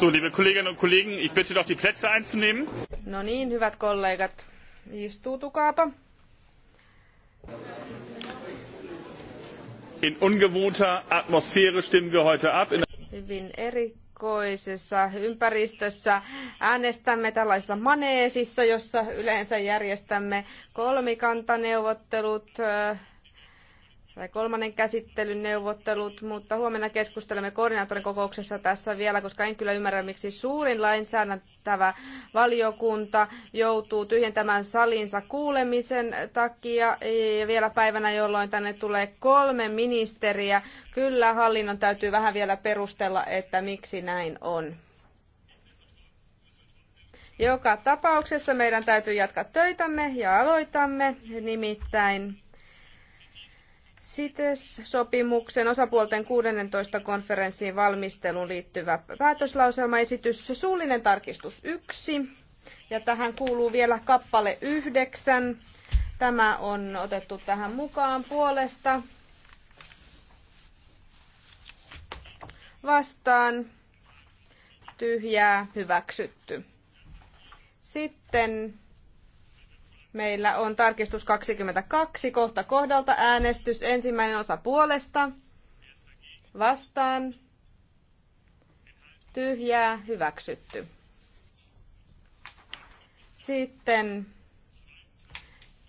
So, liebe Kolleginnen und Kollegen, ich bitte doch die Plätze einzunehmen. No niin, hyvät kollegat, istuutukaapa. In ungewohnter Atmosphäre stimmen wir heute ab. In Hyvin erikoisessa ympäristössä äänestämme tällaisessa maneesissa, jossa yleensä järjestämme kolmikantaneuvottelut, äh, tai kolmannen käsittelyn neuvottelut, mutta huomenna keskustelemme koordinaattorin kokouksessa tässä vielä, koska en kyllä ymmärrä, miksi suurin lainsäädäntävä valiokunta joutuu tyhjentämään salinsa kuulemisen takia ja vielä päivänä, jolloin tänne tulee kolme ministeriä. Kyllä hallinnon täytyy vähän vielä perustella, että miksi näin on. Joka tapauksessa meidän täytyy jatkaa töitämme ja aloitamme, nimittäin CITES-sopimuksen osapuolten 16 konferenssiin valmisteluun liittyvä päätöslauselmaesitys, suullinen tarkistus 1, ja tähän kuuluu vielä kappale 9. Tämä on otettu tähän mukaan puolesta. Vastaan tyhjää hyväksytty. Sitten Meillä on tarkistus 22 kohta kohdalta äänestys. Ensimmäinen osa puolesta. Vastaan. Tyhjää. Hyväksytty. Sitten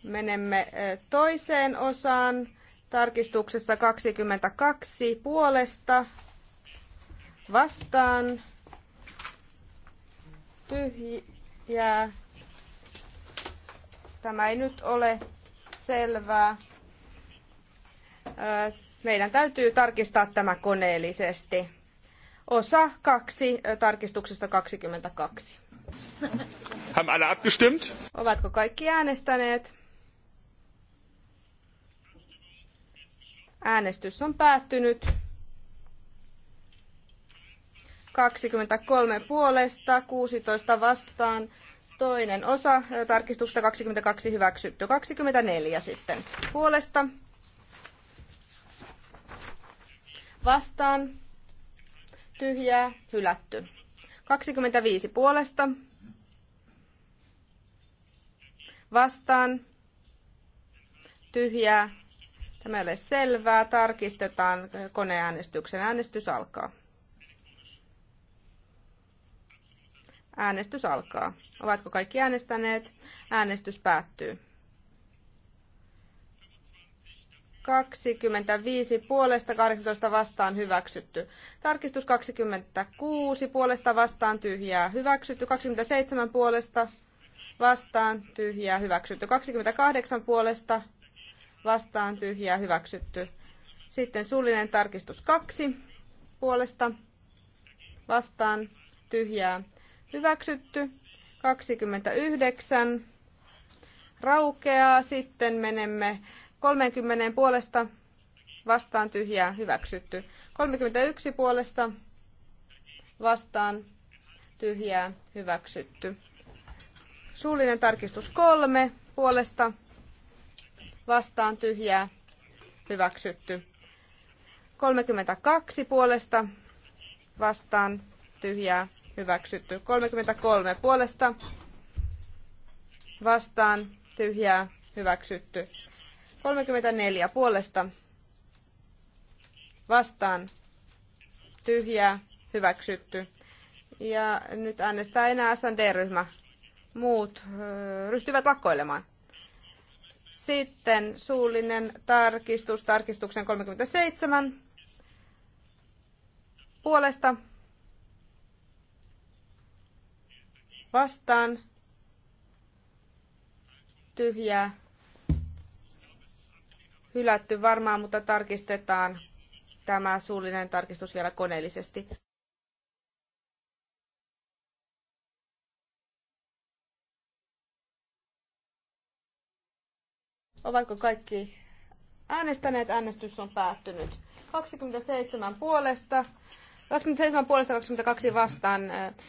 menemme toiseen osaan. Tarkistuksessa 22 puolesta. Vastaan. Tyhjää Tämä ei nyt ole selvää. Meidän täytyy tarkistaa tämä koneellisesti. Osa 2 tarkistuksesta 22. Haben alle abgestimmt? Ovatko kaikki äänestäneet? Äänestys on päättynyt. 23 puolesta, 16 vastaan, Toinen osa tarkistusta 22 hyväksytty. 24 sitten puolesta. Vastaan. Tyhjää. Hylätty. 25 puolesta. Vastaan. Tyhjää. Tämä ei ole selvää. Tarkistetaan koneäänestyksen. Äänestys alkaa. Äänestys alkaa. Ovatko kaikki äänestäneet? Äänestys päättyy. 25 puolesta 18 vastaan hyväksytty. Tarkistus 26 puolesta vastaan tyhjää hyväksytty. 27 puolesta vastaan tyhjää hyväksytty. 28 puolesta vastaan tyhjää hyväksytty. Sitten suullinen tarkistus 2 puolesta vastaan tyhjää hyväksytty. 29 raukeaa. Sitten menemme 30 puolesta vastaan tyhjää hyväksytty. 31 puolesta vastaan tyhjää hyväksytty. Suullinen tarkistus 3 puolesta vastaan tyhjää hyväksytty. 32 puolesta vastaan tyhjää hyväksytty. 33 puolesta vastaan tyhjää hyväksytty. 34 puolesta vastaan tyhjää hyväksytty. Ja nyt äänestää enää SND-ryhmä. Muut ryhtyvät lakkoilemaan. Sitten suullinen tarkistus, tarkistuksen 37 puolesta vastaan tyhjää hylätty varmaan, mutta tarkistetaan tämä suullinen tarkistus vielä koneellisesti. Ovatko kaikki äänestäneet? Äänestys on päättynyt. 27 puolesta, 27 puolesta 22 vastaan.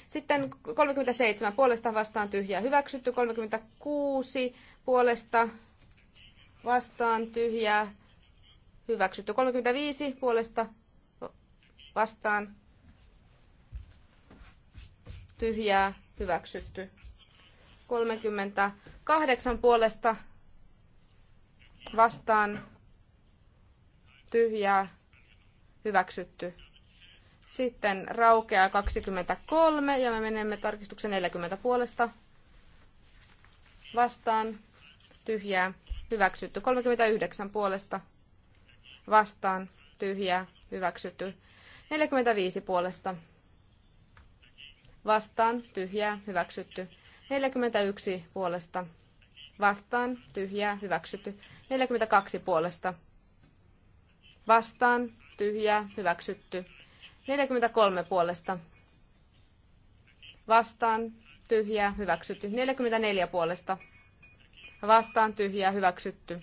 Sitten 37 puolesta vastaan tyhjää hyväksytty. 36 puolesta vastaan tyhjää hyväksytty. 35 puolesta vastaan tyhjää hyväksytty. 38 puolesta vastaan tyhjää hyväksytty. Sitten raukeaa 23 ja me menemme tarkistuksen 40 puolesta. Vastaan. Tyhjää. Hyväksytty. 39 puolesta. Vastaan. Tyhjää. Hyväksytty. 45 puolesta. Vastaan. Tyhjää. Hyväksytty. 41 puolesta. Vastaan. Tyhjää. Hyväksytty. 42 puolesta. Vastaan. Tyhjää. Hyväksytty. 43 puolesta vastaan tyhjää hyväksytty. 44 puolesta vastaan tyhjää hyväksytty.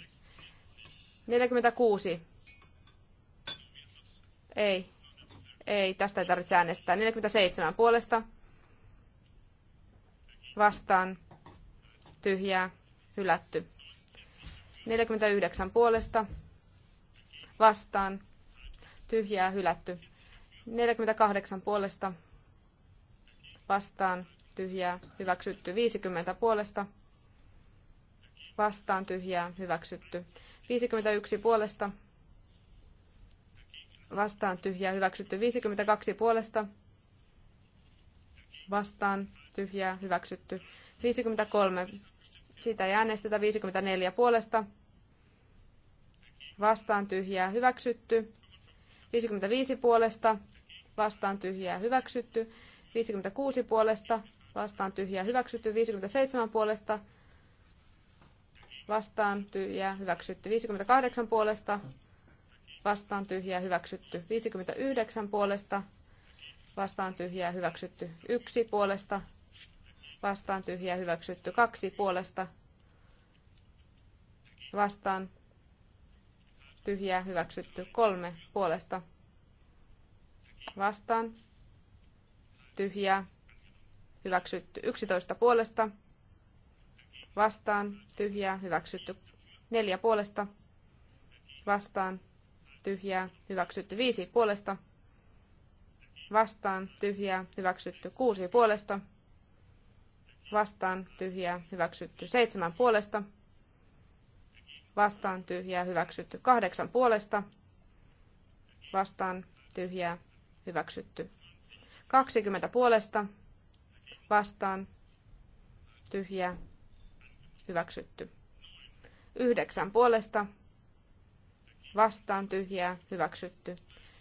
46. Ei. Ei, tästä ei tarvitse äänestää. 47 puolesta vastaan tyhjää hylätty. 49 puolesta vastaan tyhjää hylätty. 48 puolesta vastaan tyhjää hyväksytty. 50 puolesta vastaan tyhjää hyväksytty. 51 puolesta vastaan tyhjää hyväksytty. 52 puolesta vastaan tyhjää hyväksytty. 53 siitä ei äänestetä. 54 puolesta vastaan tyhjää hyväksytty. 55 puolesta vastaan tyhjää hyväksytty, 56 puolesta vastaan tyhjää hyväksytty, 57 puolesta vastaan tyhjää hyväksytty, 58 puolesta vastaan tyhjää hyväksytty, 59 puolesta vastaan tyhjää hyväksytty, 1 puolesta vastaan tyhjää hyväksytty, 2 puolesta vastaan tyhjää hyväksytty, 3 puolesta vastaan, tyhjää, hyväksytty 11 puolesta, vastaan, tyhjää, hyväksytty 4 puolesta, vastaan, tyhjää, hyväksytty 5 puolesta, vastaan, tyhjää, hyväksytty 6 puolesta, vastaan, tyhjää, hyväksytty 7 puolesta, vastaan, tyhjää, hyväksytty kahdeksan puolesta, vastaan, tyhjää, Hyväksytty. 20 puolesta vastaan tyhjää. Hyväksytty. 9 puolesta vastaan tyhjää. Hyväksytty.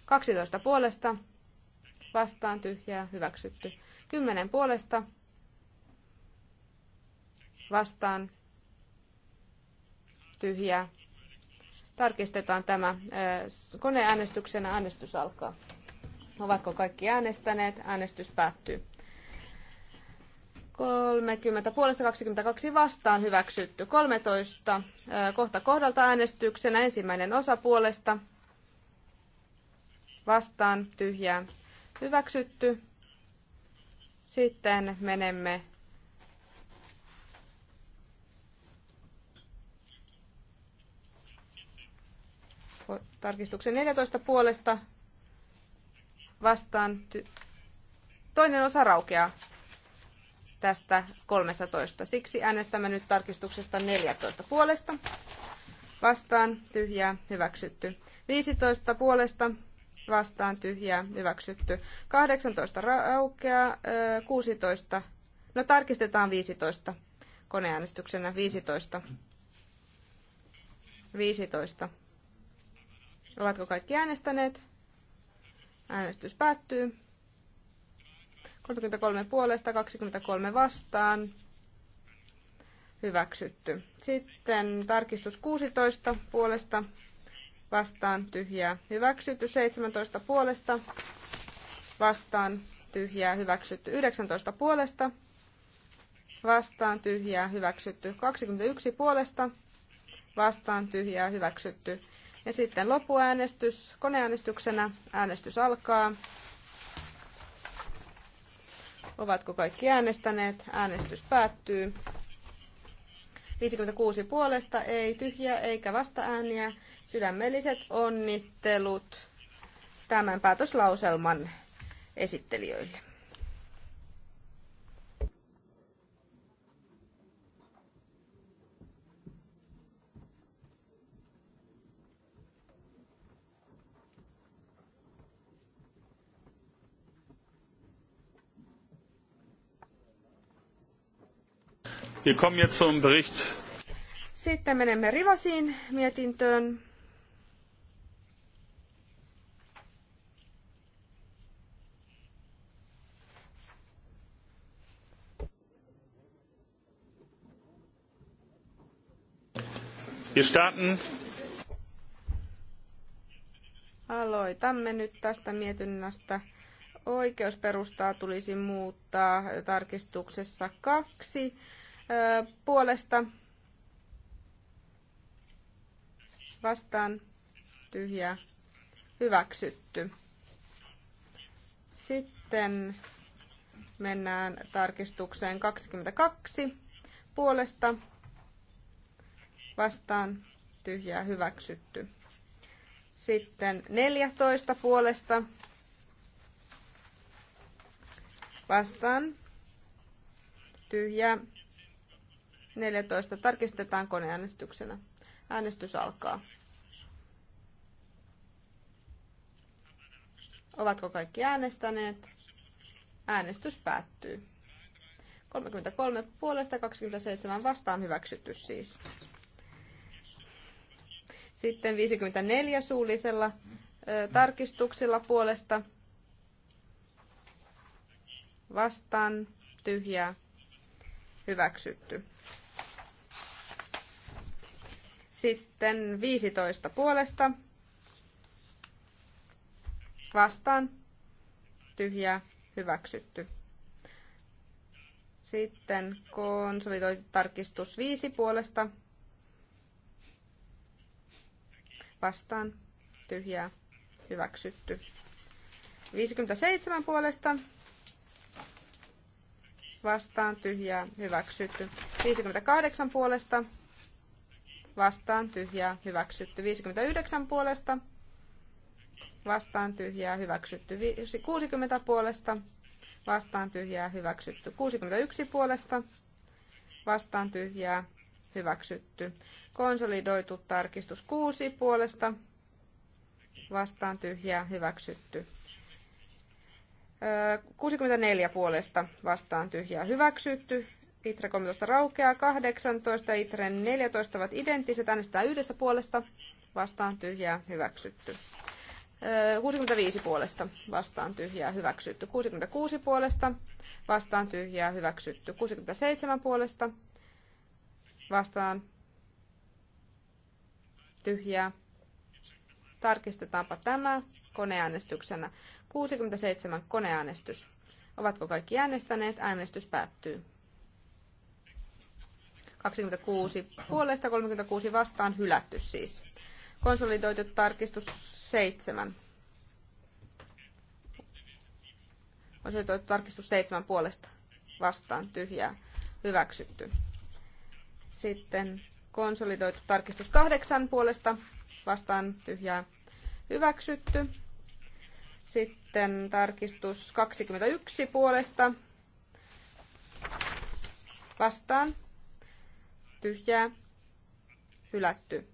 12 puolesta vastaan tyhjää. Hyväksytty. 10 puolesta vastaan tyhjää. Tarkistetaan tämä koneäänestyksenä. Äänestys alkaa. Ovatko kaikki äänestäneet? Äänestys päättyy. 30 puolesta 22 vastaan hyväksytty. 13 kohta kohdalta äänestyksenä ensimmäinen osa puolesta vastaan tyhjää hyväksytty. Sitten menemme tarkistuksen 14 puolesta vastaan Ty- toinen osa raukeaa tästä 13. Siksi äänestämme nyt tarkistuksesta 14 puolesta. Vastaan tyhjää hyväksytty. 15 puolesta vastaan tyhjää hyväksytty. 18 raukeaa, 16. No tarkistetaan 15 koneäänestyksenä. 15. 15. Ovatko kaikki äänestäneet? Äänestys päättyy. 33 puolesta, 23 vastaan. Hyväksytty. Sitten tarkistus 16 puolesta, vastaan tyhjää. Hyväksytty 17 puolesta, vastaan tyhjää. Hyväksytty 19 puolesta, vastaan tyhjää. Hyväksytty 21 puolesta, vastaan tyhjää. Hyväksytty ja sitten lopuäänestys koneäänestyksenä. Äänestys alkaa. Ovatko kaikki äänestäneet? Äänestys päättyy. 56 puolesta, ei tyhjiä eikä vastaääniä. Sydämelliset onnittelut tämän päätöslauselman esittelijöille. Wir kommen jetzt zum Bericht. Sitten menemme Rivasin mietintöön. Wir starten. Aloitamme nyt tästä mietinnästä. Oikeusperustaa tulisi muuttaa tarkistuksessa kaksi puolesta vastaan tyhjä hyväksytty. Sitten mennään tarkistukseen 22 puolesta vastaan tyhjää hyväksytty. Sitten 14 puolesta vastaan tyhjää 14 tarkistetaan koneäänestyksenä. Äänestys alkaa. Ovatko kaikki äänestäneet? Äänestys päättyy. 33 puolesta 27 vastaan hyväksytty siis. Sitten 54 suullisella ö, tarkistuksella puolesta vastaan tyhjää hyväksytty. Sitten 15 puolesta. Vastaan. Tyhjää. Hyväksytty. Sitten konsolidointitarkistus tarkistus 5 puolesta. Vastaan. Tyhjää. Hyväksytty. 57 puolesta. Vastaan. Tyhjää. Hyväksytty. 58 puolesta vastaan tyhjää hyväksytty 59 puolesta, vastaan tyhjää hyväksytty 60 puolesta, vastaan tyhjää hyväksytty 61 puolesta, vastaan tyhjää hyväksytty. Konsolidoitu tarkistus 6 puolesta, vastaan tyhjää hyväksytty. 64 puolesta vastaan tyhjää hyväksytty, Itre 13 raukeaa, 18 Itre 14 ovat identtiset, äänestetään yhdessä puolesta, vastaan tyhjää, hyväksytty. 65 puolesta, vastaan tyhjää, hyväksytty. 66 puolesta, vastaan tyhjää, hyväksytty. 67 puolesta, vastaan tyhjää. Tarkistetaanpa tämä koneäänestyksenä. 67 koneäänestys. Ovatko kaikki äänestäneet? Äänestys päättyy. 26 puolesta, 36 vastaan, hylätty siis. Konsolidoitu tarkistus 7. Konsolidoitu tarkistus 7 puolesta, vastaan, tyhjää, hyväksytty. Sitten konsolidoitu tarkistus 8 puolesta, vastaan, tyhjää, hyväksytty. Sitten tarkistus 21 puolesta, vastaan, tyhjää, hylätty.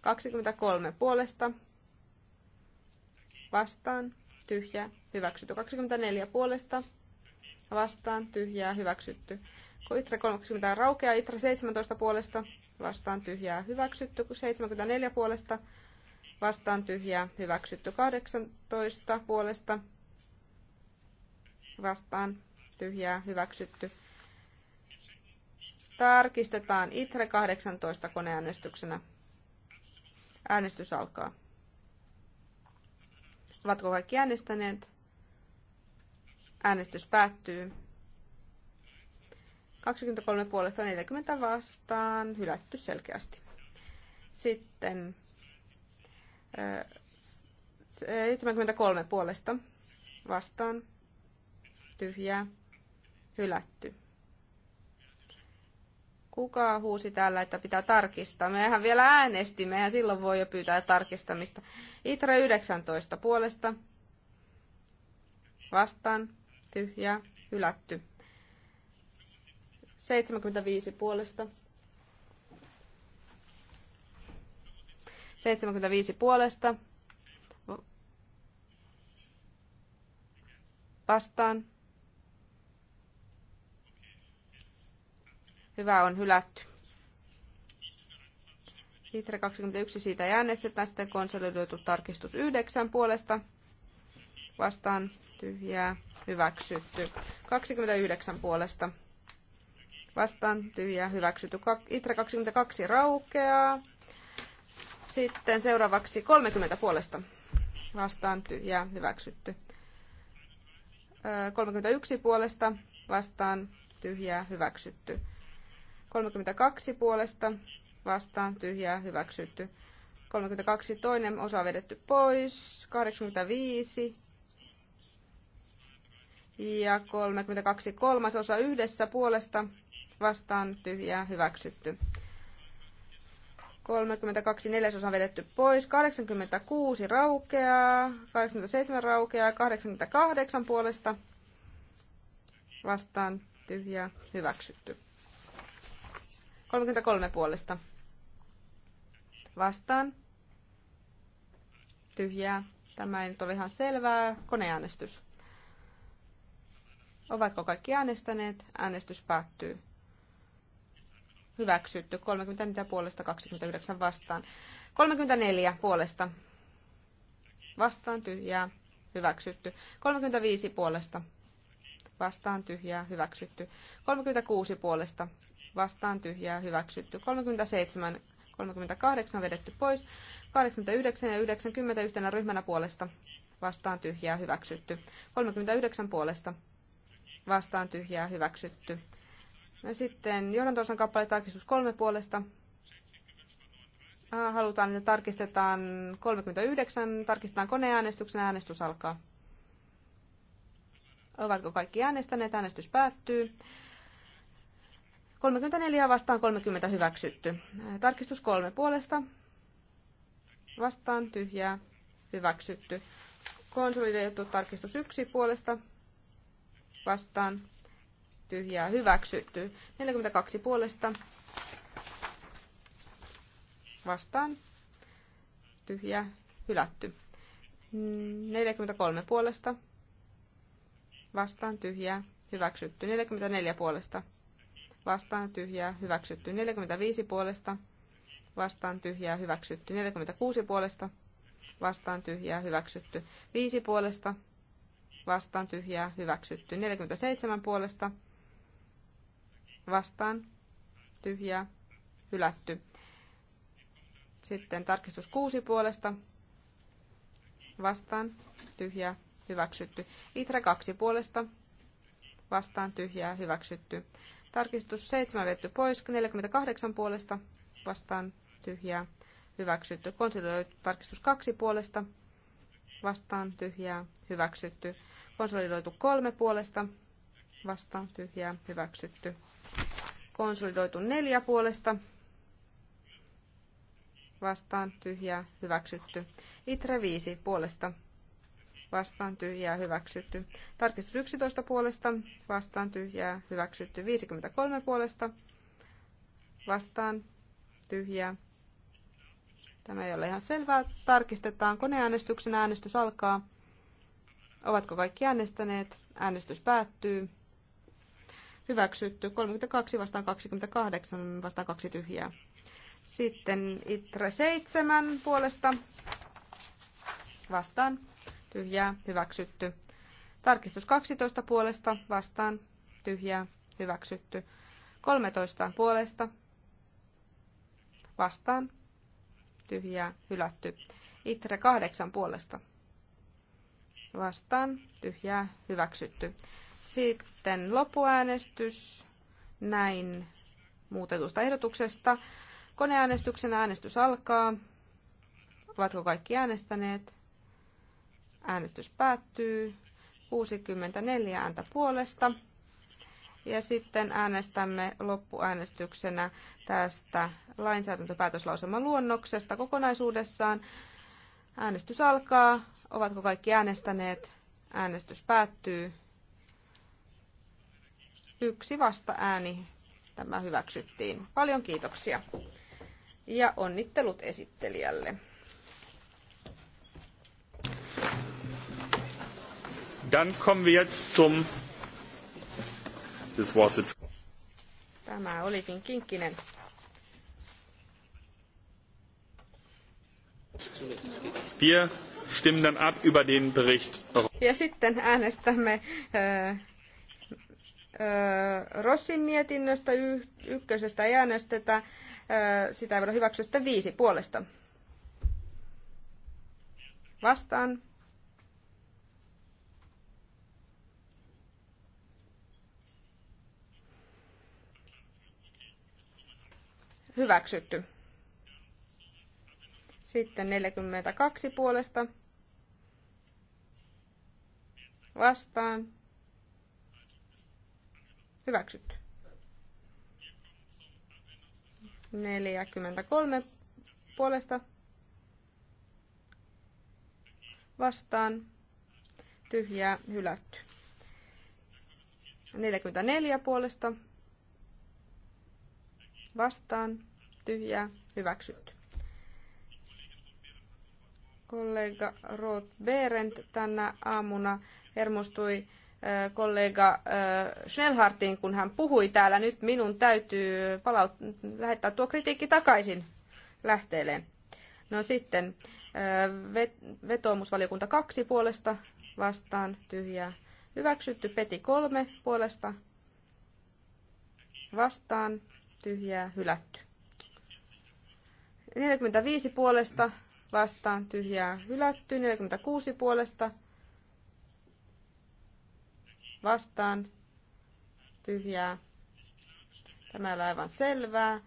23 puolesta, vastaan, tyhjää, hyväksytty. 24 puolesta, vastaan, tyhjää, hyväksytty. Itra 30 raukeaa, Itra 17 puolesta, vastaan tyhjää, hyväksytty. 74 puolesta, vastaan tyhjää, hyväksytty. 18 puolesta, vastaan tyhjää, hyväksytty. Tarkistetaan ITRE 18 koneäänestyksenä. Äänestys alkaa. Ovatko kaikki äänestäneet? Äänestys päättyy. 23 puolesta 40 vastaan, hylätty selkeästi. Sitten 73 puolesta vastaan, tyhjää, hylätty. Kuka huusi täällä, että pitää tarkistaa? Mehän vielä äänestimme, eihän silloin voi jo pyytää tarkistamista. Itra 19 puolesta. Vastaan. tyhjä, Hylätty. 75 puolesta. 75 puolesta. Vastaan. Hyvä on hylätty. Itre 21 siitä ei äänestetä. Sitten konsolidoitu tarkistus 9 puolesta. Vastaan tyhjää. Hyväksytty. 29 puolesta. Vastaan tyhjää. Hyväksytty. Itre 22 raukeaa. Sitten seuraavaksi 30 puolesta. Vastaan tyhjää. Hyväksytty. 31 puolesta. Vastaan tyhjää. Hyväksytty. 32 puolesta vastaan tyhjää hyväksytty. 32 toinen osa vedetty pois. 85 ja 32 kolmas osa yhdessä puolesta vastaan tyhjää hyväksytty. 32 neljäsosa vedetty pois, 86 raukeaa, 87 raukeaa, 88 puolesta vastaan tyhjää hyväksytty. 33 puolesta. Vastaan. Tyhjää. Tämä ei nyt ole ihan selvää. Koneäänestys. Ovatko kaikki äänestäneet? Äänestys päättyy. Hyväksytty. 34 puolesta, 29 vastaan. 34 puolesta. Vastaan tyhjää. Hyväksytty. 35 puolesta. Vastaan tyhjää. Hyväksytty. 36 puolesta vastaan tyhjää hyväksytty. 37, 38 vedetty pois. 89 ja 90 yhtenä ryhmänä puolesta vastaan tyhjää hyväksytty. 39 puolesta vastaan tyhjää hyväksytty. Ja no sitten Jorantosan kappale tarkistus kolme puolesta. Ah, halutaan, että tarkistetaan 39, tarkistetaan koneäänestyksen, äänestys alkaa. Ovatko kaikki äänestäneet? Äänestys päättyy. 34 vastaan 30 hyväksytty. Tarkistus kolme puolesta. Vastaan tyhjää hyväksytty. Konsolidoitu tarkistus yksi puolesta. Vastaan tyhjää hyväksytty. 42 puolesta. Vastaan tyhjää hylätty. 43 puolesta. Vastaan tyhjää hyväksytty. 44 puolesta vastaan tyhjää hyväksytty 45 puolesta, vastaan tyhjää hyväksytty 46 puolesta, vastaan tyhjää hyväksytty 5 puolesta, vastaan tyhjää hyväksytty 47 puolesta, vastaan tyhjää hylätty. Sitten tarkistus 6 puolesta, vastaan tyhjää hyväksytty. Itra 2 puolesta, vastaan tyhjää hyväksytty. Tarkistus 7 vetty pois, 48 puolesta vastaan tyhjää hyväksytty. Konsolidoitu tarkistus 2 puolesta vastaan tyhjää hyväksytty. Konsolidoitu 3 puolesta vastaan tyhjää hyväksytty. Konsolidoitu 4 puolesta vastaan tyhjää hyväksytty. Itre 5 puolesta vastaan tyhjää hyväksytty. Tarkistus 11 puolesta vastaan tyhjää hyväksytty. 53 puolesta vastaan tyhjää. Tämä ei ole ihan selvää. Tarkistetaan koneäänestyksen äänestys alkaa. Ovatko kaikki äänestäneet? Äänestys päättyy. Hyväksytty. 32 vastaan 28 vastaan kaksi tyhjää. Sitten Itre 7 puolesta vastaan tyhjää, hyväksytty. Tarkistus 12 puolesta, vastaan, tyhjää, hyväksytty. 13 puolesta, vastaan, tyhjää, hylätty. Itre 8 puolesta, vastaan, tyhjää, hyväksytty. Sitten lopuäänestys näin muutetusta ehdotuksesta. Koneäänestyksen äänestys alkaa. Ovatko kaikki äänestäneet? Äänestys päättyy. 64 ääntä puolesta. Ja sitten äänestämme loppuäänestyksenä tästä lainsäädäntöpäätöslauselman luonnoksesta kokonaisuudessaan. Äänestys alkaa. Ovatko kaikki äänestäneet? Äänestys päättyy. Yksi vasta-ääni. Tämä hyväksyttiin. Paljon kiitoksia. Ja onnittelut esittelijälle. Dann kommen wir jetzt zum... This was it. Tämä olikin kinkkinen. Wir stimmen dann ab über den Bericht. Ja sitten äänestämme äh, äh, Rossin mietinnöstä y- ykkösestä ei äänestetä. Äh, sitä ei voida hyväksyä sitten viisi puolesta. Vastaan. hyväksytty. Sitten 42 puolesta vastaan hyväksytty. 43 puolesta vastaan tyhjää hylätty. 44 puolesta vastaan, tyhjää, hyväksytty. Kollega Roth Berend tänä aamuna hermostui kollega Schnellhartin, kun hän puhui täällä. Nyt minun täytyy palaut- lähettää tuo kritiikki takaisin lähteelle. No sitten vetoomusvaliokunta kaksi puolesta vastaan tyhjää. Hyväksytty peti kolme puolesta vastaan tyhjää hylätty. 45 puolesta vastaan tyhjää hylätty. 46 puolesta vastaan tyhjää. Tämä ei ole aivan selvää.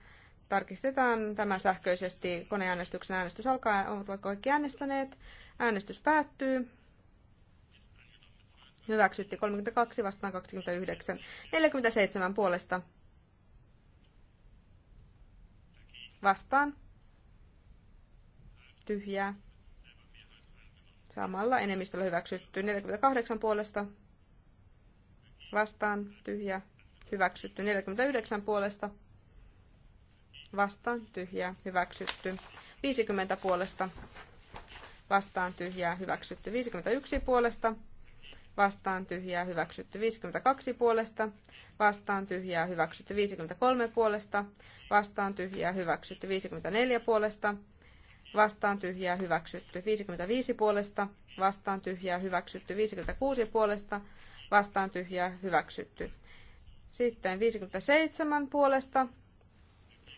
Tarkistetaan tämä sähköisesti. Koneäänestyksen äänestys alkaa. Ovat kaikki äänestäneet. Äänestys päättyy. Hyväksytti 32 vastaan 29. 47 puolesta Vastaan. Tyhjää. Samalla enemmistöllä hyväksytty. 48 puolesta. Vastaan. Tyhjää. Hyväksytty. 49 puolesta. Vastaan. Tyhjää. Hyväksytty. 50 puolesta. Vastaan. Tyhjää. Hyväksytty. 51 puolesta vastaan tyhjää hyväksytty 52 puolesta, vastaan tyhjää hyväksytty 53 puolesta, vastaan tyhjää hyväksytty 54 puolesta, vastaan tyhjää hyväksytty 55 puolesta, vastaan tyhjää hyväksytty 56 puolesta, vastaan tyhjää hyväksytty. Sitten 57 puolesta,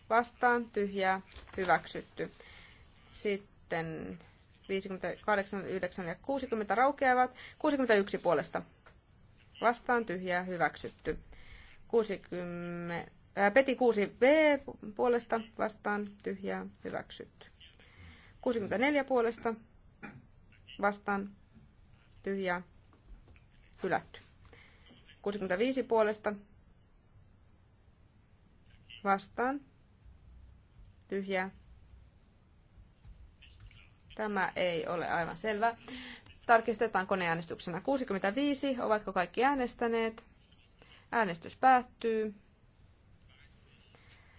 vastaan tyhjää hyväksytty. Sitten 58, 9 ja 60 raukeavat, 61 puolesta, vastaan tyhjää hyväksytty. 60 Peti 6b puolesta vastaan tyhjää hyväksytty. 64 puolesta vastaan tyhjää hylätty. 65 puolesta vastaan tyhjää. Tämä ei ole aivan selvä. Tarkistetaan koneäänestyksenä 65. Ovatko kaikki äänestäneet? Äänestys päättyy.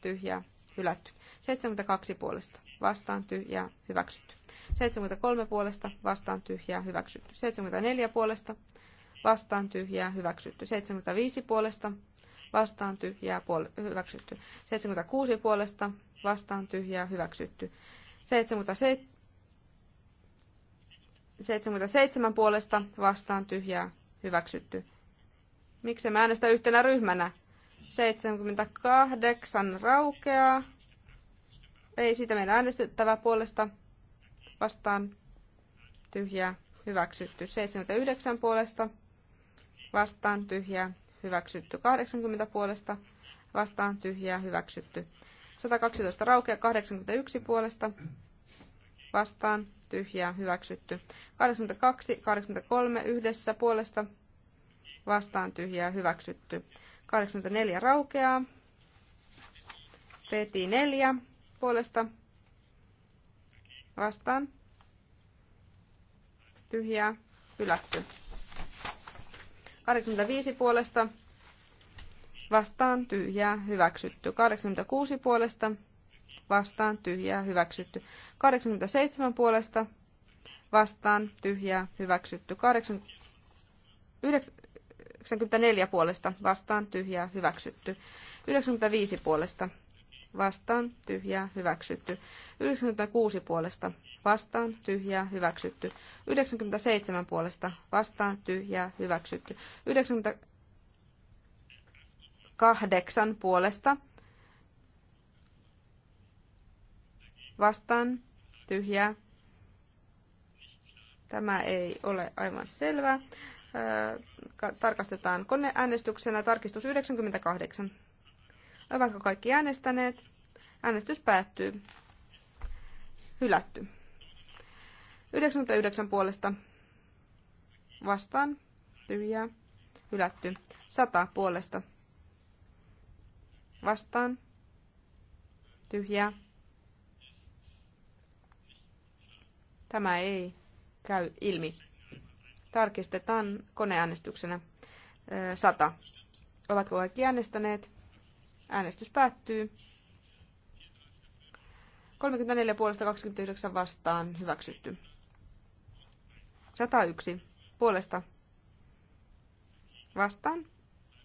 tyhjää, hylätty. 72 puolesta vastaan tyhjää, hyväksytty. 73 puolesta vastaan tyhjää, hyväksytty. 74 puolesta vastaan tyhjää, hyväksytty. 75 puolesta vastaan tyhjää, puol- hyväksytty. 76 puolesta vastaan tyhjää, hyväksytty. 77 77 puolesta vastaan tyhjää, hyväksytty. Miksi mä äänestä yhtenä ryhmänä? 78 raukeaa. Ei siitä meidän äänestettävää puolesta vastaan tyhjää hyväksytty. 79 puolesta vastaan tyhjää hyväksytty. 80 puolesta vastaan tyhjää hyväksytty. 112 raukea 81 puolesta vastaan tyhjää hyväksytty. 82, 83 yhdessä puolesta vastaan tyhjää hyväksytty. 84 raukeaa. Peti 4 puolesta vastaan. Tyhjää, hylätty. 85 puolesta vastaan tyhjää, hyväksytty. 86 puolesta vastaan tyhjää, hyväksytty. 87 puolesta vastaan tyhjää, hyväksytty. 8, 94 puolesta vastaan tyhjää hyväksytty. 95 puolesta vastaan tyhjää hyväksytty. 96 puolesta vastaan tyhjää hyväksytty. 97 puolesta vastaan tyhjää hyväksytty. 98 puolesta vastaan tyhjää. Tämä ei ole aivan selvää tarkastetaan koneäänestyksenä. Tarkistus 98. Ovatko kaikki äänestäneet? Äänestys päättyy. Hylätty. 99 puolesta vastaan. Tyhjää. Hylätty. 100 puolesta vastaan. Tyhjää. Tämä ei käy ilmi. Tarkistetaan koneäänestyksenä. 100. Ovatko kaikki äänestäneet? Äänestys päättyy. 34 puolesta 29 vastaan hyväksytty. 101 puolesta vastaan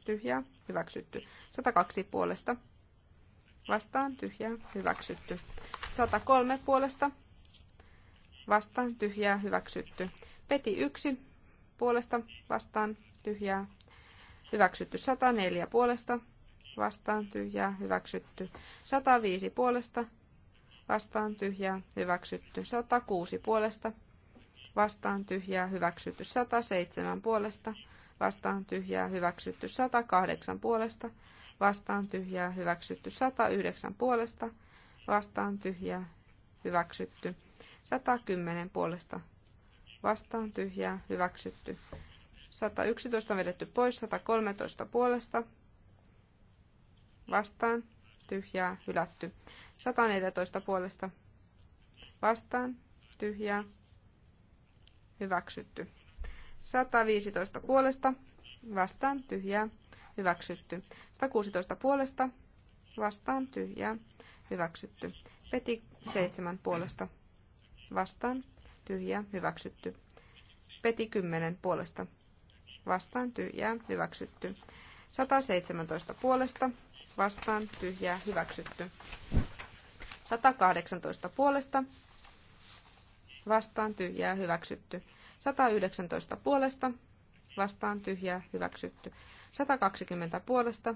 tyhjää hyväksytty. 102 puolesta vastaan tyhjää hyväksytty. 103 puolesta vastaan tyhjää hyväksytty. Peti 1 puolesta vastaan tyhjää hyväksytty 104 puolesta vastaan tyhjää hyväksytty 105 puolesta vastaan tyhjää hyväksytty 106 puolesta vastaan tyhjää hyväksytty 107 puolesta vastaan tyhjää hyväksytty 108 puolesta vastaan tyhjää hyväksytty 109 puolesta vastaan tyhjää hyväksytty 110 puolesta vastaan tyhjää hyväksytty. 111 on vedetty pois, 113 puolesta vastaan tyhjää hylätty. 114 puolesta vastaan tyhjää hyväksytty. 115 puolesta vastaan tyhjää hyväksytty. 116 puolesta vastaan tyhjää hyväksytty. Peti 7 puolesta vastaan tyhjää, hyväksytty. Peti 10 puolesta, vastaan tyhjää, hyväksytty. 117 puolesta, vastaan tyhjää, hyväksytty. 118 puolesta, vastaan tyhjää, hyväksytty. 119 puolesta, vastaan tyhjää, hyväksytty. 120 puolesta,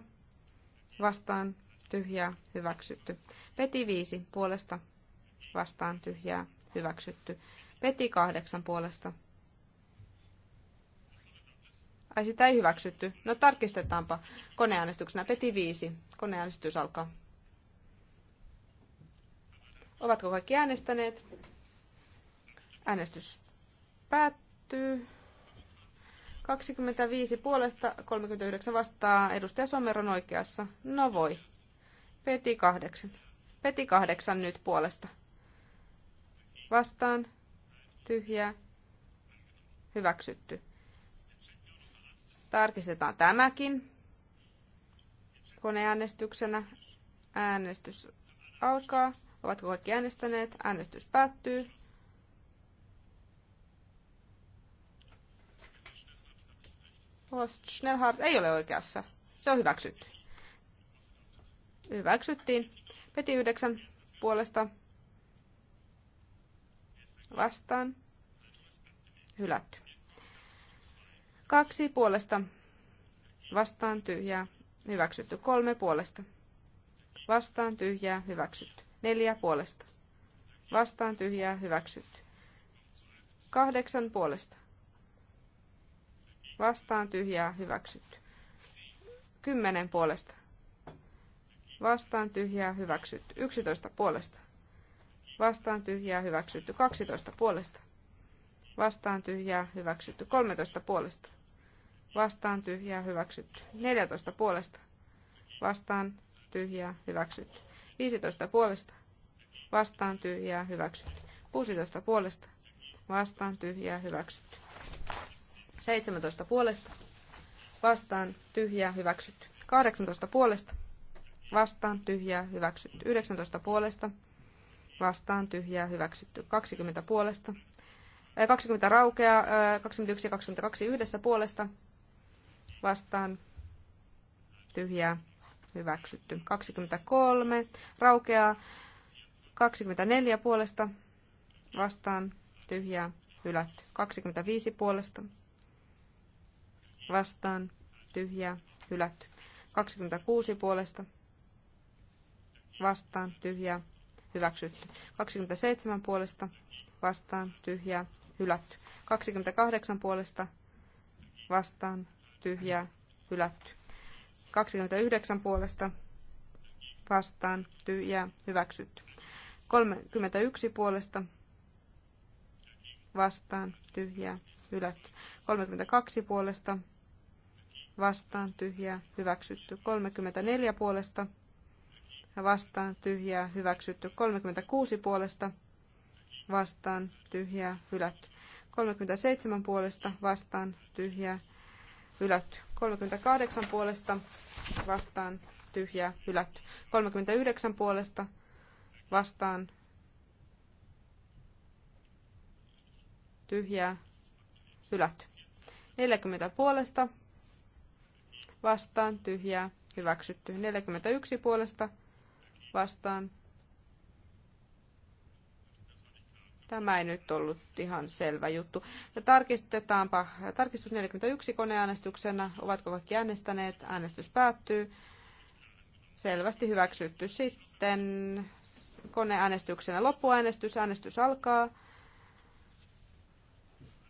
vastaan tyhjää, hyväksytty. Peti 5 puolesta, vastaan tyhjää, hyväksytty. Peti kahdeksan puolesta. Ai sitä ei hyväksytty. No tarkistetaanpa koneäänestyksenä. Peti viisi. Koneäänestys alkaa. Ovatko kaikki äänestäneet? Äänestys päättyy. 25 puolesta, 39 vastaa. Edustaja Sommer on oikeassa. No voi. Peti kahdeksan. Peti kahdeksan nyt puolesta. Vastaan tyhjää, hyväksytty. Tarkistetaan tämäkin koneäänestyksenä. Äänestys alkaa. Ovatko kaikki äänestäneet? Äänestys päättyy. Schnellhardt ei ole oikeassa. Se on hyväksytty. Hyväksyttiin. Peti 9 puolesta vastaan hylätty. Kaksi puolesta vastaan tyhjää hyväksytty. Kolme puolesta vastaan tyhjää hyväksytty. Neljä puolesta vastaan tyhjää hyväksytty. Kahdeksan puolesta vastaan tyhjää hyväksytty. Kymmenen puolesta vastaan tyhjää hyväksytty. Yksitoista puolesta vastaan tyhjää hyväksytty 12 puolesta, vastaan tyhjää hyväksytty 13 puolesta, vastaan tyhjää hyväksytty 14 puolesta, vastaan tyhjää hyväksytty 15 puolesta, vastaan tyhjää hyväksytty 16 puolesta, vastaan tyhjää hyväksytty 17 puolesta, vastaan tyhjää hyväksytty 18 puolesta, vastaan tyhjää hyväksytty 19 puolesta, vastaan tyhjää hyväksytty. 20 puolesta. 20 äh, raukeaa, 21 äh, ja 22 yhdessä puolesta vastaan tyhjää hyväksytty. 23 raukeaa, 24 puolesta vastaan tyhjää hylätty. 25 puolesta vastaan tyhjää hylätty. 26 puolesta vastaan tyhjää hyväksytty. 27 puolesta vastaan tyhjää hylätty. 28 puolesta vastaan tyhjää hylätty. 29 puolesta vastaan tyhjää hyväksytty. 31 puolesta vastaan tyhjää hylätty. 32 puolesta vastaan tyhjää hyväksytty. 34 puolesta vastaan, tyhjää, vastaan tyhjää hyväksytty. 36 puolesta vastaan tyhjää hylätty. 37 puolesta vastaan tyhjää hylätty. 38 puolesta vastaan tyhjää hylätty. 39 puolesta vastaan tyhjää hylätty. 40 puolesta vastaan tyhjää hyväksytty. 41 puolesta vastaan vastaan. Tämä ei nyt ollut ihan selvä juttu. Ja tarkistetaanpa tarkistus 41 koneäänestyksenä. Ovatko kaikki äänestäneet? Äänestys päättyy. Selvästi hyväksytty. Sitten koneäänestyksenä loppuäänestys. Äänestys alkaa.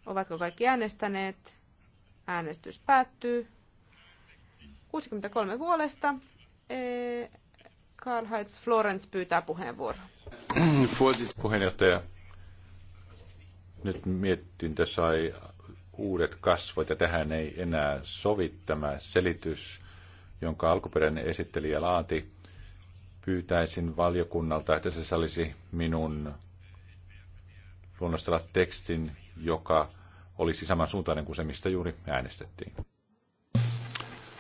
Ovatko kaikki äänestäneet? Äänestys päättyy. 63 puolesta. Karl Heitz Florence pyytää puheenvuoron. Puheenjohtaja, nyt mietintä sai uudet kasvot ja tähän ei enää sovi tämä selitys, jonka alkuperäinen esittelijä laati. Pyytäisin valiokunnalta, että se salisi minun luonnostella tekstin, joka olisi samansuuntainen kuin se, mistä juuri äänestettiin.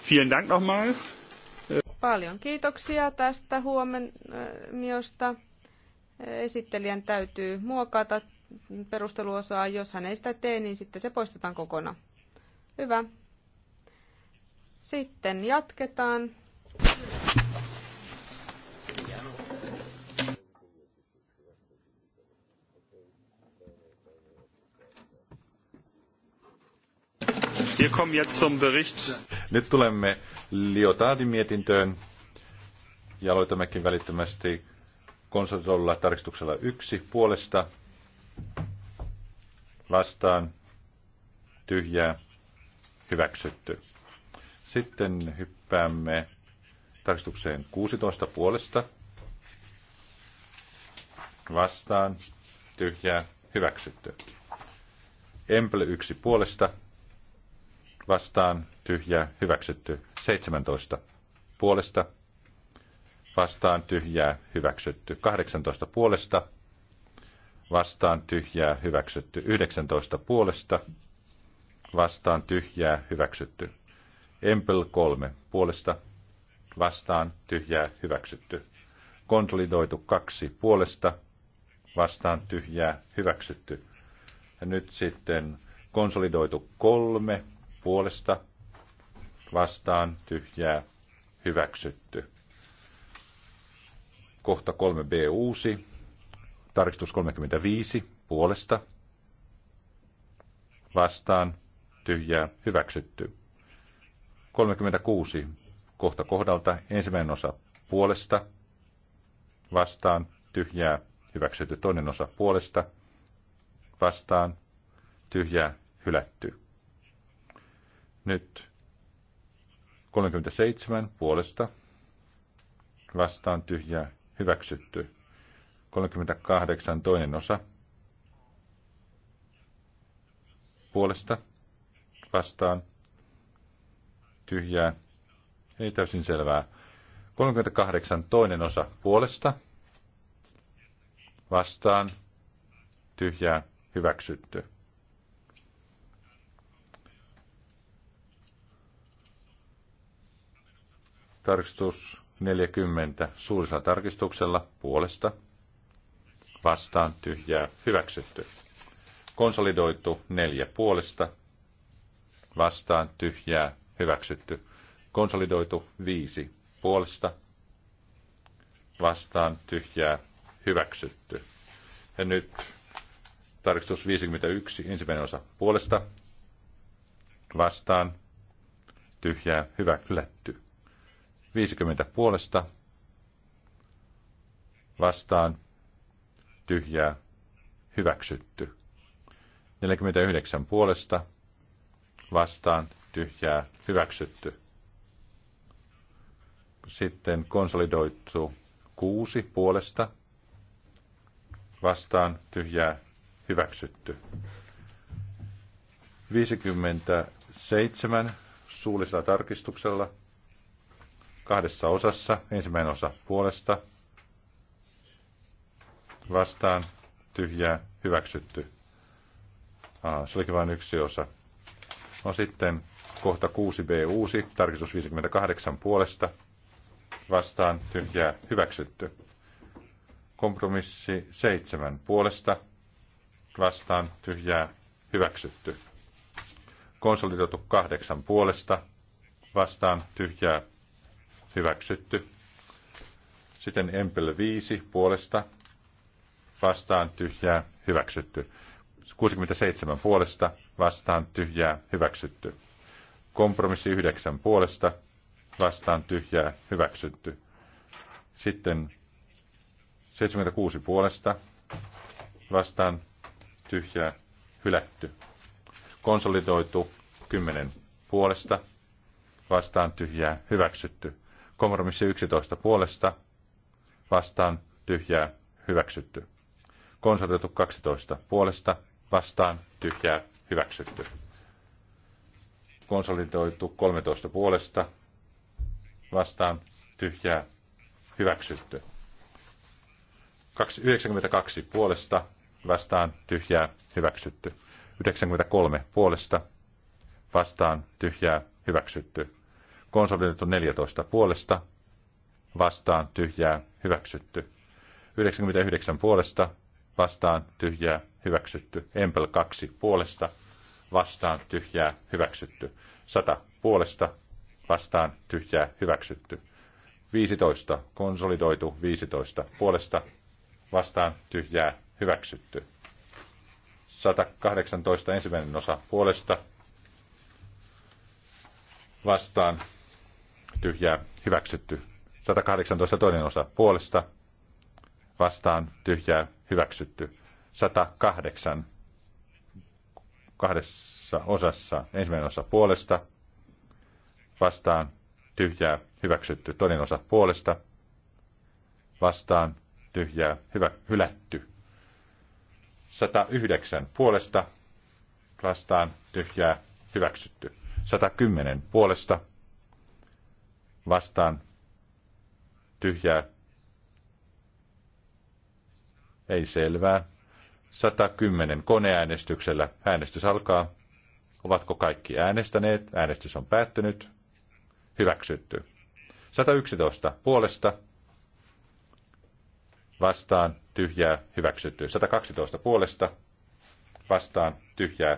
Vielen Dank nochmal. Paljon kiitoksia tästä huomiosta. Esittelijän täytyy muokata perusteluosaa. Jos hän ei sitä tee, niin sitten se poistetaan kokonaan. Hyvä. Sitten jatketaan. Wir kommen jetzt zum Bericht. Nyt tulemme Liotardin mietintöön ja aloitammekin välittömästi konsolidolla tarkistuksella yksi puolesta vastaan tyhjää hyväksytty. Sitten hyppäämme tarkistukseen 16 puolesta vastaan tyhjää hyväksytty. Emple yksi puolesta vastaan tyhjä hyväksytty. 17 puolesta vastaan tyhjää hyväksytty. 18 puolesta vastaan tyhjää hyväksytty. 19 puolesta vastaan tyhjää hyväksytty. Empel 3 puolesta vastaan tyhjää hyväksytty. Konsolidoitu 2 puolesta vastaan tyhjää hyväksytty. Ja nyt sitten konsolidoitu 3 puolesta vastaan tyhjää hyväksytty. Kohta 3b uusi, tarkistus 35 puolesta vastaan tyhjää hyväksytty. 36 kohta kohdalta ensimmäinen osa puolesta vastaan tyhjää hyväksytty, toinen osa puolesta vastaan tyhjää hylätty. Nyt 37 puolesta vastaan tyhjää hyväksytty. 38 toinen osa puolesta vastaan tyhjää ei täysin selvää. 38 toinen osa puolesta vastaan tyhjää hyväksytty. Tarkistus 40 suurisella tarkistuksella puolesta vastaan tyhjää hyväksytty. Konsolidoitu neljä puolesta vastaan tyhjää hyväksytty. Konsolidoitu viisi puolesta vastaan tyhjää hyväksytty. Ja nyt tarkistus 51, ensimmäinen osa puolesta, vastaan, tyhjää, hyväksytty. 50 puolesta vastaan tyhjää hyväksytty. 49 puolesta vastaan tyhjää hyväksytty. Sitten konsolidoitu 6 puolesta vastaan tyhjää hyväksytty. 57 suullisella tarkistuksella kahdessa osassa. Ensimmäinen osa puolesta vastaan tyhjää hyväksytty. Aa, se olikin vain yksi osa. No sitten kohta 6b uusi, tarkistus 58 puolesta vastaan tyhjää hyväksytty. Kompromissi 7 puolesta vastaan tyhjää hyväksytty. Konsolidoitu 8 puolesta vastaan tyhjää hyväksytty. Sitten Empel 5 puolesta vastaan tyhjää hyväksytty. 67 puolesta vastaan tyhjää hyväksytty. Kompromissi 9 puolesta vastaan tyhjää hyväksytty. Sitten 76 puolesta vastaan tyhjää hylätty. Konsolidoitu 10 puolesta vastaan tyhjää hyväksytty. Kompromissi 11 puolesta vastaan tyhjää hyväksytty. Konsolidoitu 12 puolesta vastaan tyhjää hyväksytty. Konsolidoitu 13 puolesta vastaan tyhjää hyväksytty. 92 puolesta vastaan tyhjää hyväksytty. 93 puolesta vastaan tyhjää hyväksytty. Konsolidoitu 14 puolesta, vastaan tyhjää, hyväksytty. 99 puolesta, vastaan tyhjää, hyväksytty. Empel 2 puolesta, vastaan tyhjää, hyväksytty. 100 puolesta, vastaan tyhjää, hyväksytty. 15, konsolidoitu 15, puolesta, vastaan tyhjää, hyväksytty. 118 ensimmäinen osa puolesta, vastaan tyhjää hyväksytty. 118 toinen osa puolesta vastaan tyhjää hyväksytty. 108 kahdessa osassa. Ensimmäinen osa puolesta vastaan tyhjää hyväksytty. Toinen osa puolesta vastaan tyhjää hyvä, hylätty. 109 puolesta vastaan tyhjää hyväksytty. 110 puolesta vastaan tyhjää. Ei selvää. 110 koneäänestyksellä. Äänestys alkaa. Ovatko kaikki äänestäneet? Äänestys on päättynyt. Hyväksytty. 111 puolesta. Vastaan tyhjää hyväksytty. 112 puolesta. Vastaan tyhjää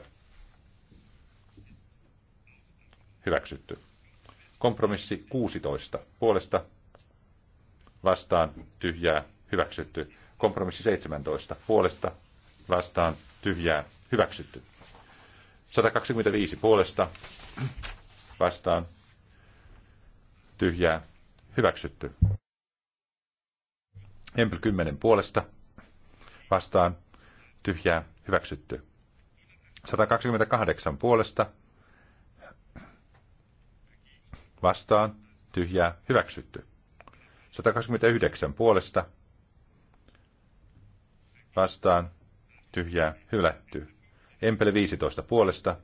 hyväksytty. Kompromissi 16 puolesta vastaan tyhjää hyväksytty. Kompromissi 17 puolesta vastaan tyhjää hyväksytty. 125 puolesta vastaan tyhjää hyväksytty. Empel 10 puolesta vastaan tyhjää hyväksytty. 128 puolesta vastaan, tyhjää, hyväksytty. 129 puolesta, vastaan, tyhjää, hylätty. Empele 15 puolesta,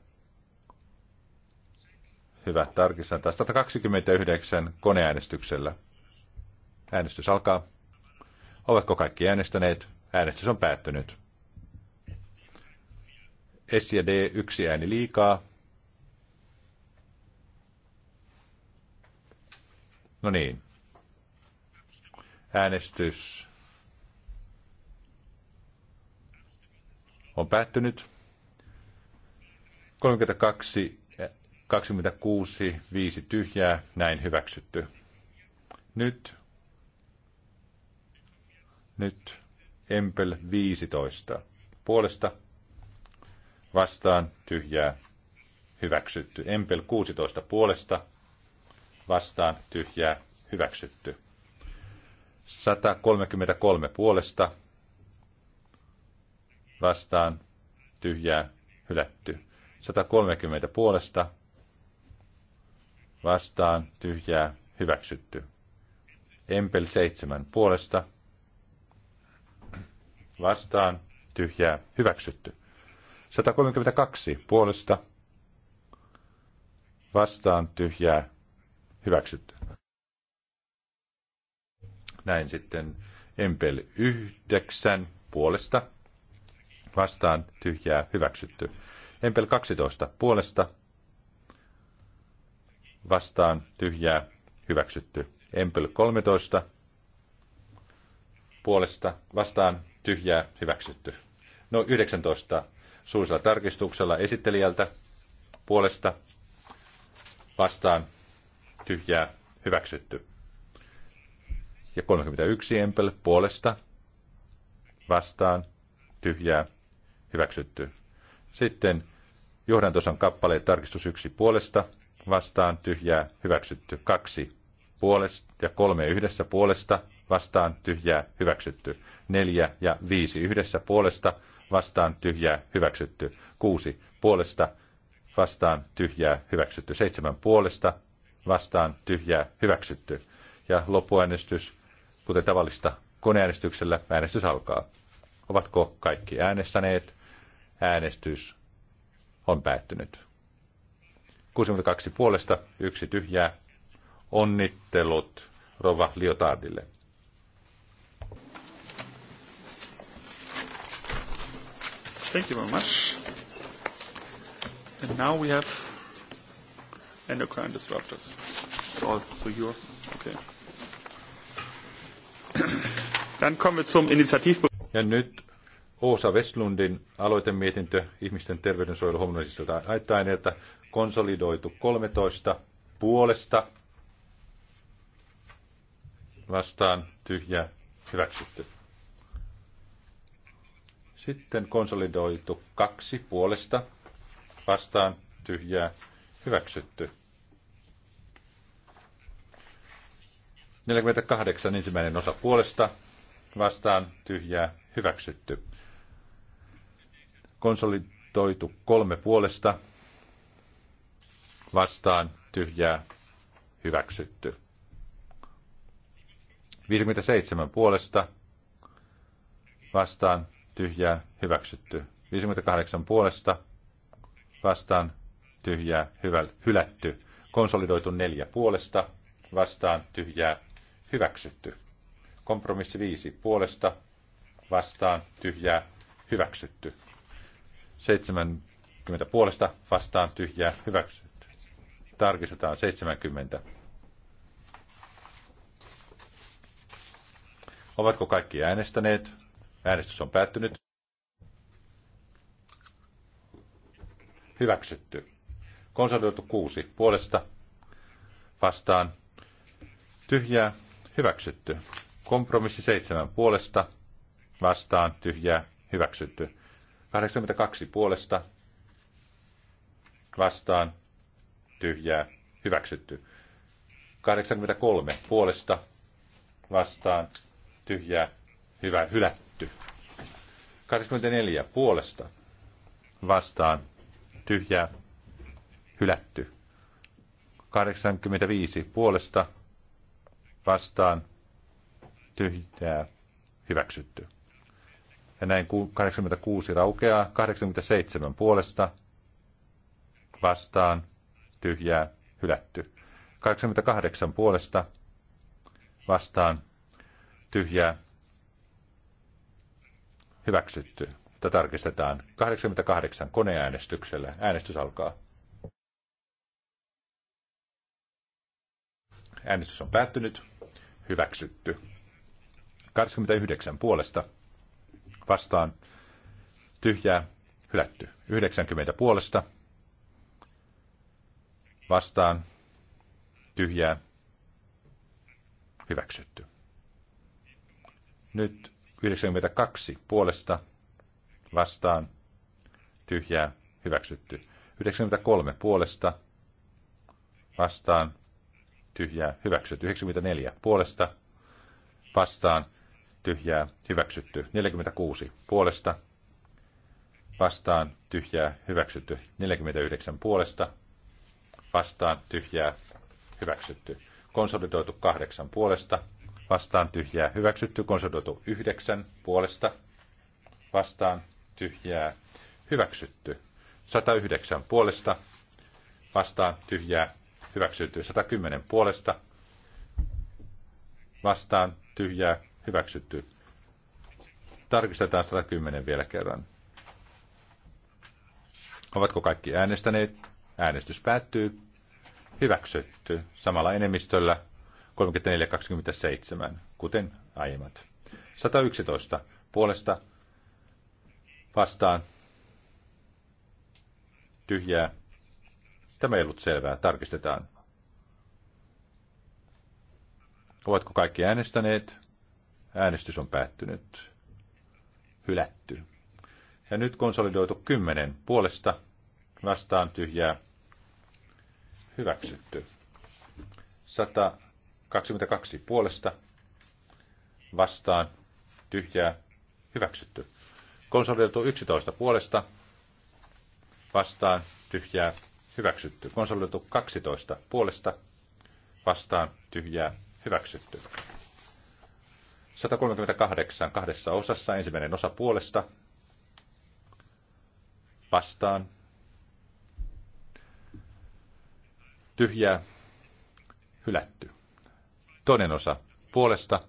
hyvä, tarkistetaan 129 koneäänestyksellä. Äänestys alkaa. Ovatko kaikki äänestäneet? Äänestys on päättynyt. S ja D yksi ääni liikaa, No niin. Äänestys on päättynyt. 32, 26, 5 tyhjää, näin hyväksytty. Nyt, nyt Empel 15. Puolesta vastaan tyhjää, hyväksytty. Empel 16 puolesta vastaan tyhjää hyväksytty. 133 puolesta vastaan tyhjää hylätty. 130 puolesta vastaan tyhjää hyväksytty. Empel 7 puolesta vastaan tyhjää hyväksytty. 132 puolesta vastaan tyhjää Hyväksytty. Näin sitten Empel 9 puolesta vastaan tyhjää hyväksytty. Empel 12 puolesta vastaan tyhjää hyväksytty. Empel 13 puolesta vastaan tyhjää hyväksytty. No 19 suullisella tarkistuksella esittelijältä puolesta vastaan tyhjää hyväksytty. Ja 31 empel puolesta vastaan tyhjää hyväksytty. Sitten johdantosan kappaleet tarkistus yksi puolesta vastaan tyhjää hyväksytty. Kaksi puolesta ja kolme yhdessä puolesta vastaan tyhjää hyväksytty. Neljä ja viisi yhdessä puolesta vastaan tyhjää hyväksytty. Kuusi puolesta vastaan tyhjää hyväksytty. Seitsemän puolesta vastaan tyhjää hyväksytty. Ja loppuäänestys, kuten tavallista koneäänestyksellä, äänestys alkaa. Ovatko kaikki äänestäneet? Äänestys on päättynyt. 62 puolesta, yksi tyhjää. Onnittelut Rova Liotardille. Thank you very much. And now we have endocrine disruptors. So you're okay. Dann kommen wir zum Initiativbericht. Ja nyt Osa Westlundin aloitemietintö ihmisten terveydensuojelun hormonallisilta haitta-aineilta konsolidoitu 13 puolesta vastaan tyhjä hyväksytty. Sitten konsolidoitu kaksi puolesta vastaan tyhjää Hyväksytty. 48 ensimmäinen osa puolesta vastaan tyhjää hyväksytty. Konsolidoitu kolme puolesta vastaan tyhjää hyväksytty. 57 puolesta vastaan tyhjää hyväksytty. 58 puolesta vastaan tyhjää, hyvä, hylätty. Konsolidoitu neljä puolesta, vastaan tyhjää, hyväksytty. Kompromissi viisi puolesta, vastaan tyhjää, hyväksytty. 70 puolesta, vastaan tyhjää, hyväksytty. Tarkistetaan 70. Ovatko kaikki äänestäneet? Äänestys on päättynyt. Hyväksytty. Konsolidoitu kuusi puolesta vastaan. Tyhjää hyväksytty. Kompromissi seitsemän puolesta vastaan. Tyhjää hyväksytty. 82 puolesta vastaan. Tyhjää hyväksytty. 83 puolesta vastaan. Tyhjää hyvä hylätty. 84 puolesta vastaan tyhjää hylätty. 85 puolesta vastaan tyhjää hyväksytty. Ja näin 86 raukeaa, 87 puolesta vastaan tyhjää hylätty. 88 puolesta vastaan tyhjää hyväksytty. Tätä tarkistetaan 88 koneäänestyksellä. Äänestys alkaa. Äänestys on päättynyt. Hyväksytty. 89 puolesta vastaan tyhjää hylätty. 90 puolesta vastaan tyhjää hyväksytty. Nyt 92 puolesta vastaan tyhjää hyväksytty. 93 puolesta vastaan tyhjää, hyväksytty. 94 puolesta, vastaan, tyhjää, hyväksytty. 46 puolesta, vastaan, tyhjää, hyväksytty. 49 puolesta, vastaan, tyhjää, hyväksytty. Konsolidoitu 8 puolesta, vastaan, tyhjää, hyväksytty. Konsolidoitu 9 puolesta, vastaan, tyhjää, hyväksytty. 109 puolesta, vastaan, tyhjää, hyväksytty. 110 puolesta vastaan tyhjää hyväksytty. Tarkistetaan 110 vielä kerran. Ovatko kaikki äänestäneet? Äänestys päättyy. Hyväksytty samalla enemmistöllä 34-27, kuten aiemmat. 111 puolesta vastaan tyhjää Tämä ei ollut selvää. Tarkistetaan. Ovatko kaikki äänestäneet? Äänestys on päättynyt. Hylätty. Ja nyt konsolidoitu kymmenen puolesta vastaan tyhjää. Hyväksytty. 122 puolesta vastaan tyhjää. Hyväksytty. Konsolidoitu 11 puolesta vastaan tyhjää hyväksytty. Konsolidoitu 12 puolesta vastaan tyhjää hyväksytty. 138 kahdessa osassa ensimmäinen osa puolesta vastaan tyhjää hylätty. Toinen osa puolesta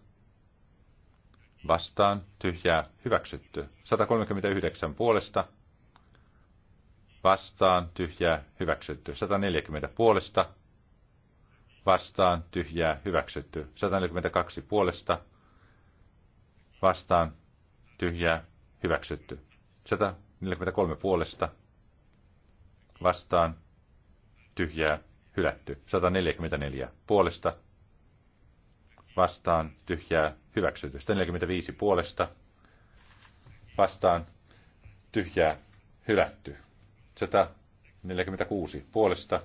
vastaan tyhjää hyväksytty. 139 puolesta vastaan tyhjää hyväksytty. 140 puolesta vastaan tyhjää hyväksytty. 142 puolesta vastaan tyhjää hyväksytty. 143 puolesta vastaan tyhjää hylätty. 144 puolesta vastaan tyhjää hyväksytty. 145 puolesta vastaan tyhjää hylätty. 146 puolesta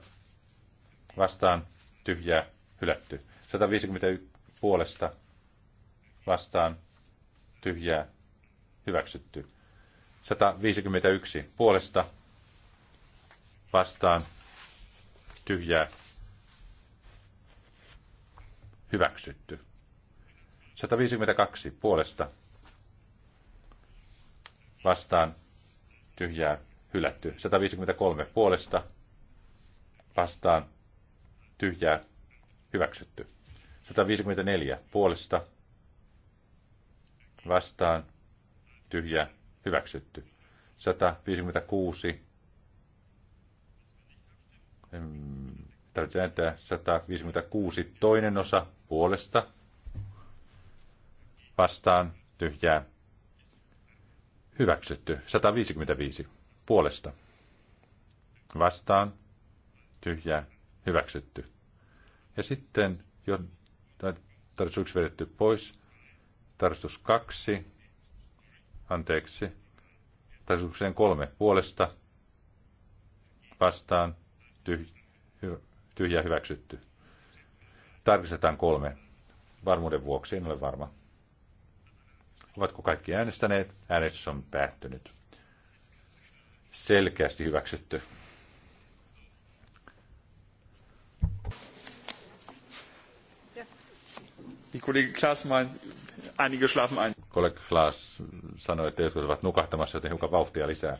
vastaan tyhjää hylätty. 151 puolesta vastaan tyhjää hyväksytty. 151 puolesta vastaan tyhjää hyväksytty. 152 puolesta vastaan tyhjää hylätty. 153 puolesta vastaan tyhjää hyväksytty. 154 puolesta vastaan tyhjää hyväksytty. 156 täytyy näyttää 156 toinen osa puolesta vastaan tyhjää hyväksytty. 155 puolesta. Vastaan, tyhjä hyväksytty. Ja sitten, jo tarkistus yksi vedetty pois, tarkistus kaksi anteeksi, tarkistukseen kolme puolesta, vastaan, tyhjä, tyhjä hyväksytty. Tarkistetaan kolme. Varmuuden vuoksi en ole varma. Ovatko kaikki äänestäneet? Äänestys on päättynyt selkeästi hyväksytty. Die Kollege Klaas meint, einige schlafen ein. Kollega Klaas sanoi, että jotkut ovat nukahtamassa, joten hiukan vauhtia lisää.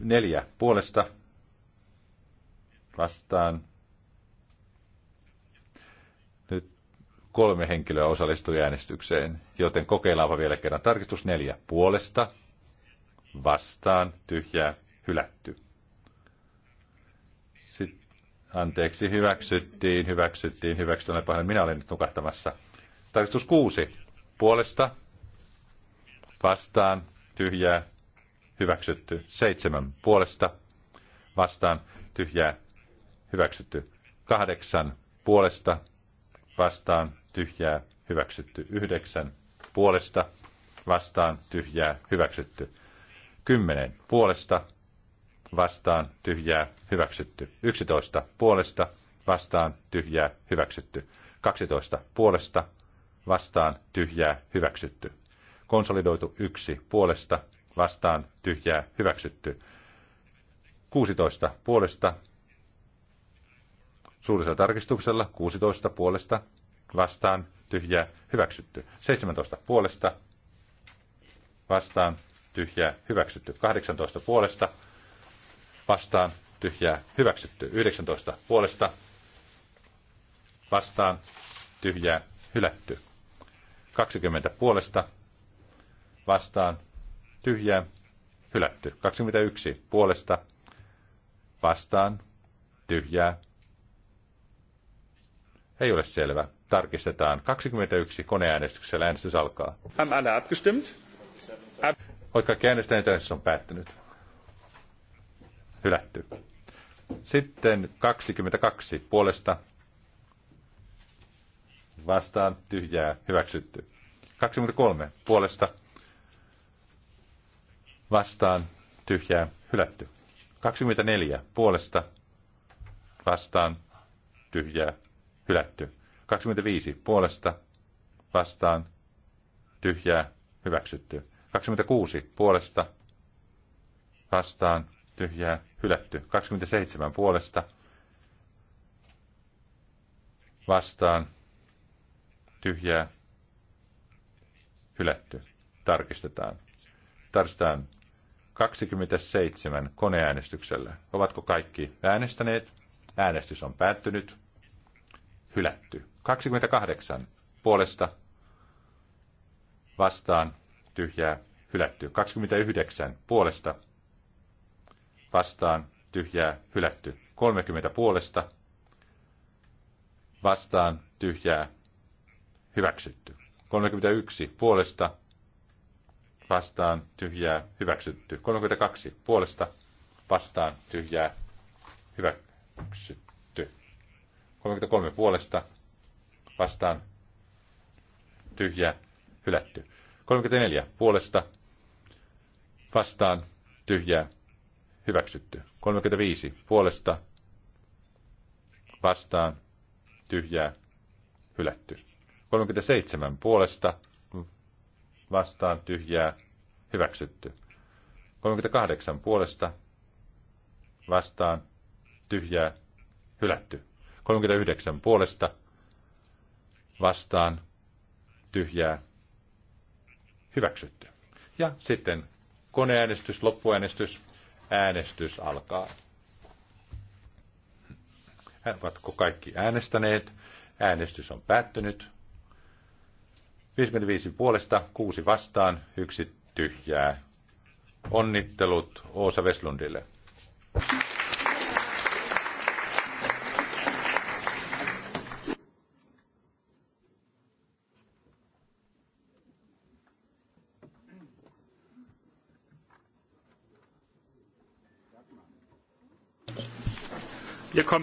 Neljä puolesta vastaan. Nyt kolme henkilöä osallistui äänestykseen, joten kokeillaanpa vielä kerran. Tarkistus neljä puolesta vastaan tyhjää hylätty. Sitten, anteeksi, hyväksyttiin, hyväksyttiin, hyväksyttiin. Olen pahoin, minä olen nyt nukahtamassa. Tarkistus kuusi. Puolesta, vastaan, tyhjää, hyväksytty. Seitsemän. Puolesta, vastaan, tyhjää, hyväksytty. Kahdeksan. Puolesta, vastaan, tyhjää, hyväksytty. Yhdeksän. Puolesta, vastaan, tyhjää, hyväksytty. Kymmenen. Puolesta, vastaan tyhjää hyväksytty. 11 puolesta vastaan tyhjää hyväksytty. 12 puolesta vastaan tyhjää hyväksytty. Konsolidoitu 1 puolesta vastaan tyhjää hyväksytty. 16 puolesta suurisella tarkistuksella 16 puolesta vastaan tyhjää hyväksytty. 17 puolesta vastaan tyhjää hyväksytty. 18 puolesta vastaan tyhjää hyväksytty. 19 puolesta vastaan tyhjää hylätty. 20 puolesta vastaan tyhjää hylätty. 21 puolesta vastaan tyhjää ei ole selvä. Tarkistetaan. 21 koneäänestyksellä äänestys alkaa. Haben alle abgestimmt? kaikki äänestäjät on päättynyt hylätty. Sitten 22 puolesta vastaan tyhjää hyväksytty. 23 puolesta vastaan tyhjää hylätty. 24 puolesta vastaan tyhjää hylätty. 25 puolesta vastaan tyhjää hyväksytty. 26 puolesta vastaan tyhjää, hylätty. 27 puolesta vastaan, tyhjää, hylätty. Tarkistetaan. Tarkistetaan 27 koneäänestyksellä. Ovatko kaikki äänestäneet? Äänestys on päättynyt. Hylätty. 28 puolesta vastaan tyhjää hylätty. 29 puolesta vastaan tyhjää hylätty. 30 puolesta vastaan tyhjää hyväksytty. 31 puolesta vastaan tyhjää hyväksytty. 32 puolesta vastaan tyhjää hyväksytty. 33 puolesta vastaan tyhjää hylätty. 34 puolesta vastaan tyhjää Hyväksytty. 35. Puolesta. Vastaan. Tyhjää. Hylätty. 37. Puolesta. Vastaan. Tyhjää. Hyväksytty. 38. Puolesta. Vastaan. Tyhjää. Hylätty. 39. Puolesta. Vastaan. Tyhjää. Hyväksytty. Ja sitten koneäänestys, loppuäänestys. Äänestys alkaa. Ovatko kaikki äänestäneet? Äänestys on päättynyt. 55 puolesta, 6 vastaan, yksi tyhjää. Onnittelut Oosa Veslundille.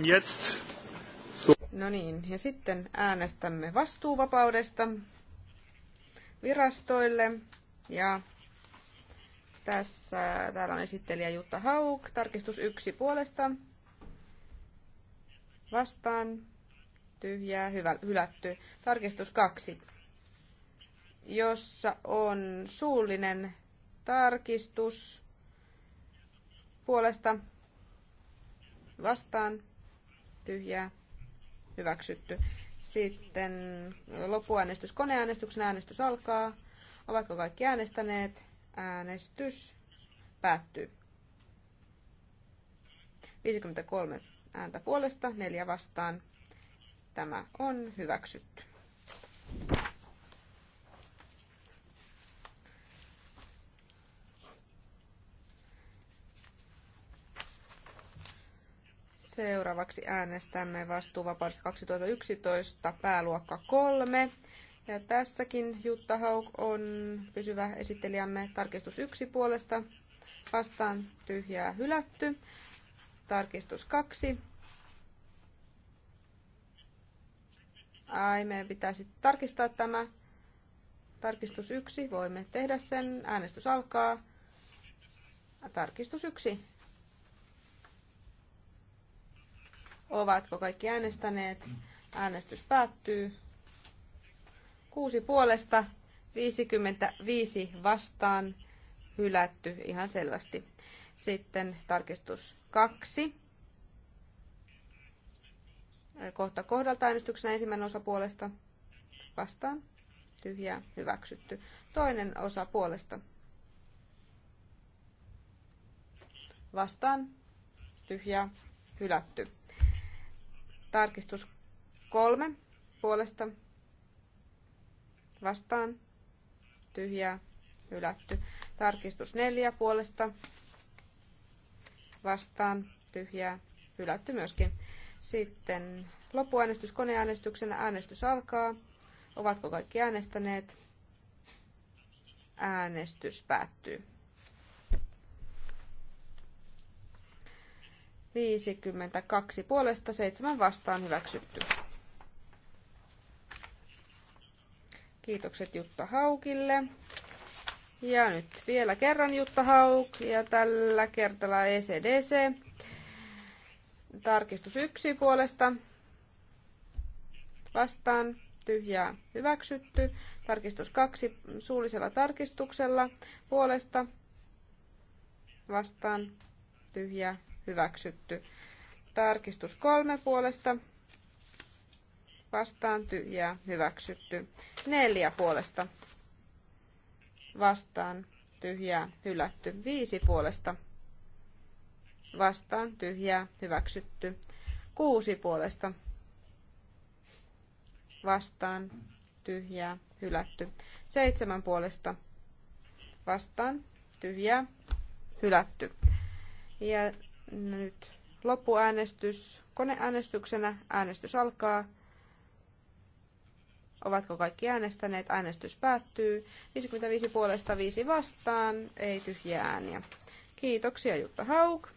jetzt No niin, ja sitten äänestämme vastuuvapaudesta virastoille. Ja tässä täällä on esittelijä Jutta Hauk, tarkistus yksi puolesta. Vastaan, tyhjää, hyvä, hylätty. Tarkistus kaksi, jossa on suullinen tarkistus puolesta vastaan, tyhjää, hyväksytty. Sitten loppuäänestys koneäänestyksen äänestys alkaa. Ovatko kaikki äänestäneet? Äänestys päättyy. 53 ääntä puolesta, neljä vastaan. Tämä on hyväksytty. Seuraavaksi äänestämme vastuuvapaudesta 2011 pääluokka 3. Ja tässäkin Jutta Hauk on pysyvä esittelijämme tarkistus yksi puolesta. Vastaan tyhjää hylätty. Tarkistus kaksi. Ai, meidän pitäisi tarkistaa tämä. Tarkistus yksi. Voimme tehdä sen. Äänestys alkaa. Tarkistus yksi. Ovatko kaikki äänestäneet? Äänestys päättyy. Kuusi puolesta, 55 vastaan, hylätty ihan selvästi. Sitten tarkistus kaksi. Kohta kohdalta äänestyksenä ensimmäinen osa puolesta vastaan, tyhjää, hyväksytty. Toinen osa puolesta vastaan, tyhjää, hylätty. Tarkistus kolme puolesta vastaan tyhjää hylätty. Tarkistus neljä puolesta vastaan tyhjää hylätty myöskin. Sitten loppuäänestys koneäänestyksenä. Äänestys alkaa. Ovatko kaikki äänestäneet? Äänestys päättyy. 52 puolesta, 7 vastaan hyväksytty. Kiitokset Jutta Haukille. Ja nyt vielä kerran Jutta Hauk ja tällä kertaa ECDC. Tarkistus yksi puolesta. Vastaan tyhjää hyväksytty. Tarkistus kaksi suullisella tarkistuksella puolesta. Vastaan tyhjää hyväksytty. Tarkistus kolme puolesta vastaan tyhjää hyväksytty. Neljä puolesta vastaan tyhjää hylätty. Viisi puolesta vastaan tyhjää hyväksytty. Kuusi puolesta vastaan tyhjää hylätty. Seitsemän puolesta vastaan tyhjää hylätty. Ja nyt loppuäänestys koneäänestyksenä. Äänestys alkaa. Ovatko kaikki äänestäneet? Äänestys päättyy. 55 puolesta 5 vastaan. Ei tyhjää ääniä. Kiitoksia Jutta Hauk.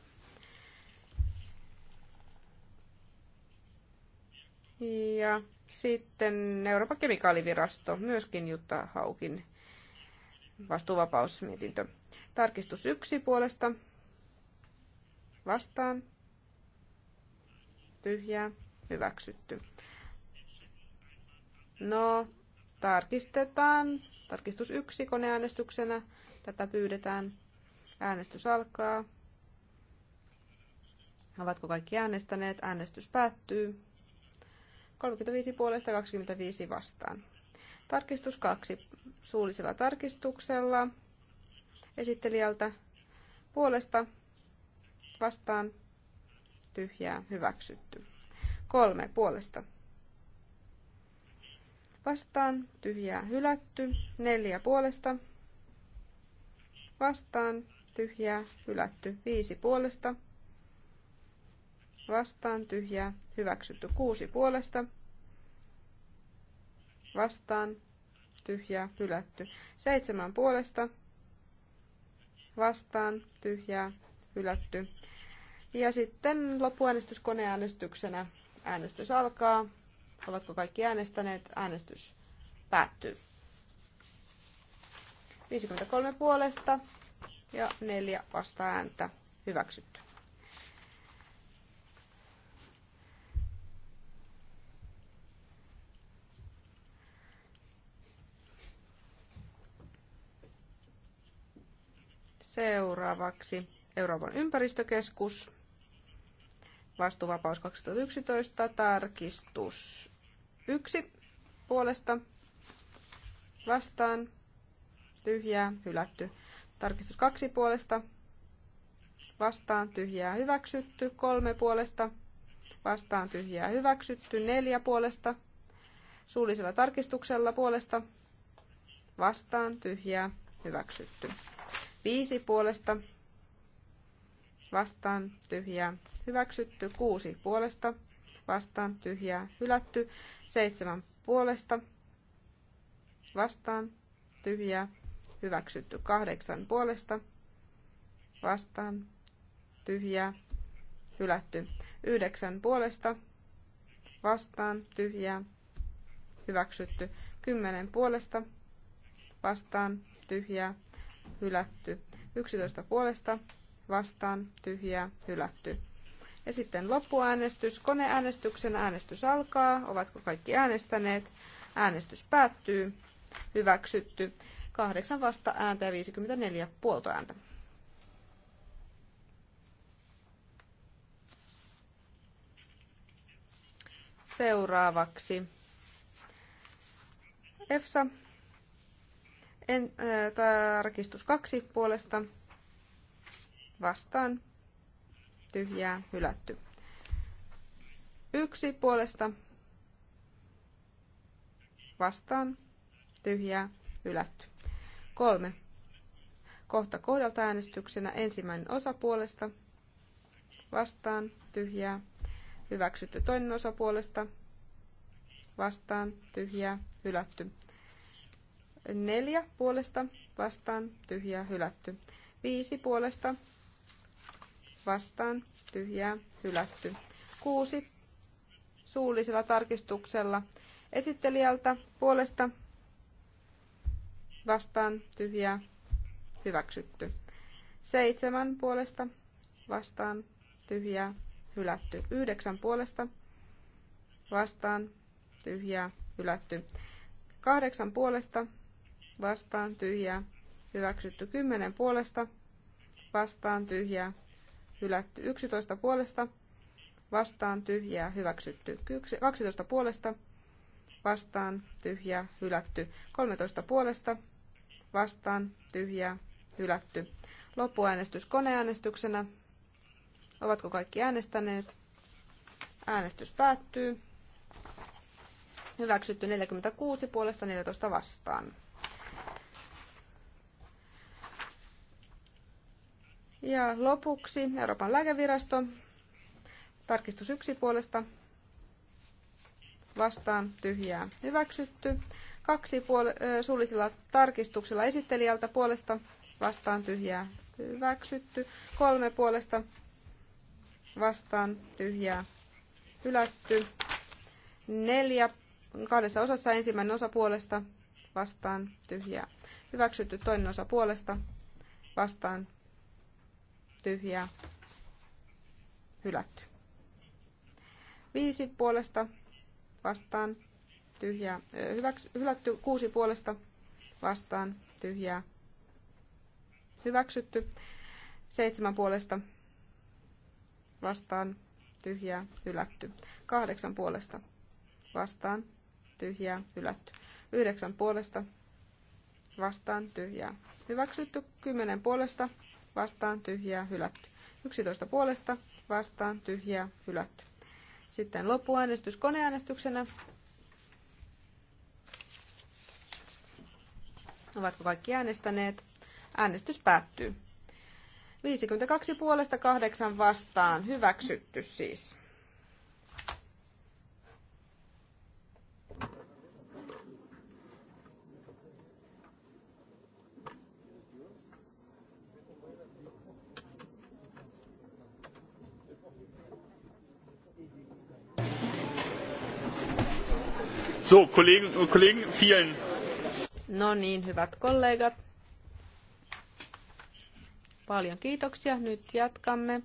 Ja sitten Euroopan kemikaalivirasto, myöskin Jutta Haukin vastuuvapausmietintö. Tarkistus yksi puolesta vastaan, tyhjää, hyväksytty. No, tarkistetaan. Tarkistus yksi koneäänestyksenä. Tätä pyydetään. Äänestys alkaa. Ovatko kaikki äänestäneet? Äänestys päättyy. 35 puolesta 25 vastaan. Tarkistus 2 suullisella tarkistuksella esittelijältä puolesta vastaan tyhjää hyväksytty. Kolme puolesta vastaan tyhjää hylätty. Neljä puolesta vastaan tyhjää hylätty. Viisi puolesta vastaan tyhjää hyväksytty. Kuusi puolesta vastaan tyhjää hylätty. Seitsemän puolesta vastaan tyhjää hylätty. Ja sitten loppuäänestys koneäänestyksenä. Äänestys alkaa. Ovatko kaikki äänestäneet? Äänestys päättyy. 53 puolesta ja neljä vasta ääntä hyväksytty. Seuraavaksi Euroopan ympäristökeskus, vastuuvapaus 2011, tarkistus 1 puolesta vastaan, tyhjää, hylätty. Tarkistus 2 puolesta vastaan, tyhjää, hyväksytty. 3 puolesta vastaan, tyhjää, hyväksytty. 4 puolesta suullisella tarkistuksella puolesta vastaan, tyhjää, hyväksytty. 5 puolesta vastaan tyhjää hyväksytty, kuusi puolesta vastaan tyhjää hylätty, seitsemän puolesta vastaan tyhjää hyväksytty, kahdeksan puolesta vastaan tyhjää hylätty, yhdeksän puolesta vastaan tyhjää hyväksytty, kymmenen puolesta vastaan tyhjää hylätty, yksitoista puolesta vastaan, tyhjää, hylätty. Ja sitten loppuäänestys. Koneäänestyksen äänestys alkaa. Ovatko kaikki äänestäneet? Äänestys päättyy. Hyväksytty. Kahdeksan vasta ääntä ja 54 puoltoääntä. Seuraavaksi EFSA. En, äh, tarkistus kaksi puolesta vastaan tyhjää hylätty. Yksi puolesta vastaan tyhjää hylätty. Kolme. Kohta kohdalta äänestyksenä ensimmäinen osa puolesta vastaan tyhjää hyväksytty. Toinen osa puolesta vastaan tyhjää hylätty. Neljä puolesta vastaan tyhjää hylätty. Viisi puolesta vastaan, tyhjää, hylätty. Kuusi suullisella tarkistuksella esittelijältä puolesta vastaan, tyhjää, hyväksytty. Seitsemän puolesta vastaan, tyhjää, hylätty. Yhdeksän puolesta vastaan, tyhjää, hylätty. Kahdeksan puolesta vastaan, tyhjää, hyväksytty. Kymmenen puolesta vastaan, tyhjää, hylätty. 11 puolesta vastaan tyhjää hyväksytty. 12 puolesta vastaan tyhjää hylätty. 13 puolesta vastaan tyhjää hylätty. Loppuäänestys koneäänestyksenä. Ovatko kaikki äänestäneet? Äänestys päättyy. Hyväksytty 46 puolesta 14 vastaan. Ja lopuksi Euroopan lääkevirasto, tarkistus yksi puolesta, vastaan tyhjää hyväksytty. Kaksi puole suullisilla tarkistuksilla esittelijältä puolesta vastaan tyhjää hyväksytty. Kolme puolesta vastaan tyhjää hylätty. Neljä kahdessa osassa ensimmäinen osa puolesta vastaan tyhjää hyväksytty. Toinen osa puolesta vastaan tyhjää, hylätty. Viisi puolesta vastaan tyhjää, hyväks, hylätty. Kuusi puolesta vastaan tyhjää, hyväksytty. Seitsemän puolesta vastaan tyhjää, hylätty. Kahdeksan puolesta vastaan tyhjää, hylätty. Yhdeksän puolesta vastaan tyhjää, hyväksytty. Kymmenen puolesta vastaan tyhjää hylätty. 11 puolesta vastaan tyhjää hylätty. Sitten loppuäänestys koneäänestyksenä. Ovatko kaikki äänestäneet? Äänestys päättyy. 52 puolesta 8 vastaan. Hyväksytty siis. So, Kollegen und Kollegen, vielen. No niin, hyvät kollegat. Paljon kiitoksia. Nyt jatkamme.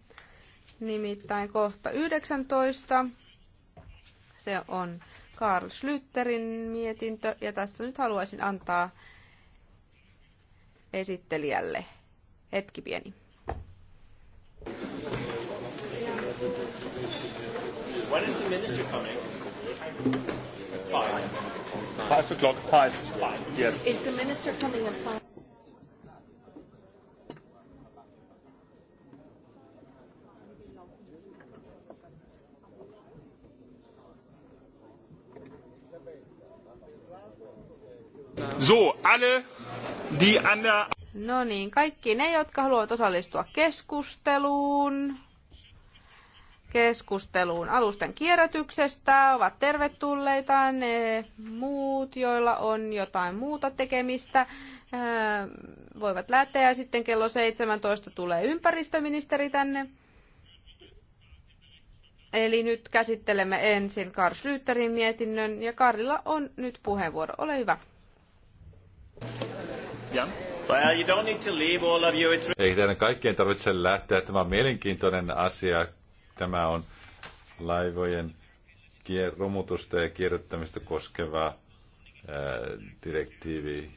Nimittäin kohta 19. Se on Karl Schlüterin mietintö ja tässä nyt haluaisin antaa esittelijälle hetki pieni. When is the minister coming? Five. o'clock. Five. Five. Yes. Is the minister coming at five? So, alle, die an der... No niin, kaikki ne, jotka haluavat osallistua keskusteluun, keskusteluun alusten kierrätyksestä. Ovat tervetulleita ne muut, joilla on jotain muuta tekemistä. Voivat lähteä sitten kello 17 tulee ympäristöministeri tänne. Eli nyt käsittelemme ensin Karl Schlüterin mietinnön ja Karilla on nyt puheenvuoro. Ole hyvä. Ei teidän kaikkien tarvitse lähteä. Tämä on mielenkiintoinen asia, Tämä on laivojen romutusta ja kierrättämistä koskeva direktiivi.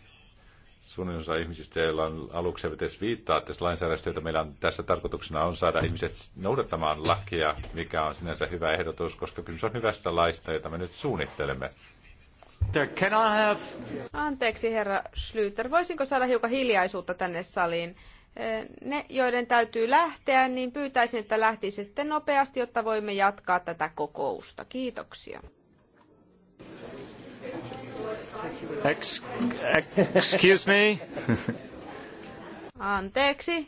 Suunnilleen osa ihmisistä, joilla on aluksi edes viittaa tässä lainsäädännöstä, jota meillä on tässä tarkoituksena on saada ihmiset noudattamaan lakia, mikä on sinänsä hyvä ehdotus, koska kyllä se on hyvästä laista, jota me nyt suunnittelemme. Can I have... Anteeksi herra Schlüter, voisinko saada hiukan hiljaisuutta tänne saliin? ne, joiden täytyy lähteä, niin pyytäisin, että lähtisitte nopeasti, jotta voimme jatkaa tätä kokousta. Kiitoksia. Excuse me. Anteeksi.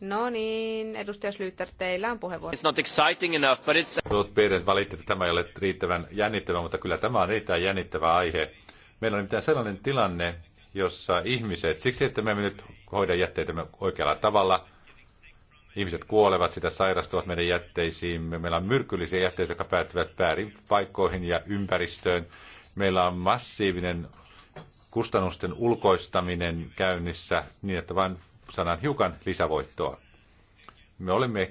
No niin, edustaja Slyter, teillä on puheenvuoro. It's not exciting enough, but it's... Tuot piirit valitti, että tämä ei ole riittävän jännittävä, mutta kyllä tämä on erittäin jännittävä aihe. Meillä on mitään sellainen tilanne, jossa ihmiset, siksi että me nyt hoida jätteitämme oikealla tavalla. Ihmiset kuolevat, sitä sairastuvat meidän jätteisiin. Meillä on myrkyllisiä jätteitä, jotka päätyvät väärin paikkoihin ja ympäristöön. Meillä on massiivinen kustannusten ulkoistaminen käynnissä niin, että vain saadaan hiukan lisävoittoa. Me olemme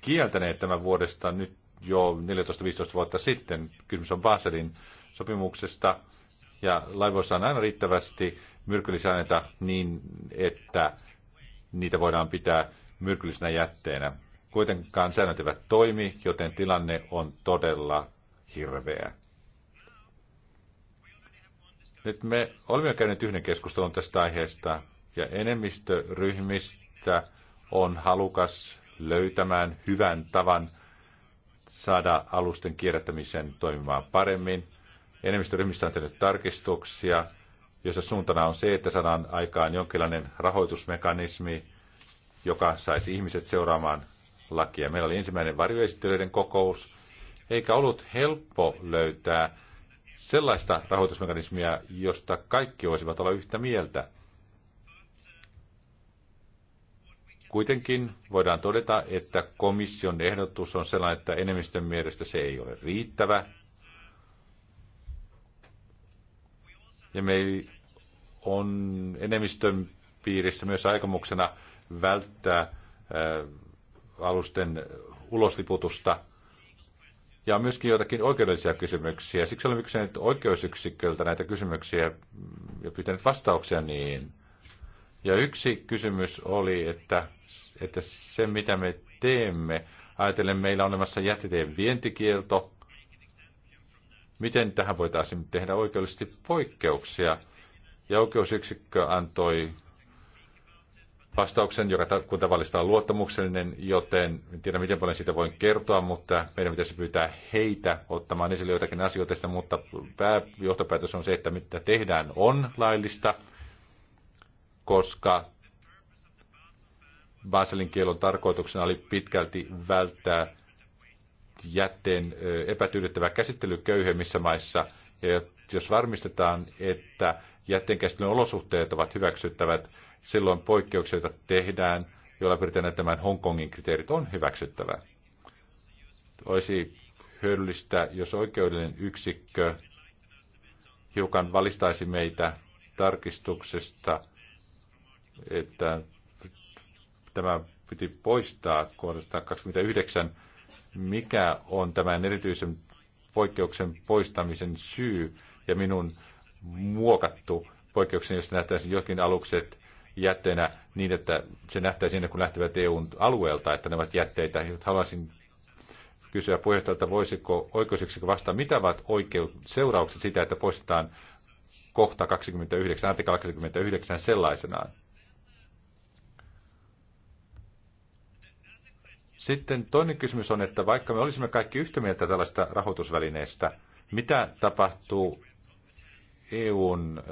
kieltäneet tämän vuodesta nyt jo 14-15 vuotta sitten. Kysymys on Baselin sopimuksesta, ja laivoissa on aina riittävästi myrkyllisaineita niin, että niitä voidaan pitää myrkyllisenä jätteenä. Kuitenkaan säännöt eivät toimi, joten tilanne on todella hirveä. Nyt me olemme käyneet yhden keskustelun tästä aiheesta, ja enemmistö ryhmistä on halukas löytämään hyvän tavan saada alusten kierrättämisen toimimaan paremmin – Enemmistöryhmistä on tehnyt tarkistuksia, jossa suuntana on se, että saadaan aikaan jonkinlainen rahoitusmekanismi, joka saisi ihmiset seuraamaan lakia. Meillä oli ensimmäinen varjoesittelyiden kokous, eikä ollut helppo löytää sellaista rahoitusmekanismia, josta kaikki voisivat olla yhtä mieltä. Kuitenkin voidaan todeta, että komission ehdotus on sellainen, että enemmistön mielestä se ei ole riittävä. Ja me on enemmistön piirissä myös aikomuksena välttää alusten ulosliputusta. Ja on myöskin joitakin oikeudellisia kysymyksiä. Siksi olemme kysyneet oikeusyksiköltä näitä kysymyksiä ja pyytäneet vastauksia niin. Ja yksi kysymys oli, että, että se mitä me teemme, ajatellen meillä on olemassa jätteiden vientikielto, miten tähän voitaisiin tehdä oikeudellisesti poikkeuksia. Ja oikeusyksikkö antoi vastauksen, joka kun tavallista on luottamuksellinen, joten en tiedä miten paljon siitä voin kertoa, mutta meidän pitäisi pyytää heitä ottamaan esille joitakin asioita, mutta pääjohtopäätös on se, että mitä tehdään on laillista, koska Baselin kielon tarkoituksena oli pitkälti välttää jätteen epätyydyttävä käsittely köyhemmissä maissa. Ja jos varmistetaan, että jätteen olosuhteet ovat hyväksyttävät, silloin poikkeuksia, joita tehdään, joilla pyritään näyttämään Hongkongin kriteerit, on hyväksyttävä. Olisi hyödyllistä, jos oikeudellinen yksikkö hiukan valistaisi meitä tarkistuksesta, että tämä piti poistaa kohdasta 29 mikä on tämän erityisen poikkeuksen poistamisen syy ja minun muokattu poikkeuksen, jos nähtäisiin jokin alukset jätteenä niin, että se nähtäisi ennen kuin lähtevät eu alueelta, että ne ovat jätteitä. Haluaisin kysyä puheenjohtajalta, voisiko oikeusiksi vastata, mitä ovat oikeut, seuraukset sitä, että poistetaan kohta 29, artikla 29 sellaisenaan? Sitten toinen kysymys on, että vaikka me olisimme kaikki yhtä mieltä tällaista rahoitusvälineestä, mitä tapahtuu EUn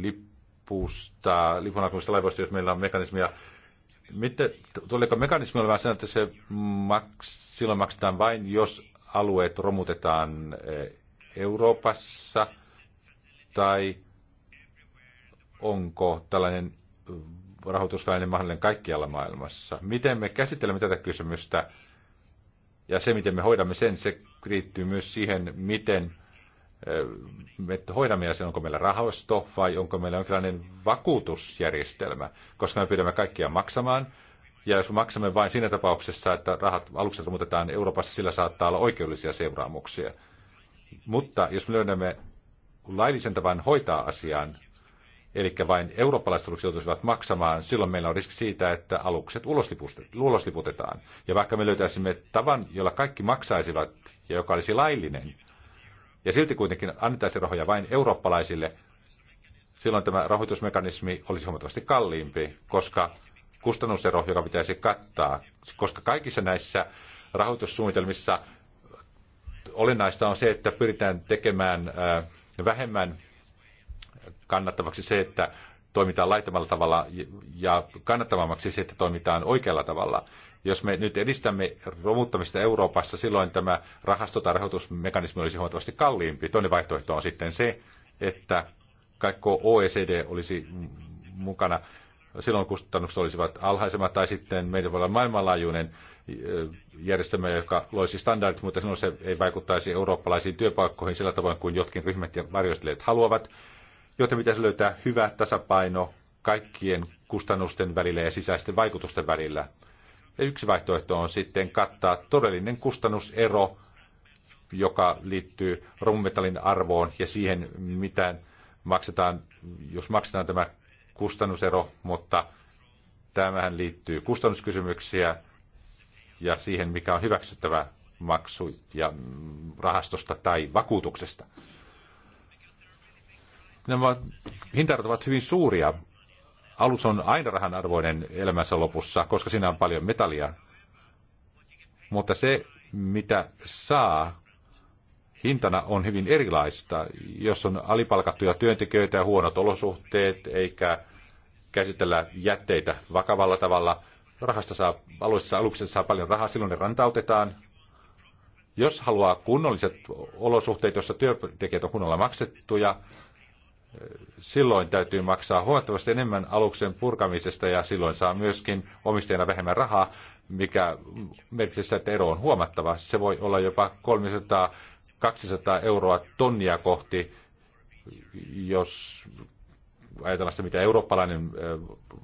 lippusta, lipunakumista laivoista, jos meillä on mekanismia, Miten, tuleeko mekanismi olemaan sen, että se maks, silloin maksetaan vain, jos alueet romutetaan Euroopassa, tai onko tällainen rahoitusväline mahdollinen kaikkialla maailmassa. Miten me käsittelemme tätä kysymystä ja se, miten me hoidamme sen, se liittyy myös siihen, miten me hoidamme ja sen, onko meillä rahasto vai onko meillä jonkinlainen vakuutusjärjestelmä, koska me pyydämme kaikkia maksamaan. Ja jos maksamme vain siinä tapauksessa, että rahat alukset muutetaan Euroopassa, sillä saattaa olla oikeudellisia seuraamuksia. Mutta jos me löydämme laillisen tavan hoitaa asiaan, eli vain eurooppalaiset alukset joutuisivat maksamaan, silloin meillä on riski siitä, että alukset ulosliputetaan. Ja vaikka me löytäisimme tavan, jolla kaikki maksaisivat ja joka olisi laillinen, ja silti kuitenkin annettaisiin rahoja vain eurooppalaisille, silloin tämä rahoitusmekanismi olisi huomattavasti kalliimpi, koska kustannusero, joka pitäisi kattaa, koska kaikissa näissä rahoitussuunnitelmissa olennaista on se, että pyritään tekemään äh, vähemmän kannattavaksi se, että toimitaan laittamalla tavalla ja kannattavammaksi se, että toimitaan oikealla tavalla. Jos me nyt edistämme romuttamista Euroopassa, silloin tämä rahasto- tai rahoitusmekanismi olisi huomattavasti kalliimpi. Toinen vaihtoehto on sitten se, että kaikko OECD olisi mukana. Silloin kustannukset olisivat alhaisemmat tai sitten meidän voi olla maailmanlaajuinen järjestelmä, joka loisi standardit, mutta silloin se ei vaikuttaisi eurooppalaisiin työpaikkoihin sillä tavoin kuin jotkin ryhmät ja varjostelijat haluavat joten pitäisi löytää hyvä tasapaino kaikkien kustannusten välillä ja sisäisten vaikutusten välillä. Ja yksi vaihtoehto on sitten kattaa todellinen kustannusero, joka liittyy rummetallin arvoon ja siihen, mitä maksetaan, jos maksetaan tämä kustannusero, mutta tämähän liittyy kustannuskysymyksiä ja siihen, mikä on hyväksyttävä maksu ja rahastosta tai vakuutuksesta. Nämä hintarot ovat hyvin suuria. Alus on aina rahan arvoinen elämänsä lopussa, koska siinä on paljon metallia. Mutta se, mitä saa hintana, on hyvin erilaista. Jos on alipalkattuja työntekijöitä ja huonot olosuhteet, eikä käsitellä jätteitä vakavalla tavalla, rahasta saa, aluksessa, aluksessa saa paljon rahaa, silloin ne rantautetaan. Jos haluaa kunnolliset olosuhteet, joissa työntekijät on kunnolla maksettuja, silloin täytyy maksaa huomattavasti enemmän aluksen purkamisesta ja silloin saa myöskin omistajana vähemmän rahaa, mikä merkitsee sitä, että ero on huomattava. Se voi olla jopa 300-200 euroa tonnia kohti, jos ajatellaan sitä, mitä eurooppalainen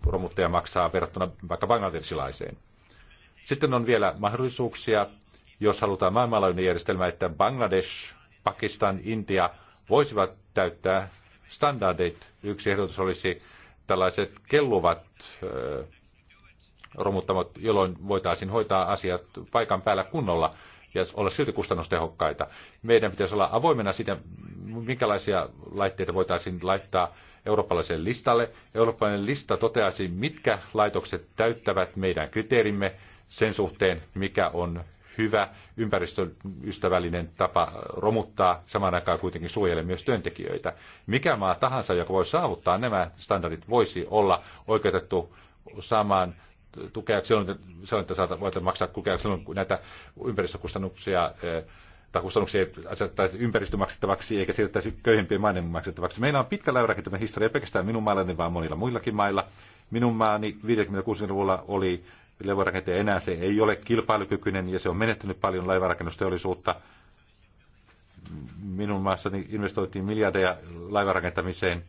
romuttaja maksaa verrattuna vaikka bangladesilaiseen. Sitten on vielä mahdollisuuksia, jos halutaan maailmanlaajuinen järjestelmä, että Bangladesh, Pakistan, Intia voisivat täyttää standardit. Yksi ehdotus olisi tällaiset kelluvat romuttamot, jolloin voitaisiin hoitaa asiat paikan päällä kunnolla ja olla silti kustannustehokkaita. Meidän pitäisi olla avoimena siitä, minkälaisia laitteita voitaisiin laittaa eurooppalaiselle listalle. Eurooppalainen lista toteaisi, mitkä laitokset täyttävät meidän kriteerimme sen suhteen, mikä on hyvä ympäristöystävällinen tapa romuttaa, samaan aikaan kuitenkin suojelee myös työntekijöitä. Mikä maa tahansa, joka voi saavuttaa nämä standardit, voisi olla oikeutettu saamaan tukea silloin, että saada voit maksaa tukea silloin, kun näitä ympäristökustannuksia eh, tai kustannuksia asettaisi ympäristömaksettavaksi eikä siirrettäisi köyhempien maiden maksettavaksi. Meillä on pitkä läyräkitämä historia, pelkästään minun maallani, vaan monilla muillakin mailla. Minun maani 60 luvulla oli laivarakentaja enää. Se ei ole kilpailukykyinen ja se on menettänyt paljon laivarakennusteollisuutta. Minun maassani investoitiin miljardeja laivarakentamiseen,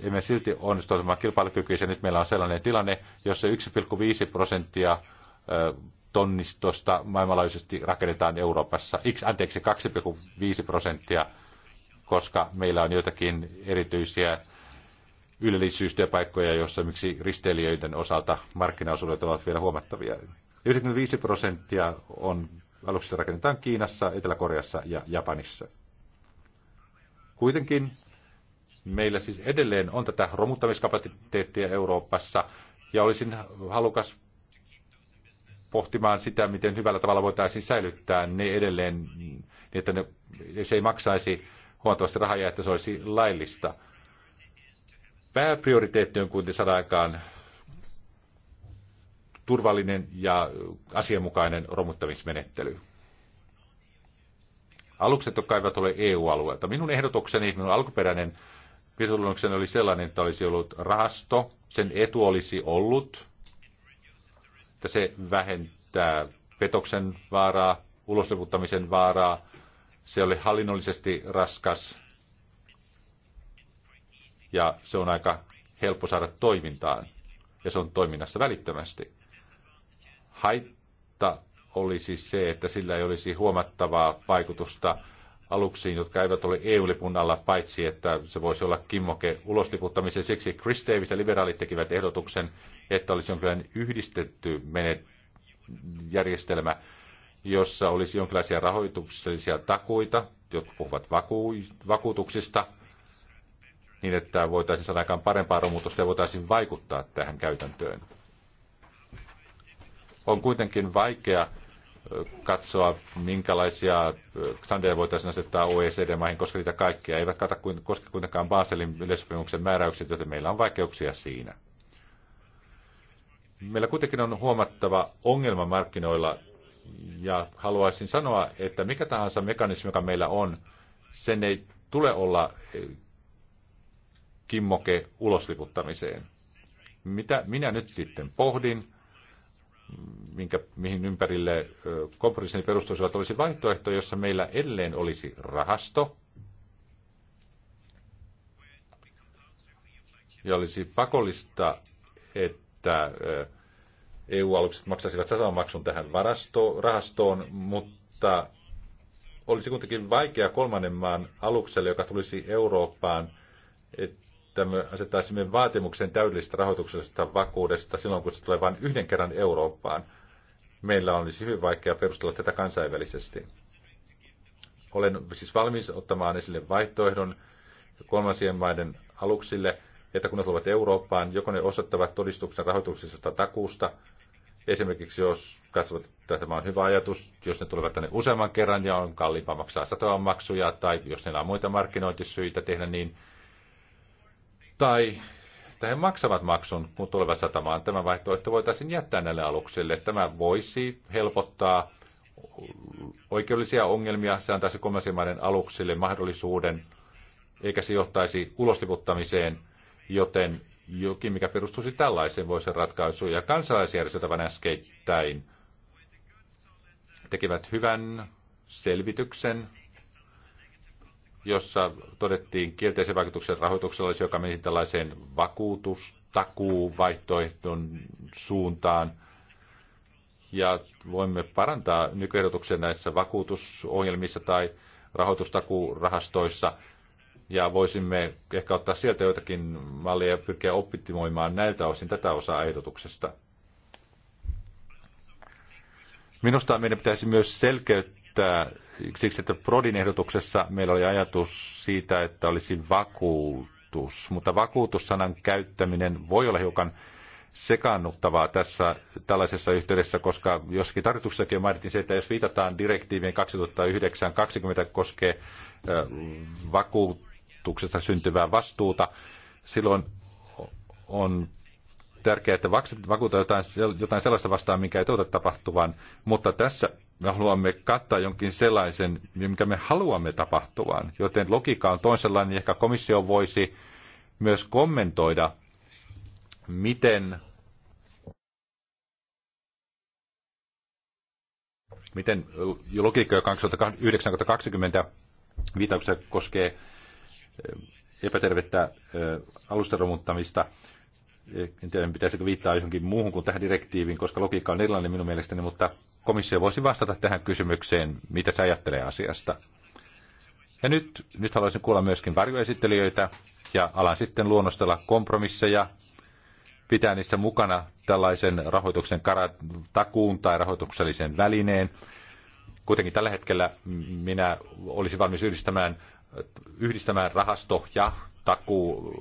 Emme silti onnistu olemaan kilpailukykyisiä. Nyt meillä on sellainen tilanne, jossa 1,5 prosenttia tonnistosta maailmanlaajuisesti rakennetaan Euroopassa. X, anteeksi, 2,5 prosenttia, koska meillä on joitakin erityisiä ylellisyystyöpaikkoja, joissa miksi risteilijöiden osalta markkinaosuudet ovat vielä huomattavia. 95 prosenttia on aluksista rakennetaan Kiinassa, Etelä-Koreassa ja Japanissa. Kuitenkin meillä siis edelleen on tätä romuttamiskapasiteettia Euroopassa, ja olisin halukas pohtimaan sitä, miten hyvällä tavalla voitaisiin säilyttää ne edelleen, niin että ne, se ei maksaisi huomattavasti rahaa ja että se olisi laillista. Pääprioriteetti on kuitenkin saada aikaan turvallinen ja asianmukainen romuttamismenettely. Alukset, jotka eivät ole EU-alueelta. Minun ehdotukseni, minun alkuperäinen Pitulukseni oli sellainen, että olisi ollut rahasto. Sen etu olisi ollut, että se vähentää petoksen vaaraa, ulosliputtamisen vaaraa. Se oli hallinnollisesti raskas ja se on aika helppo saada toimintaan, ja se on toiminnassa välittömästi. Haitta olisi siis se, että sillä ei olisi huomattavaa vaikutusta aluksiin, jotka eivät ole EU-lipun alla, paitsi että se voisi olla kimmoke ulosliputtamisen. Siksi Chris Davis ja liberaalit tekivät ehdotuksen, että olisi jonkinlainen yhdistetty menet järjestelmä, jossa olisi jonkinlaisia rahoituksellisia takuita, jotka puhuvat vaku- vakuutuksista, niin, että voitaisiin saada aikaan parempaa romutusta ja voitaisiin vaikuttaa tähän käytäntöön. On kuitenkin vaikea katsoa, minkälaisia standardeja voitaisiin asettaa OECD-maihin, koska niitä kaikkia eivät kata, koske kuitenkaan Baselin yleissopimuksen määräyksiä, joten meillä on vaikeuksia siinä. Meillä kuitenkin on huomattava ongelma markkinoilla, ja haluaisin sanoa, että mikä tahansa mekanismi, joka meillä on, sen ei tule olla kimmoke ulosliputtamiseen. Mitä minä nyt sitten pohdin, minkä, mihin ympärille kompromissin perustuisivat, olisi vaihtoehto, jossa meillä edelleen olisi rahasto, ja olisi pakollista, että EU-alukset maksaisivat satamaksun tähän varasto, rahastoon, mutta olisi kuitenkin vaikea kolmannen maan alukselle, joka tulisi Eurooppaan, että että me asettaisimme vaatimuksen täydellisestä rahoituksesta vakuudesta silloin, kun se tulee vain yhden kerran Eurooppaan. Meillä olisi hyvin vaikea perustella tätä kansainvälisesti. Olen siis valmis ottamaan esille vaihtoehdon kolmansien maiden aluksille, että kun ne tulevat Eurooppaan, joko ne osoittavat todistuksen rahoituksesta takuusta, esimerkiksi jos katsovat, että tämä on hyvä ajatus, jos ne tulevat tänne useamman kerran ja on kalliimpaa maksaa satoa maksuja, tai jos niillä on muita markkinointisyitä tehdä niin, tai että he maksavat maksun, mutta tulevat satamaan. Tämä vaihtoehto voitaisiin jättää näille aluksille. Tämä voisi helpottaa oikeudellisia ongelmia. Se antaisi kolmansien maiden aluksille mahdollisuuden, eikä se johtaisi ulosliputtamiseen, joten jokin, mikä perustuisi tällaiseen, voisi ratkaisu. Ja kansalaisjärjestöt ovat äskeittäin tekivät hyvän selvityksen jossa todettiin kielteisen vaikutuksen rahoituksella, joka meni tällaiseen vakuutustakuuvaihtoehdon suuntaan. Ja voimme parantaa nykyehdotuksen näissä vakuutusohjelmissa tai rahoitustakuurahastoissa. Ja voisimme ehkä ottaa sieltä joitakin malleja ja pyrkiä optimoimaan näiltä osin tätä osaa ehdotuksesta. Minusta meidän pitäisi myös selkeyttää siksi, että Prodin ehdotuksessa meillä oli ajatus siitä, että olisi vakuutus, mutta vakuutussanan käyttäminen voi olla hiukan sekaannuttavaa tässä tällaisessa yhteydessä, koska joskin tarkoituksessakin mainittiin se, että jos viitataan direktiiviin 2009-20 koskee vakuutuksesta syntyvää vastuuta, silloin on tärkeää, että vakuuta jotain, jotain sellaista vastaan, minkä ei tuota tapahtuvan, mutta tässä me haluamme kattaa jonkin sellaisen, mikä me haluamme tapahtuvan. Joten logiikka on toisenlainen, niin ehkä komissio voisi myös kommentoida, miten, miten logiikka, joka 2020 viitauksessa koskee eh, epätervettä eh, alustaromuttamista, eh, en tiedä, pitäisikö viittaa johonkin muuhun kuin tähän direktiiviin, koska logiikka on erilainen minun mielestäni, mutta komissio voisi vastata tähän kysymykseen, mitä se ajattelee asiasta. Ja nyt, nyt haluaisin kuulla myöskin varjoesittelijöitä ja alan sitten luonnostella kompromisseja, pitää niissä mukana tällaisen rahoituksen takuun tai rahoituksellisen välineen. Kuitenkin tällä hetkellä minä olisin valmis yhdistämään, yhdistämään rahasto ja takuu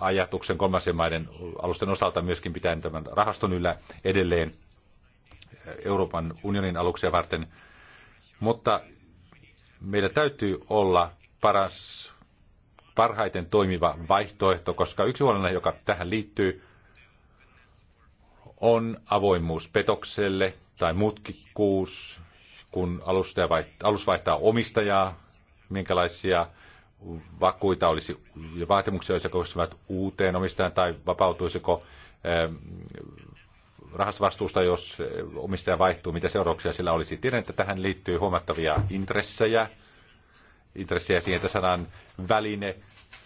ajatuksen kolmansien maiden alusten osalta myöskin pitää tämän rahaston yllä edelleen Euroopan unionin aluksia varten. Mutta meillä täytyy olla paras, parhaiten toimiva vaihtoehto, koska yksi huolena, joka tähän liittyy, on avoimuus petokselle tai mutkikkuus, kun alus vaihtaa, alus vaihtaa omistajaa, minkälaisia vakuita olisi ja vaatimuksia olisi koskevat uuteen omistajan tai vapautuisiko Rahastavastuusta, jos omistaja vaihtuu, mitä seurauksia sillä olisi. Tiedän, että tähän liittyy huomattavia intressejä, intressejä siihen, että sanan väline,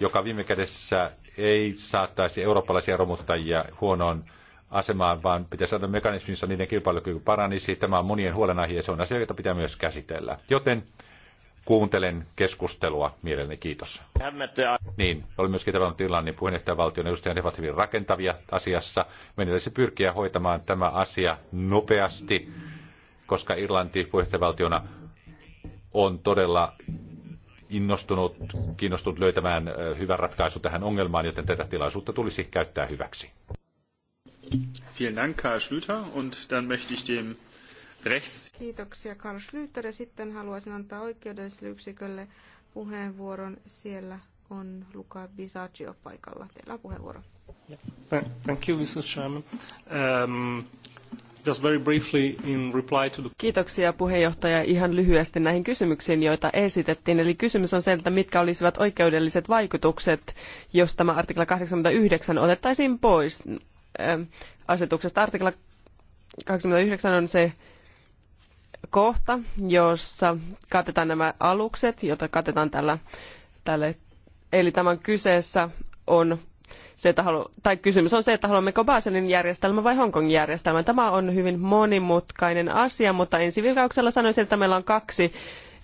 joka viime kädessä ei saattaisi eurooppalaisia romuttajia huonoon asemaan, vaan pitäisi saada mekanisminsa niiden kilpailukyky paranisi. Tämä on monien huolenaihe ja se on asia, jota pitää myös käsitellä. Joten kuuntelen keskustelua mielelläni. Kiitos. Niin, oli myöskin tämä tilanne, niin puheenjohtajavaltion edustajat ovat hyvin rakentavia asiassa. Meidän pitäisi pyrkiä hoitamaan tämä asia nopeasti, koska Irlanti puheenjohtajavaltiona on todella innostunut, kiinnostunut löytämään hyvän ratkaisun tähän ongelmaan, joten tätä tilaisuutta tulisi käyttää hyväksi. Vielen Dank, Karl Schlüter. Und dann möchte ich dem rechts. Kiitoksia Karl Schlüter. Ja sitten haluaisin antaa oikeudelliselle yksikölle puheenvuoron. Siellä on Luca Bisaccio paikalla. Teillä on puheenvuoro. Thank you, Mr. Chairman. Um, just very briefly in reply to the... Kiitoksia puheenjohtaja ihan lyhyesti näihin kysymyksiin, joita esitettiin. Eli kysymys on se, että mitkä olisivat oikeudelliset vaikutukset, jos tämä artikla 89 otettaisiin pois asetuksesta. Artikla 89 on se kohta, jossa katetaan nämä alukset, joita katetaan tällä, tälle. Eli tämän kyseessä on se, että halu, tai kysymys on se, että haluammeko Baselin järjestelmä vai Hongkongin järjestelmä. Tämä on hyvin monimutkainen asia, mutta ensi virkauksella sanoisin, että meillä on kaksi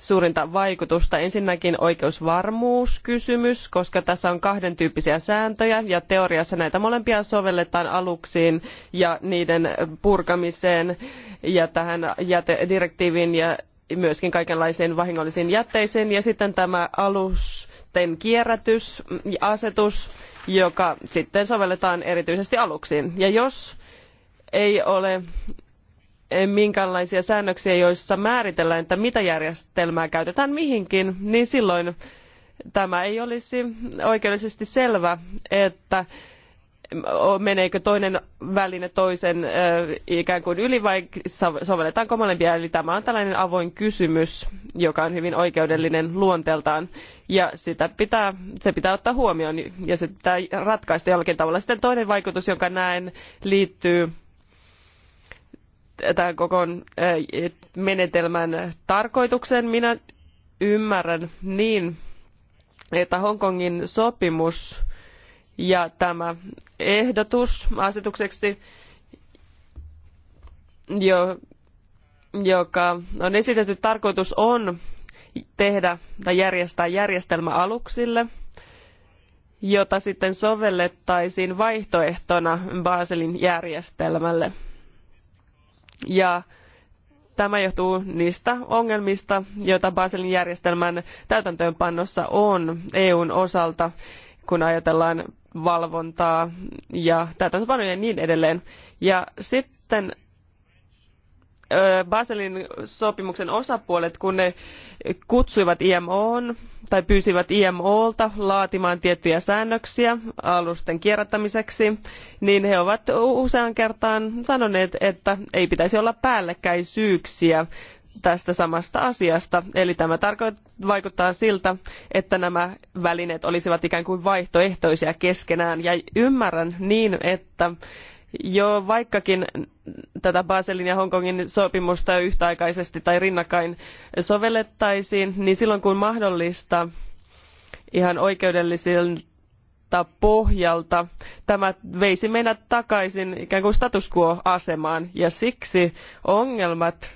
suurinta vaikutusta. Ensinnäkin oikeusvarmuuskysymys, koska tässä on kahden tyyppisiä sääntöjä ja teoriassa näitä molempia sovelletaan aluksiin ja niiden purkamiseen ja tähän jätedirektiiviin ja myöskin kaikenlaisiin vahingollisiin jätteisiin. Ja sitten tämä alusten kierrätysasetus, joka sitten sovelletaan erityisesti aluksiin. Ja jos ei ole minkälaisia säännöksiä, joissa määritellään, että mitä järjestelmää käytetään mihinkin, niin silloin tämä ei olisi oikeudellisesti selvä, että meneekö toinen väline toisen ikään kuin yli vai sovelletaanko molempia. Eli tämä on tällainen avoin kysymys, joka on hyvin oikeudellinen luonteeltaan ja sitä pitää, se pitää ottaa huomioon ja se pitää ratkaista jollakin tavalla. Sitten toinen vaikutus, jonka näen, liittyy tämän koko menetelmän tarkoituksen. Minä ymmärrän niin, että Hongkongin sopimus ja tämä ehdotus asetukseksi, jo, joka on esitetty, tarkoitus on tehdä tai järjestää järjestelmä aluksille, jota sitten sovellettaisiin vaihtoehtona Baselin järjestelmälle. Ja tämä johtuu niistä ongelmista, joita Baselin järjestelmän täytäntöönpannossa on EUn osalta, kun ajatellaan valvontaa ja täytäntöönpanoja ja niin edelleen. Ja sitten Baselin sopimuksen osapuolet, kun ne kutsuivat IMOon tai pyysivät IMOlta laatimaan tiettyjä säännöksiä alusten kierrättämiseksi, niin he ovat usean kertaan sanoneet, että ei pitäisi olla päällekkäisyyksiä tästä samasta asiasta. Eli tämä tarko- vaikuttaa siltä, että nämä välineet olisivat ikään kuin vaihtoehtoisia keskenään. Ja ymmärrän niin, että jo vaikkakin tätä Baselin ja Hongkongin sopimusta yhtäaikaisesti tai rinnakkain sovellettaisiin, niin silloin kun mahdollista ihan oikeudellisilta pohjalta, tämä veisi meidät takaisin ikään kuin status quo-asemaan. Ja siksi ongelmat,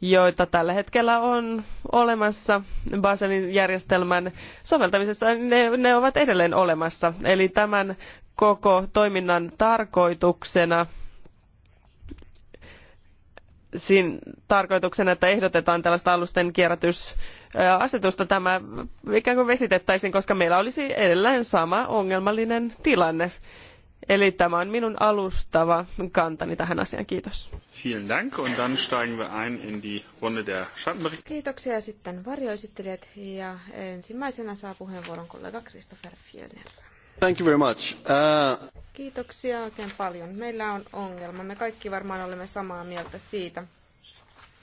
joita tällä hetkellä on olemassa Baselin järjestelmän soveltamisessa, ne, ne ovat edelleen olemassa. Eli tämän koko toiminnan tarkoituksena sin, tarkoituksena, että ehdotetaan tällaista alusten kierrätysasetusta. Tämä ikään kuin vesitettäisiin, koska meillä olisi edelleen sama ongelmallinen tilanne. Eli tämä on minun alustava kantani tähän asiaan. Kiitos. Vielen Dank und dann steigen wir ein in die Runde der Kiitoksia sitten varjoesittelijät ja ensimmäisenä saa puheenvuoron kollega Christopher Fielner. Thank you very much. Uh... Kiitoksia oikein paljon. Meillä on ongelma. Me kaikki varmaan olemme samaa mieltä siitä.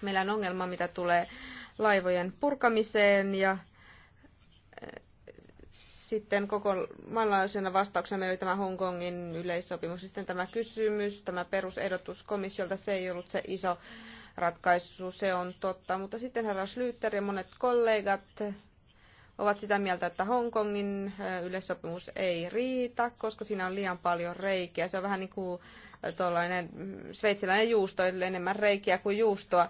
Meillä on ongelma, mitä tulee laivojen purkamiseen ja eh, sitten koko maailmanlaajuisena vastauksena meillä oli tämä Hongkongin yleissopimus. Sitten tämä kysymys, tämä perusehdotus komissiolta, se ei ollut se iso ratkaisu, se on totta. Mutta sitten herra Slyter ja monet kollegat ovat sitä mieltä, että Hongkongin yleissopimus ei riitä, koska siinä on liian paljon reikiä. Se on vähän niin kuin tuollainen mm, sveitsiläinen juusto, enemmän reikiä kuin juustoa.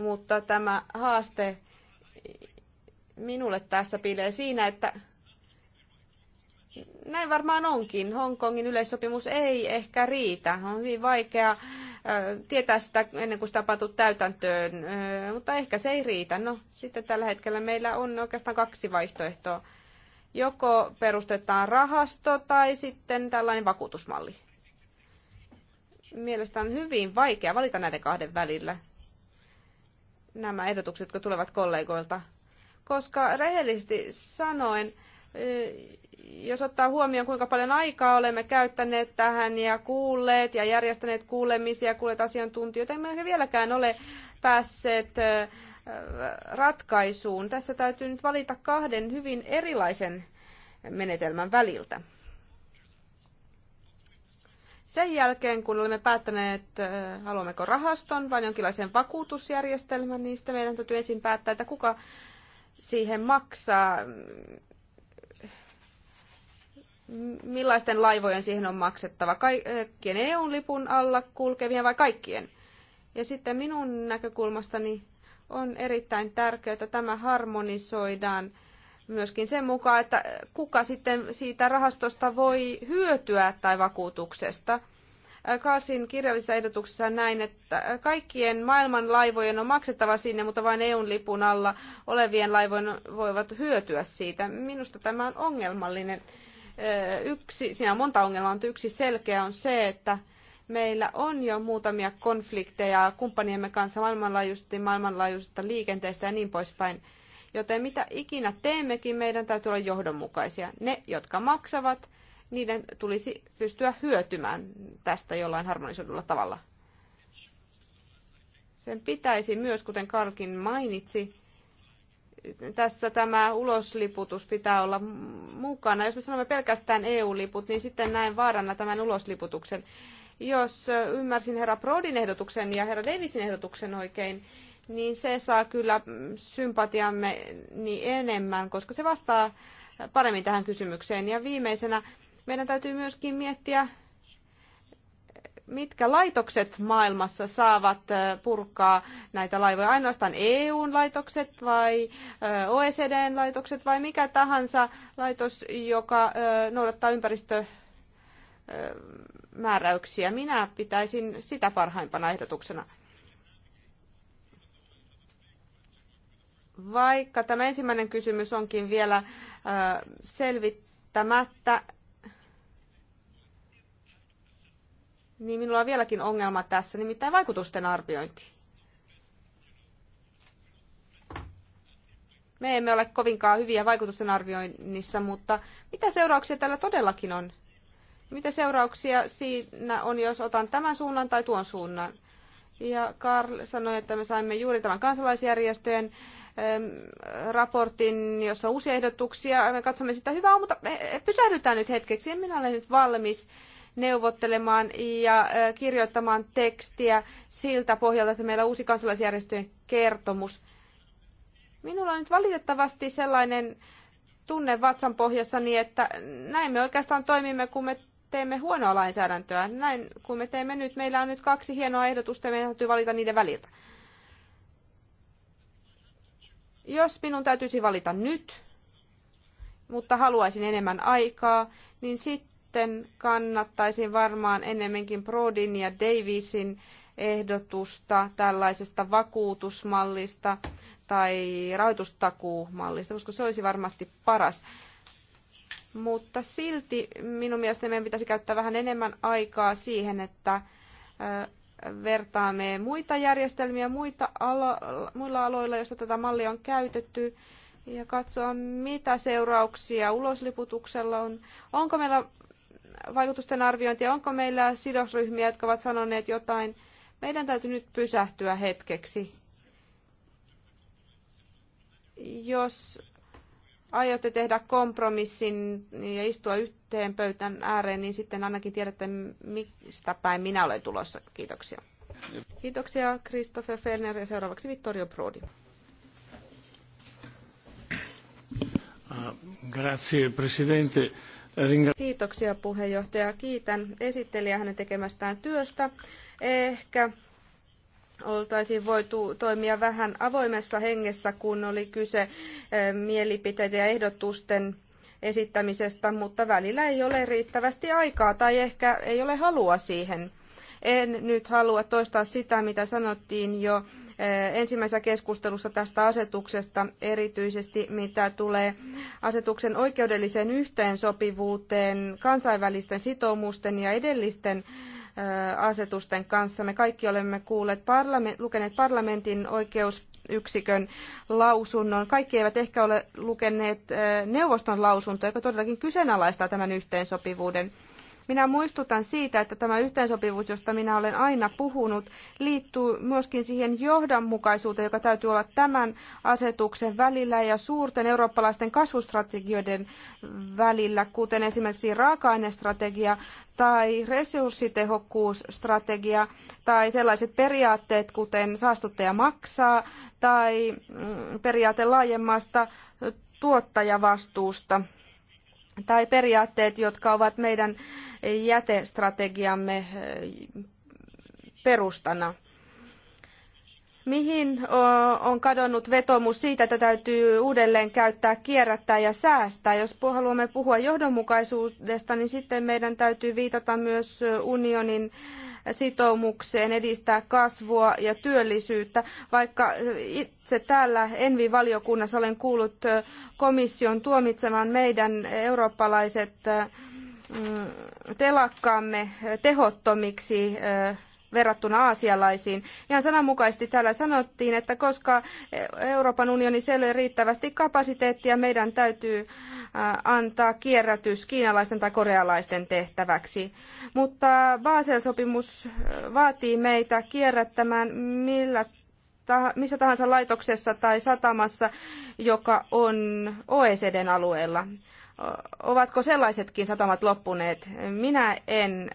Mutta tämä haaste minulle tässä piilee siinä, että näin varmaan onkin. Hongkongin yleissopimus ei ehkä riitä. On hyvin vaikea tietää sitä ennen kuin sitä on täytäntöön, mutta ehkä se ei riitä. No, sitten tällä hetkellä meillä on oikeastaan kaksi vaihtoehtoa. Joko perustetaan rahasto tai sitten tällainen vakuutusmalli. Mielestäni on hyvin vaikea valita näiden kahden välillä nämä ehdotukset, jotka tulevat kollegoilta. Koska rehellisesti sanoen, jos ottaa huomioon, kuinka paljon aikaa olemme käyttäneet tähän ja kuulleet ja järjestäneet kuulemisia ja kuulleet asiantuntijoita, emme vieläkään ole päässeet ratkaisuun. Tässä täytyy nyt valita kahden hyvin erilaisen menetelmän väliltä. Sen jälkeen, kun olemme päättäneet, haluammeko rahaston vai jonkinlaisen vakuutusjärjestelmän, niin sitten meidän täytyy ensin päättää, että kuka siihen maksaa, millaisten laivojen siihen on maksettava? Kaikkien EU-lipun alla kulkevien vai kaikkien? Ja sitten minun näkökulmastani on erittäin tärkeää, että tämä harmonisoidaan myöskin sen mukaan, että kuka sitten siitä rahastosta voi hyötyä tai vakuutuksesta. Kaasin kirjallisessa ehdotuksessa näin, että kaikkien maailman laivojen on maksettava sinne, mutta vain EUn lipun alla olevien laivojen voivat hyötyä siitä. Minusta tämä on ongelmallinen yksi, siinä on monta ongelmaa, mutta yksi selkeä on se, että meillä on jo muutamia konflikteja kumppaniemme kanssa maailmanlaajuisesti, maailmanlaajuisesta liikenteestä ja niin poispäin. Joten mitä ikinä teemmekin, meidän täytyy olla johdonmukaisia. Ne, jotka maksavat, niiden tulisi pystyä hyötymään tästä jollain harmonisoidulla tavalla. Sen pitäisi myös, kuten Karkin mainitsi, tässä tämä ulosliputus pitää olla mukana. Jos me sanomme pelkästään EU-liput, niin sitten näen vaarana tämän ulosliputuksen. Jos ymmärsin herra Prodin ehdotuksen ja herra Davisin ehdotuksen oikein, niin se saa kyllä sympatiamme niin enemmän, koska se vastaa paremmin tähän kysymykseen. Ja viimeisenä meidän täytyy myöskin miettiä mitkä laitokset maailmassa saavat purkaa näitä laivoja? Ainoastaan EUn laitokset vai OECDn laitokset vai mikä tahansa laitos, joka noudattaa ympäristömääräyksiä? Minä pitäisin sitä parhaimpana ehdotuksena. Vaikka tämä ensimmäinen kysymys onkin vielä selvittämättä, niin minulla on vieläkin ongelma tässä, nimittäin vaikutusten arviointi. Me emme ole kovinkaan hyviä vaikutusten arvioinnissa, mutta mitä seurauksia tällä todellakin on? Mitä seurauksia siinä on, jos otan tämän suunnan tai tuon suunnan? Ja Karl sanoi, että me saimme juuri tämän kansalaisjärjestöjen raportin, jossa on uusia ehdotuksia. Me katsomme sitä hyvää, mutta pysähdytään nyt hetkeksi. En minä ole nyt valmis neuvottelemaan ja kirjoittamaan tekstiä siltä pohjalta, että meillä on uusi kansalaisjärjestöjen kertomus. Minulla on nyt valitettavasti sellainen tunne vatsan pohjassani, niin, että näin me oikeastaan toimimme, kun me teemme huonoa lainsäädäntöä. Näin kun me teemme nyt, meillä on nyt kaksi hienoa ehdotusta ja meidän täytyy valita niiden väliltä. Jos minun täytyisi valita nyt, mutta haluaisin enemmän aikaa, niin sitten sitten kannattaisin varmaan enemmänkin Prodin ja Davisin ehdotusta tällaisesta vakuutusmallista tai rahoitustakuumallista, koska se olisi varmasti paras. Mutta silti minun mielestäni meidän pitäisi käyttää vähän enemmän aikaa siihen, että vertaamme muita järjestelmiä muita alo- muilla aloilla, joissa tätä mallia on käytetty, ja katsoa, mitä seurauksia ulosliputuksella on. Onko meillä vaikutusten arviointia. Onko meillä sidosryhmiä, jotka ovat sanoneet jotain? Meidän täytyy nyt pysähtyä hetkeksi. Jos aiotte tehdä kompromissin ja istua yhteen pöytän ääreen, niin sitten ainakin tiedätte, mistä päin minä olen tulossa. Kiitoksia. Kiitoksia Christopher Fellner ja seuraavaksi Vittorio Prodi. Ah, grazie Presidente. Kiitoksia puheenjohtaja. Kiitän esittelijä hänen tekemästään työstä. Ehkä oltaisiin voitu toimia vähän avoimessa hengessä, kun oli kyse eh, mielipiteiden ja ehdotusten esittämisestä, mutta välillä ei ole riittävästi aikaa tai ehkä ei ole halua siihen. En nyt halua toistaa sitä, mitä sanottiin jo Eh, ensimmäisessä keskustelussa tästä asetuksesta, erityisesti mitä tulee asetuksen oikeudelliseen yhteensopivuuteen kansainvälisten sitoumusten ja edellisten eh, asetusten kanssa. Me kaikki olemme kuulleet parlament, lukeneet parlamentin oikeusyksikön lausunnon. Kaikki eivät ehkä ole lukeneet eh, neuvoston lausuntoa, joka todellakin kyseenalaistaa tämän yhteensopivuuden. Minä muistutan siitä, että tämä yhteensopivuus, josta minä olen aina puhunut, liittyy myöskin siihen johdonmukaisuuteen, joka täytyy olla tämän asetuksen välillä ja suurten eurooppalaisten kasvustrategioiden välillä, kuten esimerkiksi raaka-ainestrategia tai resurssitehokkuusstrategia tai sellaiset periaatteet, kuten saastuttaja maksaa tai mm, periaate laajemmasta tuottajavastuusta tai periaatteet, jotka ovat meidän jätestrategiamme perustana. Mihin on kadonnut vetomus siitä, että täytyy uudelleen käyttää, kierrättää ja säästää? Jos haluamme puhua johdonmukaisuudesta, niin sitten meidän täytyy viitata myös unionin sitoumukseen edistää kasvua ja työllisyyttä, vaikka itse täällä Envi-valiokunnassa olen kuullut komission tuomitsemaan meidän eurooppalaiset telakkaamme tehottomiksi verrattuna aasialaisiin. Ihan sananmukaisesti täällä sanottiin, että koska Euroopan unionissa ei ole riittävästi kapasiteettia, meidän täytyy antaa kierrätys kiinalaisten tai korealaisten tehtäväksi. Mutta Basel-sopimus vaatii meitä kierrättämään millä missä tahansa laitoksessa tai satamassa, joka on OECDn alueella. Ovatko sellaisetkin satamat loppuneet? Minä en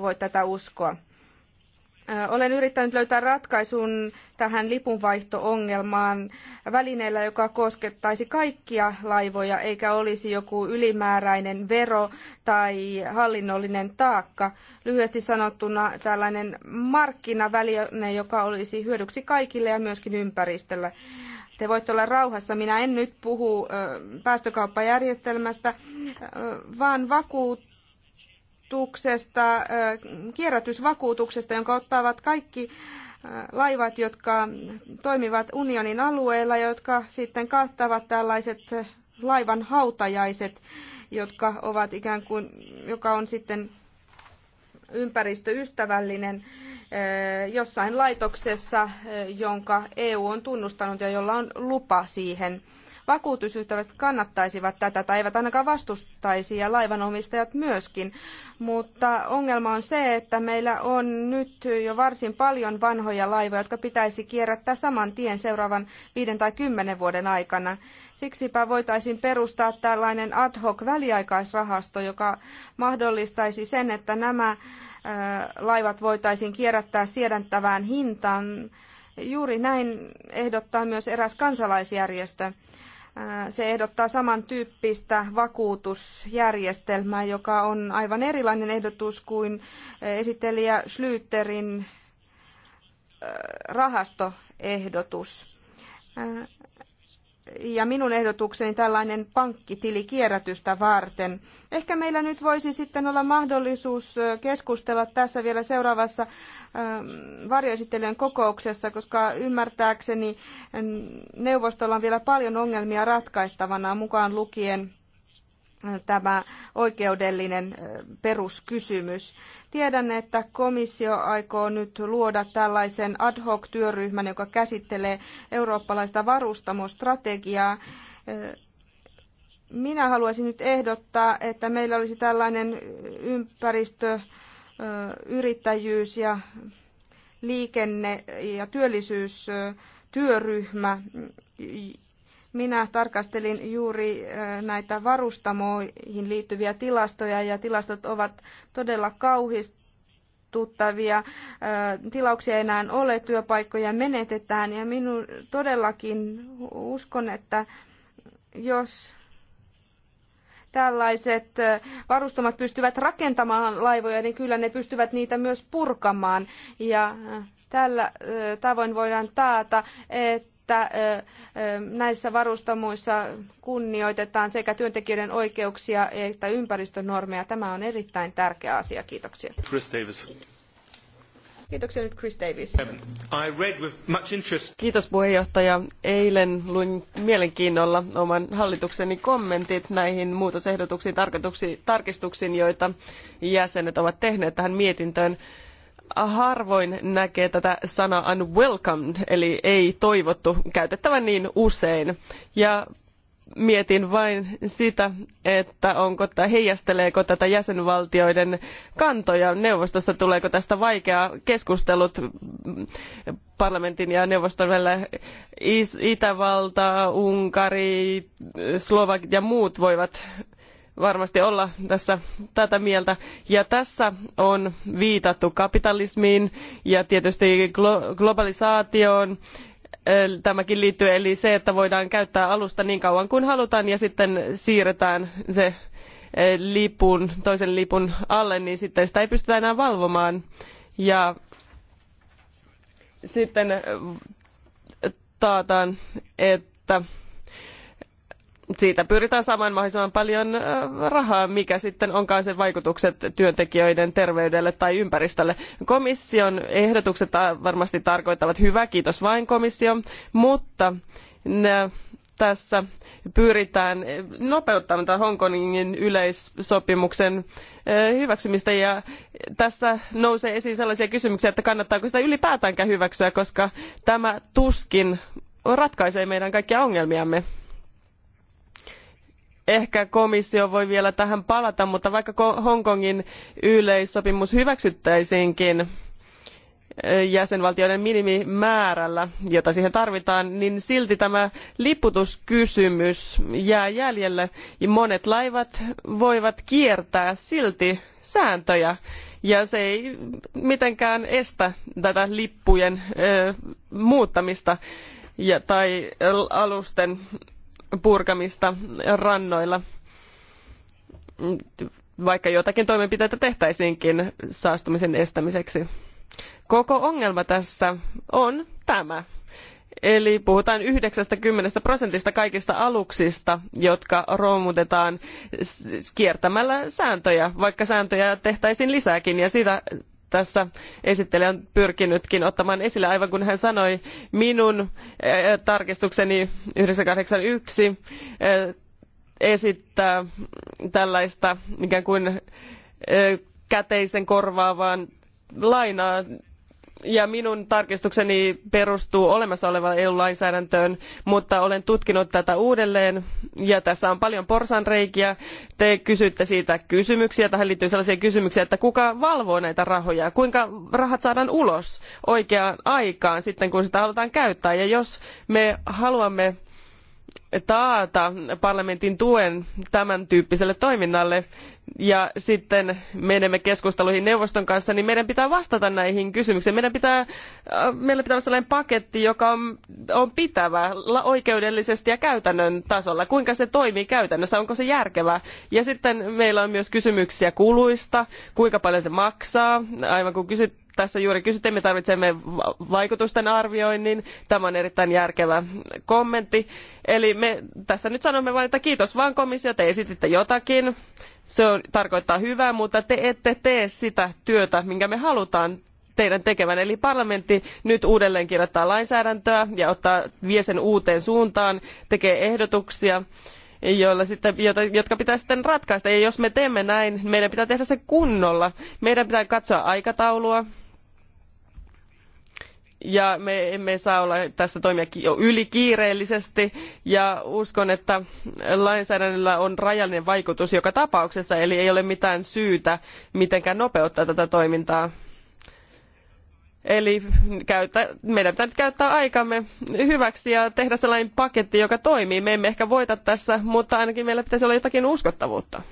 voi tätä uskoa olen yrittänyt löytää ratkaisun tähän lipunvaihto-ongelmaan välineellä, joka koskettaisi kaikkia laivoja, eikä olisi joku ylimääräinen vero tai hallinnollinen taakka. Lyhyesti sanottuna tällainen markkinaväline, joka olisi hyödyksi kaikille ja myöskin ympäristölle. Te voitte olla rauhassa. Minä en nyt puhu päästökauppajärjestelmästä, vaan vakuut vakuutuksesta, kierrätysvakuutuksesta, jonka ottavat kaikki laivat, jotka toimivat unionin alueella, jotka sitten kattavat tällaiset laivan hautajaiset, jotka ovat ikään kuin, joka on sitten ympäristöystävällinen jossain laitoksessa, jonka EU on tunnustanut ja jolla on lupa siihen vakuutusyhtävät kannattaisivat tätä tai eivät ainakaan vastustaisi ja laivanomistajat myöskin. Mutta ongelma on se, että meillä on nyt jo varsin paljon vanhoja laivoja, jotka pitäisi kierrättää saman tien seuraavan viiden tai kymmenen vuoden aikana. Siksipä voitaisiin perustaa tällainen ad hoc väliaikaisrahasto, joka mahdollistaisi sen, että nämä laivat voitaisiin kierrättää siedäntävään hintaan. Juuri näin ehdottaa myös eräs kansalaisjärjestö. Se ehdottaa samantyyppistä vakuutusjärjestelmää, joka on aivan erilainen ehdotus kuin esittelijä Schlüterin rahastoehdotus ja minun ehdotukseni tällainen pankkitili kierrätystä varten. Ehkä meillä nyt voisi sitten olla mahdollisuus keskustella tässä vielä seuraavassa varjoesittelijän kokouksessa, koska ymmärtääkseni neuvostolla on vielä paljon ongelmia ratkaistavana mukaan lukien tämä oikeudellinen peruskysymys. Tiedän, että komissio aikoo nyt luoda tällaisen ad hoc-työryhmän, joka käsittelee eurooppalaista varustamostrategiaa. Minä haluaisin nyt ehdottaa, että meillä olisi tällainen ympäristö, yrittäjyys ja liikenne- ja työllisyystyöryhmä, minä tarkastelin juuri näitä varustamoihin liittyviä tilastoja ja tilastot ovat todella kauhistuttavia. Tilauksia ei enää ole, työpaikkoja menetetään ja minun todellakin uskon, että jos tällaiset varustamat pystyvät rakentamaan laivoja, niin kyllä ne pystyvät niitä myös purkamaan. Ja tällä tavoin voidaan taata, että että näissä varustamoissa kunnioitetaan sekä työntekijöiden oikeuksia että ympäristönormeja. Tämä on erittäin tärkeä asia. Kiitoksia. Chris Davis. Kiitoksia nyt Chris Davis. Um, Kiitos puheenjohtaja. Eilen luin mielenkiinnolla oman hallitukseni kommentit näihin muutosehdotuksiin, tarkistuksiin, joita jäsenet ovat tehneet tähän mietintöön harvoin näkee tätä sanaa unwelcomed, eli ei toivottu, käytettävän niin usein. Ja mietin vain sitä, että onko, heijasteleeko tätä jäsenvaltioiden kantoja neuvostossa, tuleeko tästä vaikea keskustelut parlamentin ja neuvoston välillä. Itävalta, Unkari, Slovakit ja muut voivat varmasti olla tässä tätä mieltä. Ja tässä on viitattu kapitalismiin ja tietysti globalisaatioon. Tämäkin liittyy eli se, että voidaan käyttää alusta niin kauan kuin halutaan ja sitten siirretään se lipun, toisen lipun alle, niin sitten sitä ei pystytä enää valvomaan. Ja sitten taataan, että siitä pyritään saamaan mahdollisimman paljon rahaa, mikä sitten onkaan sen vaikutukset työntekijöiden terveydelle tai ympäristölle. Komission ehdotukset varmasti tarkoittavat hyvää, kiitos vain komissio, mutta ne, tässä pyritään nopeuttamaan tämän Hongkongin yleissopimuksen hyväksymistä ja tässä nousee esiin sellaisia kysymyksiä, että kannattaako sitä ylipäätäänkään hyväksyä, koska tämä tuskin ratkaisee meidän kaikkia ongelmiamme ehkä komissio voi vielä tähän palata, mutta vaikka Hongkongin yleissopimus hyväksyttäisiinkin eh, jäsenvaltioiden minimimäärällä, jota siihen tarvitaan, niin silti tämä liputuskysymys jää jäljelle. Monet laivat voivat kiertää silti sääntöjä ja se ei mitenkään estä tätä lippujen ö, eh, muuttamista ja, tai alusten purkamista rannoilla. Vaikka jotakin toimenpiteitä tehtäisiinkin saastumisen estämiseksi. Koko ongelma tässä on tämä. Eli puhutaan 90 prosentista kaikista aluksista, jotka romutetaan kiertämällä sääntöjä, vaikka sääntöjä tehtäisiin lisääkin. Ja siitä tässä esittelijä on pyrkinytkin ottamaan esille, aivan kun hän sanoi minun eh, eh, tarkistukseni 981 eh, esittää tällaista ikään kuin käteisen korvaavaan lainaa ja minun tarkistukseni perustuu olemassa olevaan EU-lainsäädäntöön, mutta olen tutkinut tätä uudelleen ja tässä on paljon porsanreikiä. Te kysyitte siitä kysymyksiä, tähän liittyy sellaisia kysymyksiä, että kuka valvoo näitä rahoja, kuinka rahat saadaan ulos oikeaan aikaan sitten, kun sitä halutaan käyttää. Ja jos me haluamme taata parlamentin tuen tämän tyyppiselle toiminnalle, ja sitten menemme keskusteluihin neuvoston kanssa, niin meidän pitää vastata näihin kysymyksiin. Meidän pitää, äh, meillä pitää olla sellainen paketti, joka on, on pitävä oikeudellisesti ja käytännön tasolla. Kuinka se toimii käytännössä, onko se järkevää? Ja sitten meillä on myös kysymyksiä kuluista, kuinka paljon se maksaa, aivan kuin kysyt, tässä juuri kysyttiin, me tarvitsemme vaikutusten arvioinnin. Tämä on erittäin järkevä kommentti. Eli me tässä nyt sanomme vain, että kiitos vaan komissio, te esititte jotakin. Se on, tarkoittaa hyvää, mutta te ette tee sitä työtä, minkä me halutaan teidän tekevän. Eli parlamentti nyt uudelleen kirjoittaa lainsäädäntöä ja ottaa vie sen uuteen suuntaan, tekee ehdotuksia joilla sitten, jotka pitää sitten ratkaista. Ja jos me teemme näin, meidän pitää tehdä se kunnolla. Meidän pitää katsoa aikataulua, ja me emme saa olla tässä toimia ylikiireellisesti ja uskon, että lainsäädännöllä on rajallinen vaikutus joka tapauksessa, eli ei ole mitään syytä mitenkään nopeuttaa tätä toimintaa. Eli käytä, meidän pitää nyt käyttää aikamme hyväksi ja tehdä sellainen paketti, joka toimii. Me emme ehkä voita tässä, mutta ainakin meillä pitäisi olla jotakin uskottavuutta.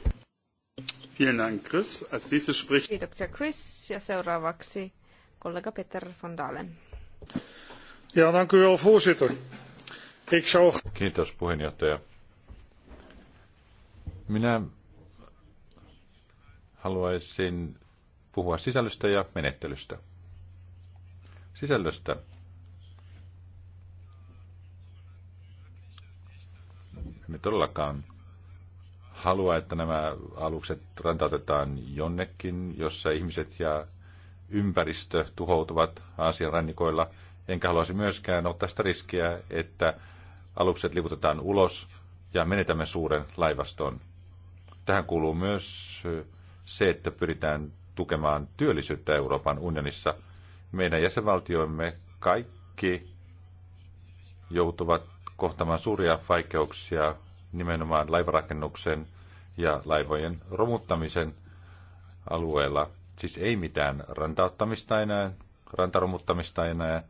Kiitoksia Chris. Ja seuraavaksi kollega Peter von Dalen. Ja, dank u wel, voorzitter. Ik zou... Kiitos, puheenjohtaja. Minä haluaisin puhua sisällöstä ja menettelystä. Sisällöstä. Me todellakaan halua, että nämä alukset rantautetaan jonnekin, jossa ihmiset ja ympäristö tuhoutuvat Aasian rannikoilla, enkä haluaisi myöskään ottaa sitä riskiä, että alukset liputetaan ulos ja menetämme suuren laivaston. Tähän kuuluu myös se, että pyritään tukemaan työllisyyttä Euroopan unionissa. Meidän jäsenvaltioimme kaikki joutuvat kohtamaan suuria vaikeuksia nimenomaan laivarakennuksen ja laivojen romuttamisen alueella – Siis ei mitään rantauttamista enää, rantarumuttamista enää,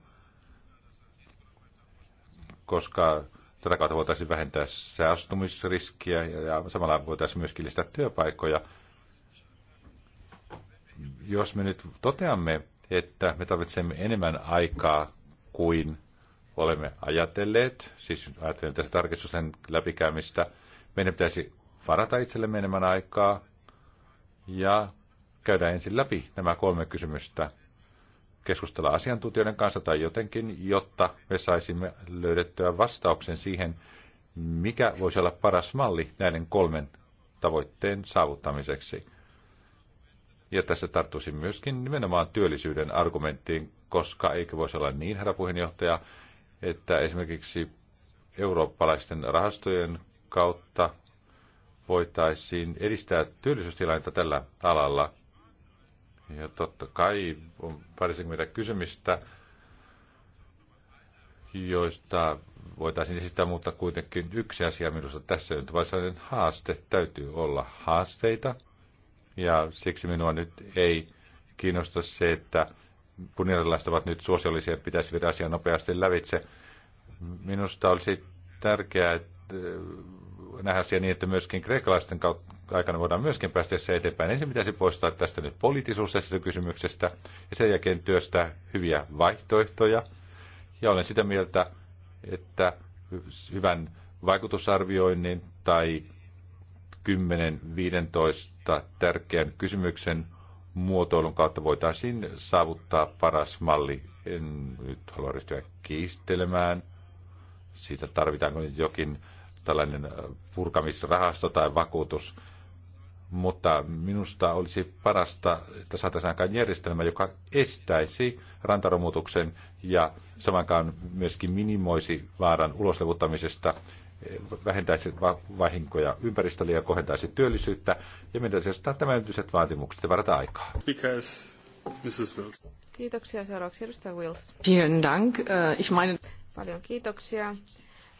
koska tätä kautta voitaisiin vähentää säästumisriskiä ja, ja samalla voitaisiin myöskin lisätä työpaikkoja. Jos me nyt toteamme, että me tarvitsemme enemmän aikaa kuin olemme ajatelleet, siis ajattelen tässä tarkistusten läpikäymistä, meidän pitäisi varata itsellemme enemmän aikaa ja käydä ensin läpi nämä kolme kysymystä, keskustella asiantuntijoiden kanssa tai jotenkin, jotta me saisimme löydettyä vastauksen siihen, mikä voisi olla paras malli näiden kolmen tavoitteen saavuttamiseksi. Ja tässä tarttuisin myöskin nimenomaan työllisyyden argumenttiin, koska eikö voisi olla niin, herra puheenjohtaja, että esimerkiksi eurooppalaisten rahastojen kautta voitaisiin edistää työllisyystilannetta tällä alalla ja totta kai on parisikymmentä kysymistä, joista voitaisiin esittää, mutta kuitenkin yksi asia minusta tässä nyt varsinainen haaste täytyy olla haasteita. Ja siksi minua nyt ei kiinnosta se, että punilaiset ovat nyt suosiollisia, pitäisi viedä asiaa nopeasti lävitse. Minusta olisi tärkeää että äh, nähdä asia niin, että myöskin kreikkalaisten aikana voidaan myöskin päästä se eteenpäin. Ensin pitäisi poistaa tästä nyt poliittisuus tästä kysymyksestä ja sen jälkeen työstä hyviä vaihtoehtoja. Ja olen sitä mieltä, että hyvän vaikutusarvioinnin tai 10-15 tärkeän kysymyksen muotoilun kautta voitaisiin saavuttaa paras malli. En nyt halua ryhtyä kiistelemään. Siitä tarvitaanko nyt jokin tällainen purkamisrahasto tai vakuutus mutta minusta olisi parasta, että saataisiin aikaan järjestelmä, joka estäisi rantaromutuksen ja samankaan myöskin minimoisi vaaran uloslevuttamisesta, vähentäisi vahinkoja ympäristölle ja kohentaisi työllisyyttä ja meidän tämän erityiset vaatimukset ja varata aikaa. Because Mrs. Wills. Kiitoksia. Seuraavaksi edustaja Wills. Vielen Dank. Äh, ich meine... Paljon kiitoksia.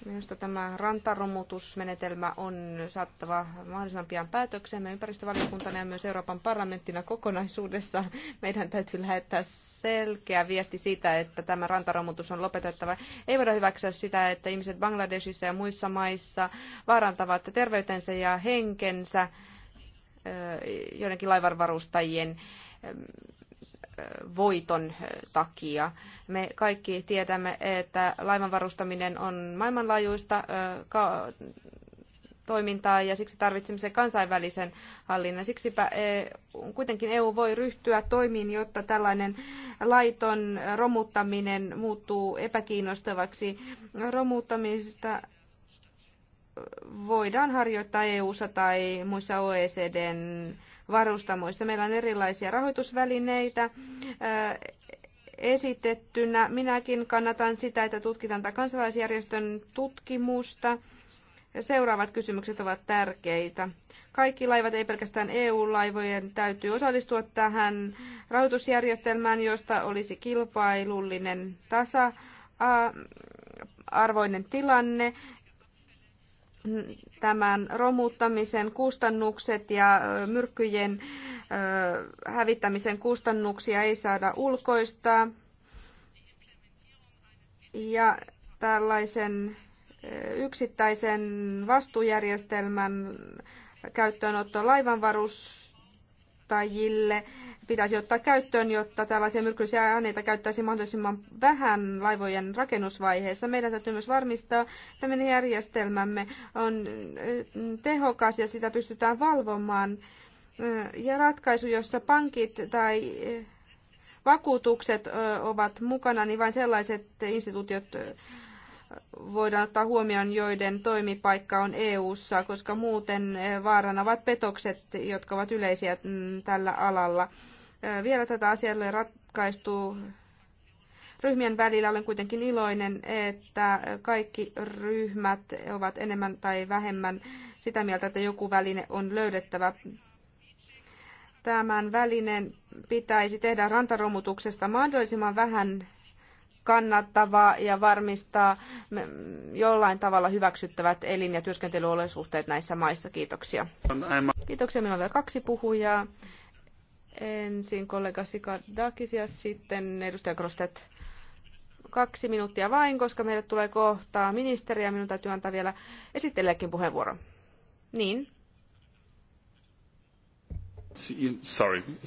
Minusta tämä rantaromutusmenetelmä on saattava mahdollisimman pian päätökseen. Me ympäristövaliokuntana ja myös Euroopan parlamenttina kokonaisuudessa meidän täytyy lähettää selkeä viesti siitä, että tämä rantaromutus on lopetettava. Ei voida hyväksyä sitä, että ihmiset Bangladesissa ja muissa maissa vaarantavat terveytensä ja henkensä joidenkin laivarvarustajien voiton takia. Me kaikki tiedämme, että laivan varustaminen on maailmanlaajuista toimintaa ja siksi tarvitsemme sen kansainvälisen hallinnan. Siksipä kuitenkin EU voi ryhtyä toimiin, jotta tällainen laiton romuttaminen muuttuu epäkiinnostavaksi. Romuttamista voidaan harjoittaa EU-ssa tai muissa OECDn varustamoista. Meillä on erilaisia rahoitusvälineitä esitettynä. Minäkin kannatan sitä, että tutkitaan tätä kansalaisjärjestön tutkimusta. Seuraavat kysymykset ovat tärkeitä. Kaikki laivat, ei pelkästään EU-laivojen, täytyy osallistua tähän rahoitusjärjestelmään, josta olisi kilpailullinen tasa arvoinen tilanne tämän romuttamisen kustannukset ja myrkkyjen hävittämisen kustannuksia ei saada ulkoistaa. Ja tällaisen yksittäisen vastuujärjestelmän käyttöönotto laivanvarus kuljettajille pitäisi ottaa käyttöön, jotta tällaisia myrkyllisiä aineita käyttäisi mahdollisimman vähän laivojen rakennusvaiheessa. Meidän täytyy myös varmistaa, että meidän järjestelmämme on eh, tehokas ja sitä pystytään valvomaan. Eh, ja ratkaisu, jossa pankit tai eh, vakuutukset ovat mukana, niin vain sellaiset instituutiot voidaan ottaa huomioon, joiden toimipaikka on EU-ssa, koska muuten eh, vaarana ovat petokset, jotka ovat yleisiä mm, tällä alalla. Eh, vielä tätä asiaa ratkaistuu ratkaistu ryhmien välillä. Olen kuitenkin iloinen, että kaikki ryhmät ovat enemmän tai vähemmän sitä mieltä, että joku väline on löydettävä tämän välinen pitäisi tehdä rantaromutuksesta mahdollisimman vähän kannattavaa ja varmistaa jollain tavalla hyväksyttävät elin- ja työskentelyolosuhteet näissä maissa. Kiitoksia. Kiitoksia. Meillä on vielä kaksi puhujaa. Ensin kollega Sikardakis ja sitten edustaja Krostet. Kaksi minuuttia vain, koska meille tulee kohtaa ministeri ja minun täytyy antaa vielä esittelijäkin puheenvuoro. Niin. Sorry.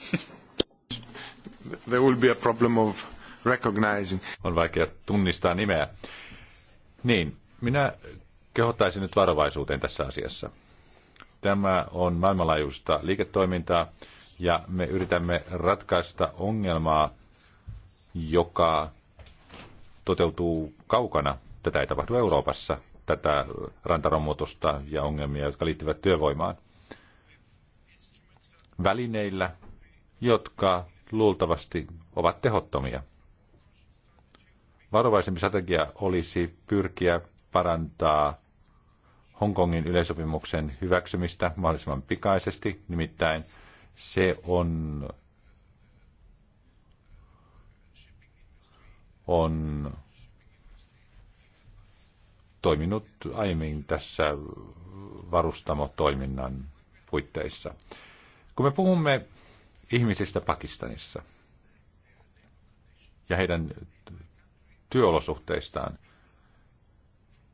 There will be a problem of recognizing. On vaikea tunnistaa nimeä. Niin, minä kehottaisin nyt varovaisuuteen tässä asiassa. Tämä on maailmanlaajuista liiketoimintaa ja me yritämme ratkaista ongelmaa, joka toteutuu kaukana. Tätä ei tapahdu Euroopassa, tätä rantaromuutosta ja ongelmia, jotka liittyvät työvoimaan. Välineillä, jotka luultavasti ovat tehottomia varovaisempi strategia olisi pyrkiä parantaa Hongkongin yleisopimuksen hyväksymistä mahdollisimman pikaisesti, nimittäin se on, on toiminut aiemmin tässä varustamotoiminnan puitteissa. Kun me puhumme ihmisistä Pakistanissa ja heidän työolosuhteistaan.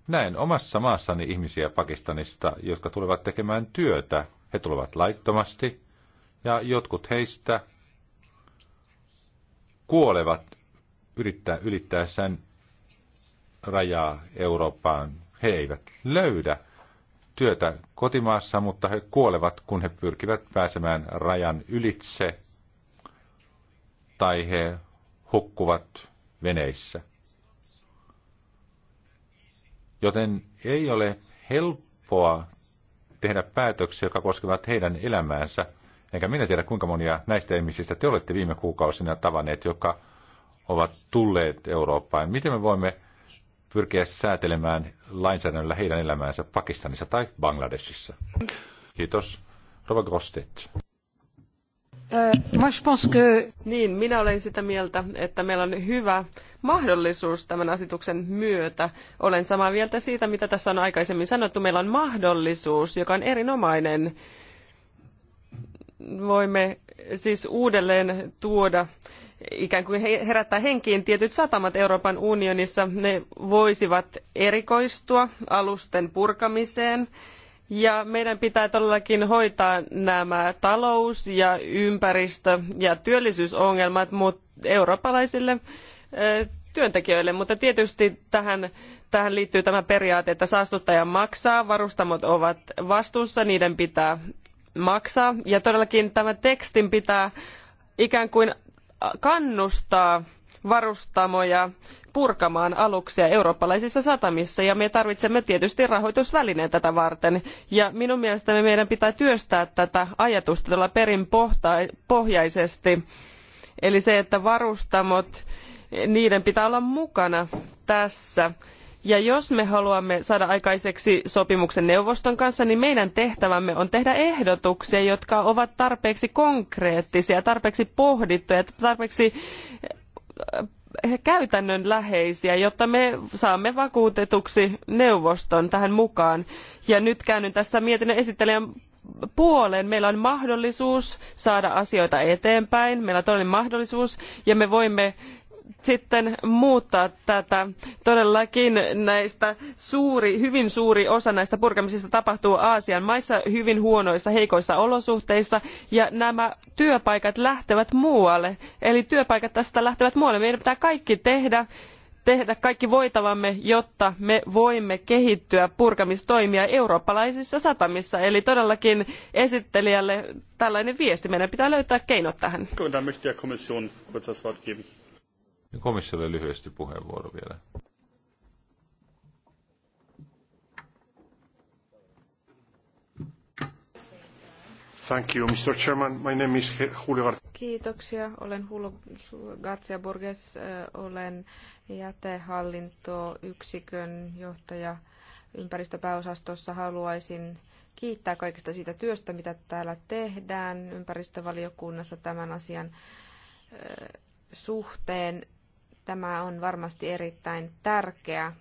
Näen omassa maassani ihmisiä Pakistanista, jotka tulevat tekemään työtä. He tulevat laittomasti ja jotkut heistä kuolevat yrittää, ylittäessään rajaa Eurooppaan. He eivät löydä työtä kotimaassa, mutta he kuolevat, kun he pyrkivät pääsemään rajan ylitse tai he hukkuvat veneissä. Joten ei ole helppoa tehdä päätöksiä, jotka koskevat heidän elämäänsä. Enkä minä tiedä, kuinka monia näistä ihmisistä te olette viime kuukausina tavanneet, jotka ovat tulleet Eurooppaan. Miten me voimme pyrkiä säätelemään lainsäädännöllä heidän elämäänsä Pakistanissa tai Bangladesissa? Kiitos. Rova Grostet. Äh, niin, minä olen sitä mieltä, että meillä on hyvä mahdollisuus tämän asetuksen myötä. Olen samaa mieltä siitä, mitä tässä on aikaisemmin sanottu. Meillä on mahdollisuus, joka on erinomainen. Voimme siis uudelleen tuoda ikään kuin herättää henkiin tietyt satamat Euroopan unionissa. Ne voisivat erikoistua alusten purkamiseen ja meidän pitää todellakin hoitaa nämä talous- ja ympäristö- ja työllisyysongelmat eurooppalaisille työntekijöille, mutta tietysti tähän tähän liittyy tämä periaate, että saastuttaja maksaa, varustamot ovat vastuussa, niiden pitää maksaa. Ja todellakin tämä tekstin pitää ikään kuin kannustaa varustamoja purkamaan aluksia eurooppalaisissa satamissa ja me tarvitsemme tietysti rahoitusvälineen tätä varten. Ja minun mielestäni meidän pitää työstää tätä ajatusta tuolla perinpohjaisesti. Eli se, että varustamot, niiden pitää olla mukana tässä. Ja jos me haluamme saada aikaiseksi sopimuksen neuvoston kanssa, niin meidän tehtävämme on tehdä ehdotuksia, jotka ovat tarpeeksi konkreettisia, tarpeeksi pohdittuja, tarpeeksi käytännönläheisiä, jotta me saamme vakuutetuksi neuvoston tähän mukaan. Ja nyt käännyn tässä mietinnön esittelijän puoleen. Meillä on mahdollisuus saada asioita eteenpäin, meillä on todellinen mahdollisuus ja me voimme sitten muuttaa tätä. Todellakin näistä suuri, hyvin suuri osa näistä purkamisista tapahtuu Aasian maissa hyvin huonoissa, heikoissa olosuhteissa ja nämä työpaikat lähtevät muualle. Eli työpaikat tästä lähtevät muualle. Meidän pitää kaikki tehdä tehdä kaikki voitavamme, jotta me voimme kehittyä purkamistoimia eurooppalaisissa satamissa. Eli todellakin esittelijälle tällainen viesti. Meidän pitää löytää keinot tähän. möchte Kommission kurz das Wort geben. Komissiolle lyhyesti puheenvuoro vielä. Thank you, Mr. Chairman. My name is Julio Kiitoksia. Olen Julio Garcia Borges. Olen jätehallintoyksikön johtaja ympäristöpääosastossa. Haluaisin kiittää kaikesta siitä työstä, mitä täällä tehdään ympäristövaliokunnassa tämän asian suhteen. Tämä on varmasti erittäin tärkeä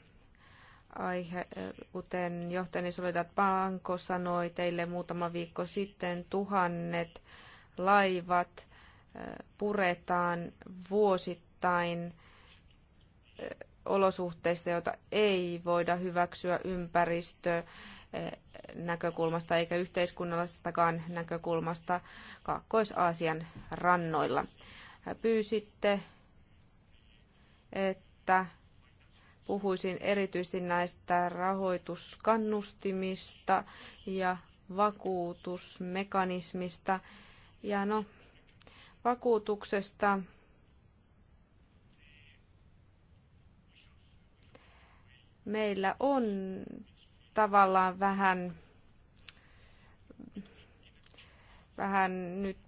aihe. Kuten johtajani Solidat Panko sanoi teille muutama viikko sitten, tuhannet laivat puretaan vuosittain olosuhteista, joita ei voida hyväksyä ympäristö näkökulmasta eikä yhteiskunnallistakaan näkökulmasta Kaakkois-Aasian rannoilla. Pyysitte että puhuisin erityisesti näistä rahoituskannustimista ja vakuutusmekanismista. Ja no, vakuutuksesta meillä on tavallaan vähän, vähän nyt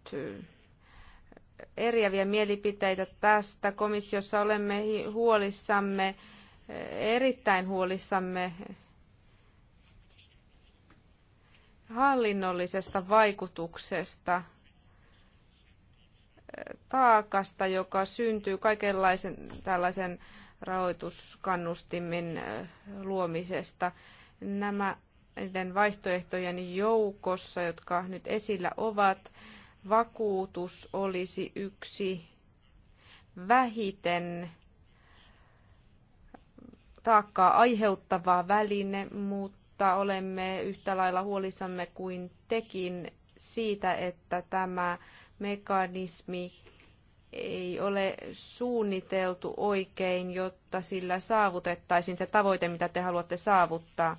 eriäviä mielipiteitä tästä. Komissiossa olemme huolissamme, erittäin huolissamme hallinnollisesta vaikutuksesta, taakasta, joka syntyy kaikenlaisen tällaisen rahoituskannustimin luomisesta. Nämä vaihtoehtojen joukossa, jotka nyt esillä ovat, vakuutus olisi yksi vähiten taakkaa aiheuttava väline, mutta olemme yhtä lailla huolissamme kuin tekin siitä, että tämä mekanismi ei ole suunniteltu oikein, jotta sillä saavutettaisiin se tavoite, mitä te haluatte saavuttaa.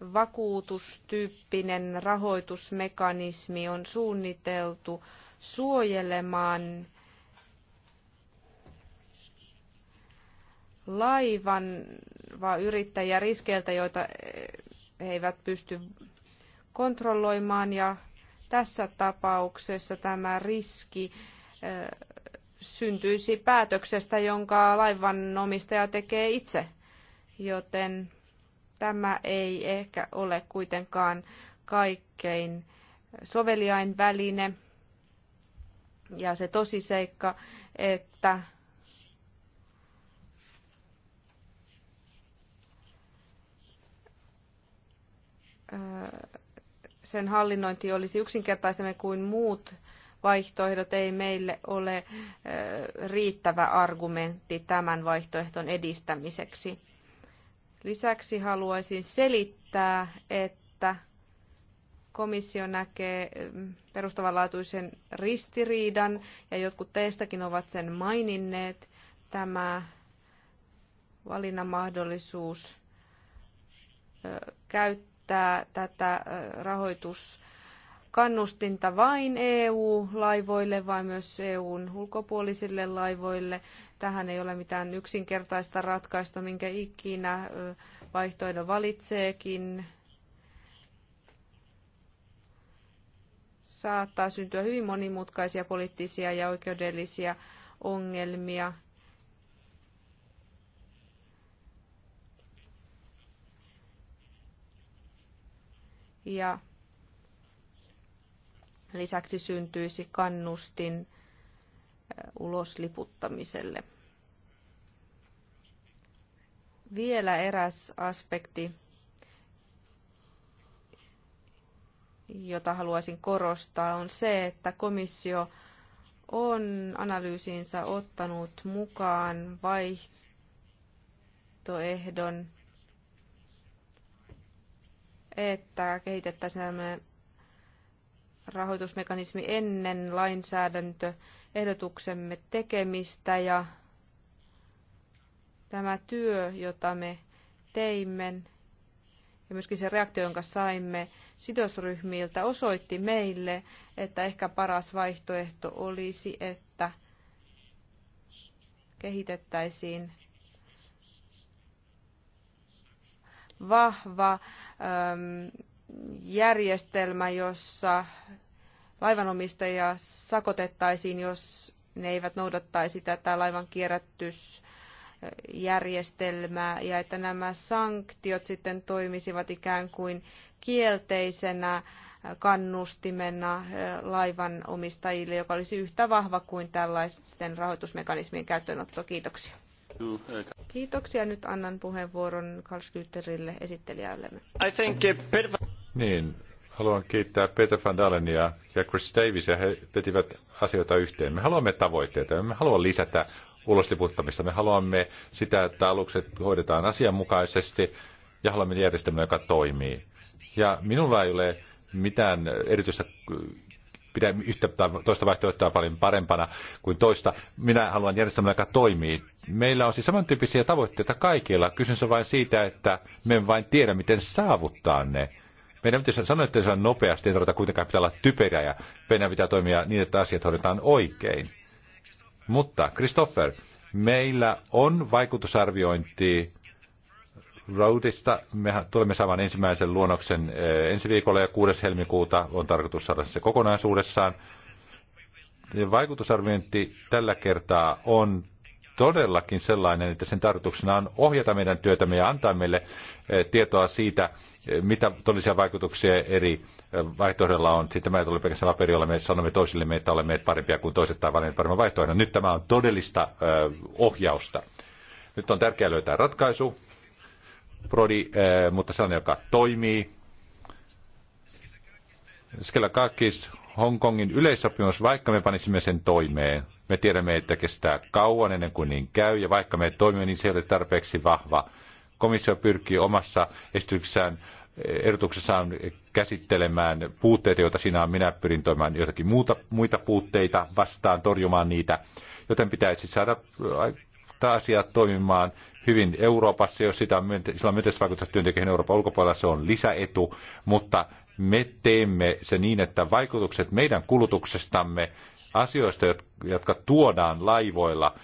vakuutustyyppinen rahoitusmekanismi on suunniteltu suojelemaan laivan yrittäjiä riskeiltä, joita he eivät pysty kontrolloimaan ja tässä tapauksessa tämä riski syntyisi päätöksestä, jonka laivanomistaja tekee itse. Joten Tämä ei ehkä ole kuitenkaan kaikkein soveliain väline. Ja se tosiseikka, että sen hallinnointi olisi yksinkertaisemmin kuin muut vaihtoehdot, ei meille ole riittävä argumentti tämän vaihtoehdon edistämiseksi. Lisäksi haluaisin selittää, että komissio näkee perustavanlaatuisen ristiriidan, ja jotkut teistäkin ovat sen maininneet, tämä valinnanmahdollisuus käyttää tätä rahoitus kannustinta vain EU-laivoille, vai myös EUn ulkopuolisille laivoille. Tähän ei ole mitään yksinkertaista ratkaista, minkä ikinä vaihtoehdon valitseekin. Saattaa syntyä hyvin monimutkaisia poliittisia ja oikeudellisia ongelmia. Ja lisäksi syntyisi kannustin ulosliputtamiselle. Vielä eräs aspekti, jota haluaisin korostaa, on se, että komissio on analyysiinsa ottanut mukaan vaihtoehdon, että kehitettäisiin tämmöinen rahoitusmekanismi ennen lainsäädäntö ehdotuksemme tekemistä ja tämä työ, jota me teimme ja myöskin se reaktio, jonka saimme sidosryhmiltä, osoitti meille, että ehkä paras vaihtoehto olisi, että kehitettäisiin vahva järjestelmä, jossa laivanomistajia sakotettaisiin, jos ne eivät noudattaisi tätä laivan kierrätys ja että nämä sanktiot sitten toimisivat ikään kuin kielteisenä kannustimena eh, laivan omistajille, joka olisi yhtä vahva kuin tällaisten rahoitusmekanismien käyttöönotto. Kiitoksia. Kiitoksia. Nyt annan puheenvuoron Karl Schlüterille esittelijällemme. I think... Eh, niin, Haluan kiittää Peter van Dalenia ja Chris ja He vetivät asioita yhteen. Me haluamme tavoitteita. Me haluamme lisätä ulosliputtamista. Me haluamme sitä, että alukset hoidetaan asianmukaisesti ja haluamme järjestelmän, joka toimii. Ja minulla ei ole mitään erityistä pidä yhtä tai toista vaihtoehtoa paljon parempana kuin toista. Minä haluan järjestelmän, joka toimii. Meillä on siis samantyyppisiä tavoitteita kaikilla. Kysymys on vain siitä, että me vain tiedä, miten saavuttaa ne. Meidän pitäisi sanoa, että se on nopeasti, ei tarvita kuitenkaan pitää olla typerä ja meidän pitää toimia niin, että asiat hoidetaan oikein. Mutta, Christopher, meillä on vaikutusarviointi Roadista. Me tulemme saamaan ensimmäisen luonnoksen eh, ensi viikolla ja 6. helmikuuta on tarkoitus saada se kokonaisuudessaan. Vaikutusarviointi tällä kertaa on todellakin sellainen, että sen tarkoituksena on ohjata meidän työtämme ja antaa meille eh, tietoa siitä, eh, mitä todellisia vaikutuksia eri eh, vaihtoehdolla on. Sitten tämä ei ole pelkästään jolla me sanomme toisillemme, että olemme parempia kuin toiset tai valinneet paremman vaihtoehdon. Nyt tämä on todellista ohjausta. Nyt on tärkeää löytää ratkaisu, prodi, mutta sellainen, joka toimii. Skella Kakis Hongkongin yleissopimus, vaikka me panisimme sen toimeen, me tiedämme, että kestää kauan ennen kuin niin käy, ja vaikka me toimimme, niin se ei ole tarpeeksi vahva. Komissio pyrkii omassa esityksessään ehdotuksessaan käsittelemään puutteita, joita siinä on. Minä pyrin toimimaan jotakin muuta, muita puutteita vastaan, torjumaan niitä, joten pitäisi saada tämä asia toimimaan hyvin Euroopassa. Jos sitä on sillä on myönteistä vaikutusta työntekijöihin Euroopan ulkopuolella, se on lisäetu, mutta me teemme se niin, että vaikutukset meidän kulutuksestamme asioista, jotka tuodaan laivoilla,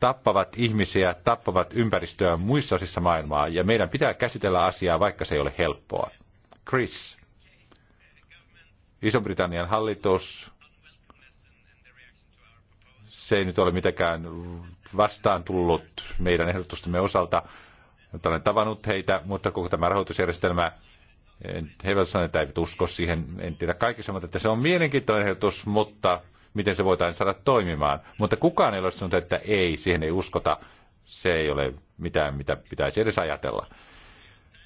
tappavat ihmisiä, tappavat ympäristöä muissa osissa maailmaa, ja meidän pitää käsitellä asiaa, vaikka se ei ole helppoa. Chris. Iso-Britannian hallitus, se ei nyt ole mitenkään vastaan tullut meidän ehdotustamme osalta. olen tavannut heitä, mutta koko tämä rahoitusjärjestelmä en, he eivät sanoneet, että eivät usko siihen, en tiedä kaikissa, mutta että se on mielenkiintoinen ehdotus, mutta miten se voitaisiin saada toimimaan. Mutta kukaan ei ole sanonut, että ei, siihen ei uskota. Se ei ole mitään, mitä pitäisi edes ajatella.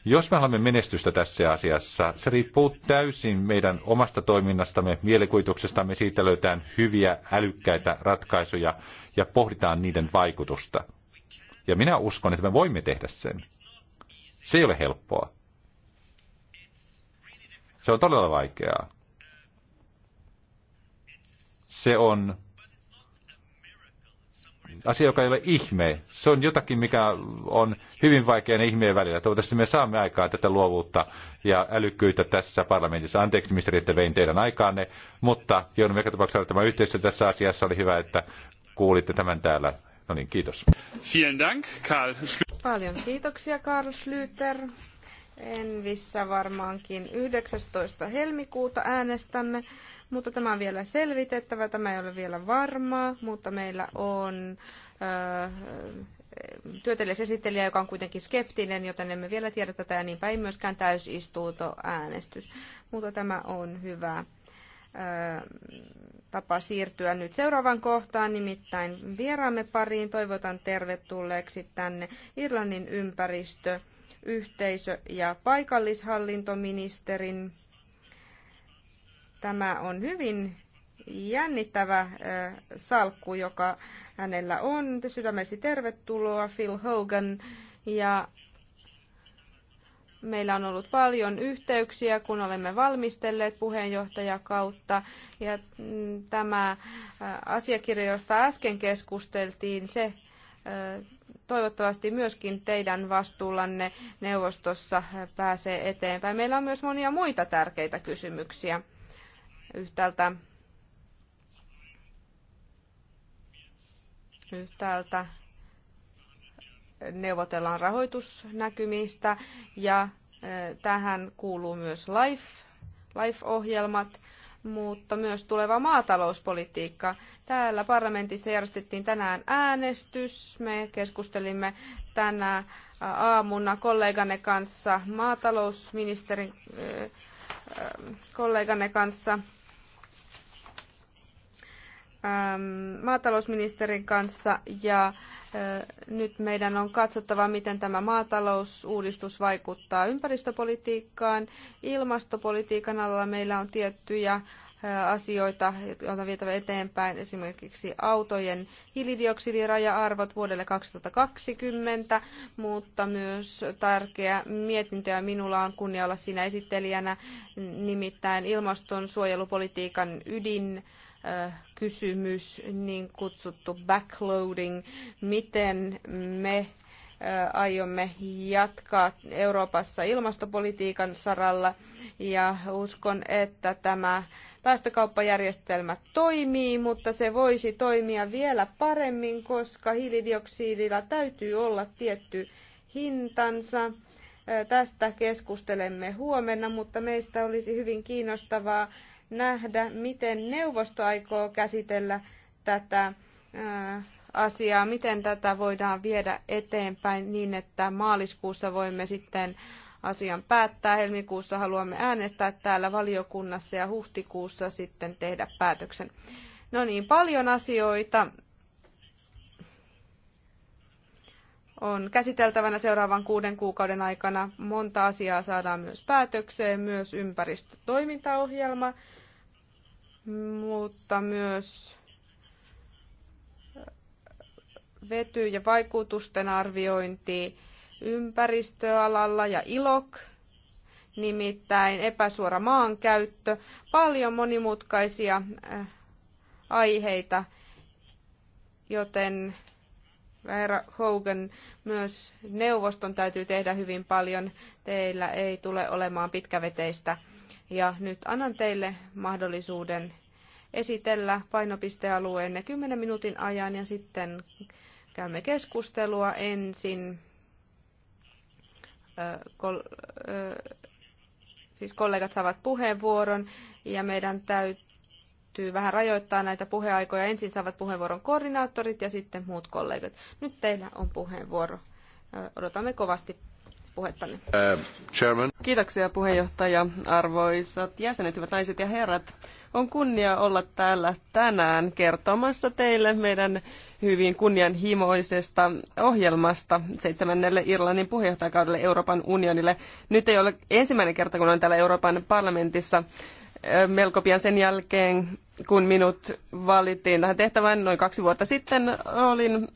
Jos me haluamme menestystä tässä asiassa, se riippuu täysin meidän omasta toiminnastamme, mielikuvituksestamme, siitä löytään hyviä, älykkäitä ratkaisuja ja pohditaan niiden vaikutusta. Ja minä uskon, että me voimme tehdä sen. Se ei ole helppoa. Se on todella vaikeaa. Se on asia, joka ei ole ihme. Se on jotakin, mikä on hyvin vaikea ihmeen välillä. Toivottavasti me saamme aikaan tätä luovuutta ja älykkyyttä tässä parlamentissa. Anteeksi, ministeri, että vein teidän aikaanne, mutta joudun joka tapauksessa tämä yhteistyö tässä asiassa. Oli hyvä, että kuulitte tämän täällä. No niin, kiitos. Vielen Dank, Karl Paljon kiitoksia, Karl Schlüter. Envissä varmaankin 19. helmikuuta äänestämme, mutta tämä on vielä selvitettävä, tämä ei ole vielä varmaa, mutta meillä on öö, esittelijä joka on kuitenkin skeptinen, joten emme vielä tiedä tätä ja niinpä ei myöskään täysistunto äänestys. Mutta tämä on hyvä tapa siirtyä nyt seuraavan kohtaan, nimittäin vieraamme pariin. Toivotan tervetulleeksi tänne Irlannin ympäristö- yhteisö- ja paikallishallintoministerin. Tämä on hyvin jännittävä salkku, joka hänellä on. Sydämesti tervetuloa Phil Hogan ja Meillä on ollut paljon yhteyksiä, kun olemme valmistelleet puheenjohtajakautta. Ja mm, tämä asiakirja, josta äsken keskusteltiin, se toivottavasti myöskin teidän vastuullanne neuvostossa pääsee eteenpäin. Meillä on myös monia muita tärkeitä kysymyksiä. Yhtäältä, yhtäältä neuvotellaan rahoitusnäkymistä ja eh, tähän kuuluu myös LIFE, LIFE-ohjelmat mutta myös tuleva maatalouspolitiikka. Täällä parlamentissa järjestettiin tänään äänestys. Me keskustelimme tänä äh, aamuna kolleganne kanssa, maatalousministerin äh, äh, kolleganne kanssa Ähm, maatalousministerin kanssa ja nyt meidän on katsottava, miten tämä maatalousuudistus vaikuttaa ympäristöpolitiikkaan. Ilmastopolitiikan alalla meillä on tiettyjä asioita, joita on vietävä eteenpäin, esimerkiksi autojen hiilidioksidiraja-arvot vuodelle 2020, mutta myös tärkeä mietintö, ja minulla on kunnia olla siinä esittelijänä, nimittäin ilmastonsuojelupolitiikan ydin kysymys, niin kutsuttu backloading, miten me aiomme jatkaa Euroopassa ilmastopolitiikan saralla ja uskon, että tämä päästökauppajärjestelmä toimii, mutta se voisi toimia vielä paremmin, koska hiilidioksidilla täytyy olla tietty hintansa. Tästä keskustelemme huomenna, mutta meistä olisi hyvin kiinnostavaa nähdä, miten neuvosto aikoo käsitellä tätä äh, asiaa, miten tätä voidaan viedä eteenpäin niin, että maaliskuussa voimme sitten asian päättää. Helmikuussa haluamme äänestää täällä valiokunnassa ja huhtikuussa sitten tehdä päätöksen. No niin, paljon asioita on käsiteltävänä seuraavan kuuden kuukauden aikana. Monta asiaa saadaan myös päätökseen, myös ympäristötoimintaohjelma, mutta myös vety- ja vaikutusten arviointi ympäristöalalla ja ILOK, nimittäin epäsuora maankäyttö, paljon monimutkaisia äh, aiheita, joten Herra Hogan, myös neuvoston täytyy tehdä hyvin paljon. Teillä ei tule olemaan pitkäveteistä ja nyt annan teille mahdollisuuden esitellä painopistealueenne 10 minuutin ajan ja sitten käymme keskustelua ensin. Ö, kol, ö, siis kollegat saavat puheenvuoron ja meidän täytyy vähän rajoittaa näitä puheaikoja. Ensin saavat puheenvuoron koordinaattorit ja sitten muut kollegat. Nyt teillä on puheenvuoro. Odotamme kovasti puhettanne. Uh, chairman. Kiitoksia puheenjohtaja, arvoisat jäsenet, hyvät naiset ja herrat. On kunnia olla täällä tänään kertomassa teille meidän hyvin kunnianhimoisesta ohjelmasta seitsemännelle Irlannin puheenjohtajakaudelle Euroopan unionille. Nyt ei ole ensimmäinen kerta, kun olen täällä Euroopan parlamentissa melko pian sen jälkeen, kun minut valittiin tähän tehtävään noin kaksi vuotta sitten, olin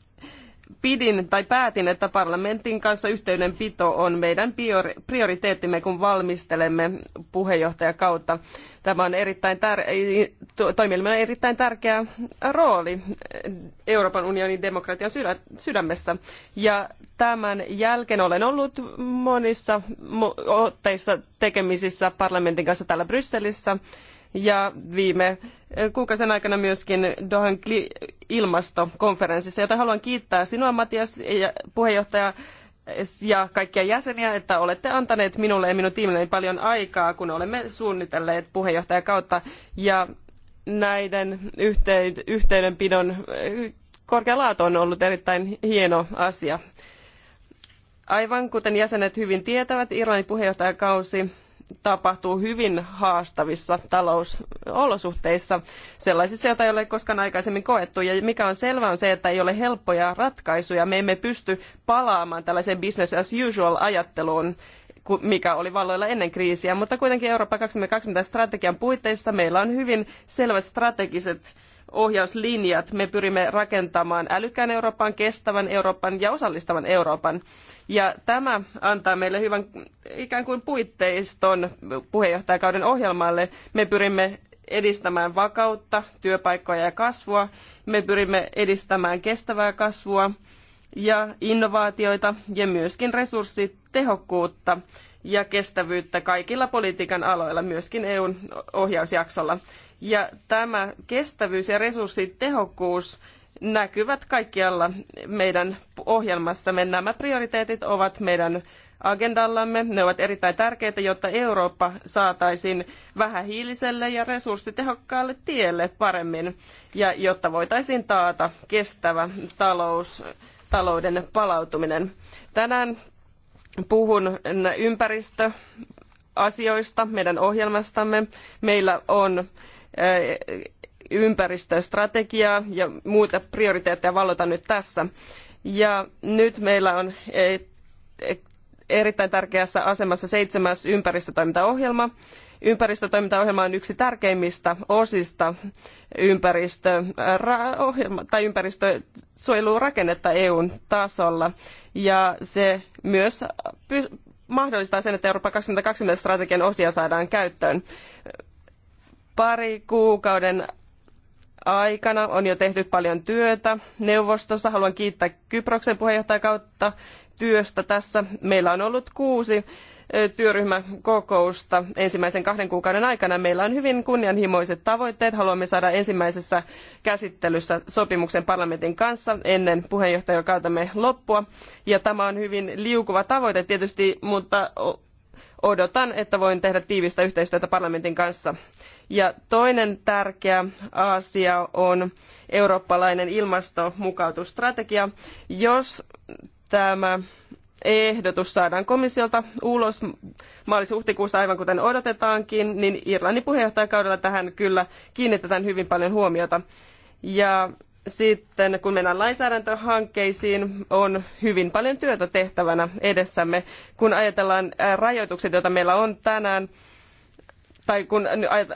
pidin tai päätin, että parlamentin kanssa yhteydenpito on meidän prioriteettimme, kun valmistelemme puheenjohtajakautta. Tämä on erittäin tär- toimielimellä erittäin tärkeä rooli Euroopan unionin demokratian sydämessä. Ja tämän jälkeen olen ollut monissa otteissa tekemisissä parlamentin kanssa täällä Brysselissä ja viime eh, kuukausien aikana myöskin Dohan ilmastokonferenssissa, jota haluan kiittää sinua Matias ja puheenjohtaja eh, ja kaikkia jäseniä, että olette antaneet minulle ja minun tiimilleni paljon aikaa, kun olemme suunnitelleet puheenjohtajakautta ja näiden yhteydenpidon eh, korkea laatu on ollut erittäin hieno asia. Aivan kuten jäsenet hyvin tietävät, Irlannin puheenjohtajakausi tapahtuu hyvin haastavissa talousolosuhteissa, sellaisissa, joita ei ole koskaan aikaisemmin koettu. Ja mikä on selvää on se, että ei ole helppoja ratkaisuja. Me emme pysty palaamaan tällaiseen business as usual ajatteluun mikä oli valloilla ennen kriisiä, mutta kuitenkin Eurooppa 2020 strategian puitteissa meillä on hyvin selvät strategiset ohjauslinjat. Me pyrimme rakentamaan älykkään Euroopan, kestävän Euroopan ja osallistavan Euroopan. Ja tämä antaa meille hyvän ikään kuin puitteiston puheenjohtajakauden ohjelmalle. Me pyrimme edistämään vakautta, työpaikkoja ja kasvua. Me pyrimme edistämään kestävää kasvua ja innovaatioita ja myöskin resurssitehokkuutta ja kestävyyttä kaikilla politiikan aloilla, myöskin EUn ohjausjaksolla. Ja tämä kestävyys ja resurssitehokkuus näkyvät kaikkialla meidän ohjelmassamme. Nämä prioriteetit ovat meidän agendallamme. Ne ovat erittäin tärkeitä, jotta Eurooppa saataisiin vähähiiliselle ja resurssitehokkaalle tielle paremmin ja jotta voitaisiin taata kestävä talous, talouden palautuminen. Tänään puhun ympäristöasioista meidän ohjelmastamme. Meillä on ympäristöstrategiaa ja muita prioriteetteja vallota nyt tässä. Ja nyt meillä on e, e, erittäin tärkeässä asemassa seitsemäs ympäristötoimintaohjelma. Ympäristötoimintaohjelma on yksi tärkeimmistä osista ympäristö, tai ympäristösuojelurakennetta EUn tasolla. Ja se myös mahdollistaa sen, että Eurooppa 2020 strategian osia saadaan käyttöön pari kuukauden aikana on jo tehty paljon työtä neuvostossa. Haluan kiittää Kyproksen puheenjohtajakautta työstä tässä. Meillä on ollut kuusi työryhmäkokousta ensimmäisen kahden kuukauden aikana. Meillä on hyvin kunnianhimoiset tavoitteet. Haluamme saada ensimmäisessä käsittelyssä sopimuksen parlamentin kanssa ennen puheenjohtajakautemme loppua. Ja tämä on hyvin liukuva tavoite tietysti, mutta odotan, että voin tehdä tiivistä yhteistyötä parlamentin kanssa. Ja toinen tärkeä asia on eurooppalainen ilmastomukautusstrategia. Jos tämä ehdotus saadaan komissiolta ulos maalis-huhtikuussa aivan kuten odotetaankin, niin Irlannin puheenjohtajakaudella tähän kyllä kiinnitetään hyvin paljon huomiota. Ja sitten kun mennään lainsäädäntöhankkeisiin, on hyvin paljon työtä tehtävänä edessämme. Kun ajatellaan äh, rajoitukset, joita meillä on tänään, tai kun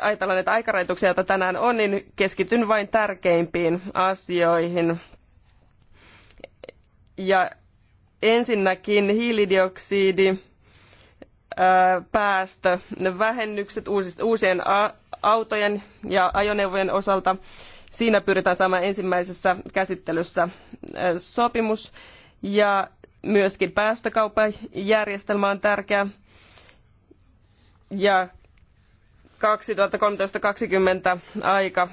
ajatellaan näitä aikarajoituksia, joita tänään on, niin keskityn vain tärkeimpiin asioihin. Ja ensinnäkin hiilidioksidi, äh, päästö, vähennykset uusien autojen ja ajoneuvojen osalta – Siinä pyritään saamaan ensimmäisessä käsittelyssä sopimus ja myöskin päästökauppajärjestelmä on tärkeä. Ja 2013-2020 aika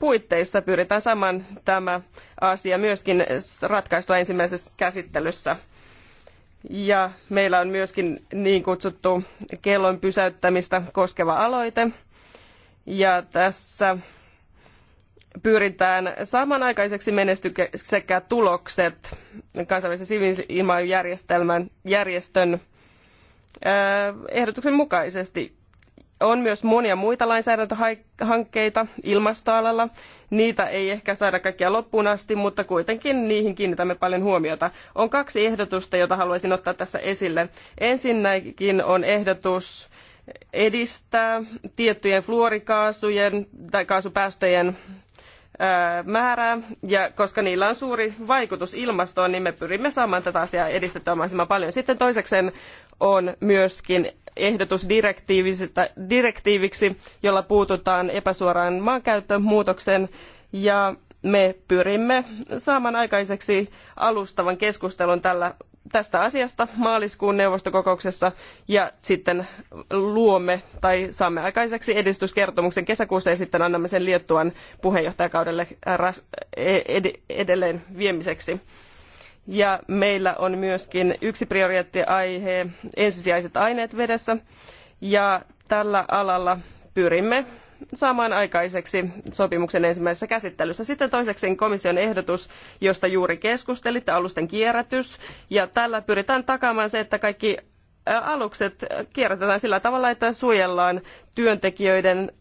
puitteissa pyritään saamaan tämä asia myöskin ratkaistua ensimmäisessä käsittelyssä. Ja meillä on myöskin niin kutsuttu kellon pysäyttämistä koskeva aloite. Ja tässä pyritään samanaikaiseksi menestyksekkäät tulokset kansainvälisen siviiliilmailujärjestelmän järjestön ehdotuksen mukaisesti. On myös monia muita lainsäädäntöhankkeita ilmastoalalla. Niitä ei ehkä saada kaikkia loppuun asti, mutta kuitenkin niihin kiinnitämme paljon huomiota. On kaksi ehdotusta, joita haluaisin ottaa tässä esille. Ensinnäkin on ehdotus edistää tiettyjen fluorikaasujen tai kaasupäästöjen määrää, ja koska niillä on suuri vaikutus ilmastoon, niin me pyrimme saamaan tätä asiaa edistettyä mahdollisimman paljon. Sitten toisekseen on myöskin ehdotus direktiiviksi, jolla puututaan epäsuoraan maankäyttöön muutokseen, ja me pyrimme saamaan aikaiseksi alustavan keskustelun tällä tästä asiasta maaliskuun neuvostokokouksessa ja sitten luomme tai saamme aikaiseksi edistyskertomuksen kesäkuussa ja sitten annamme sen Liettuan puheenjohtajakaudelle äh, e- edelleen viemiseksi. Ja meillä on myöskin yksi prioriteettiaihe, ensisijaiset aineet vedessä. Ja tällä alalla pyrimme saamaan aikaiseksi sopimuksen ensimmäisessä käsittelyssä. Sitten toiseksi komission ehdotus, josta juuri keskustelitte, alusten kierrätys. Ja tällä pyritään takaamaan se, että kaikki alukset kierrätetään sillä tavalla, että suojellaan työntekijöiden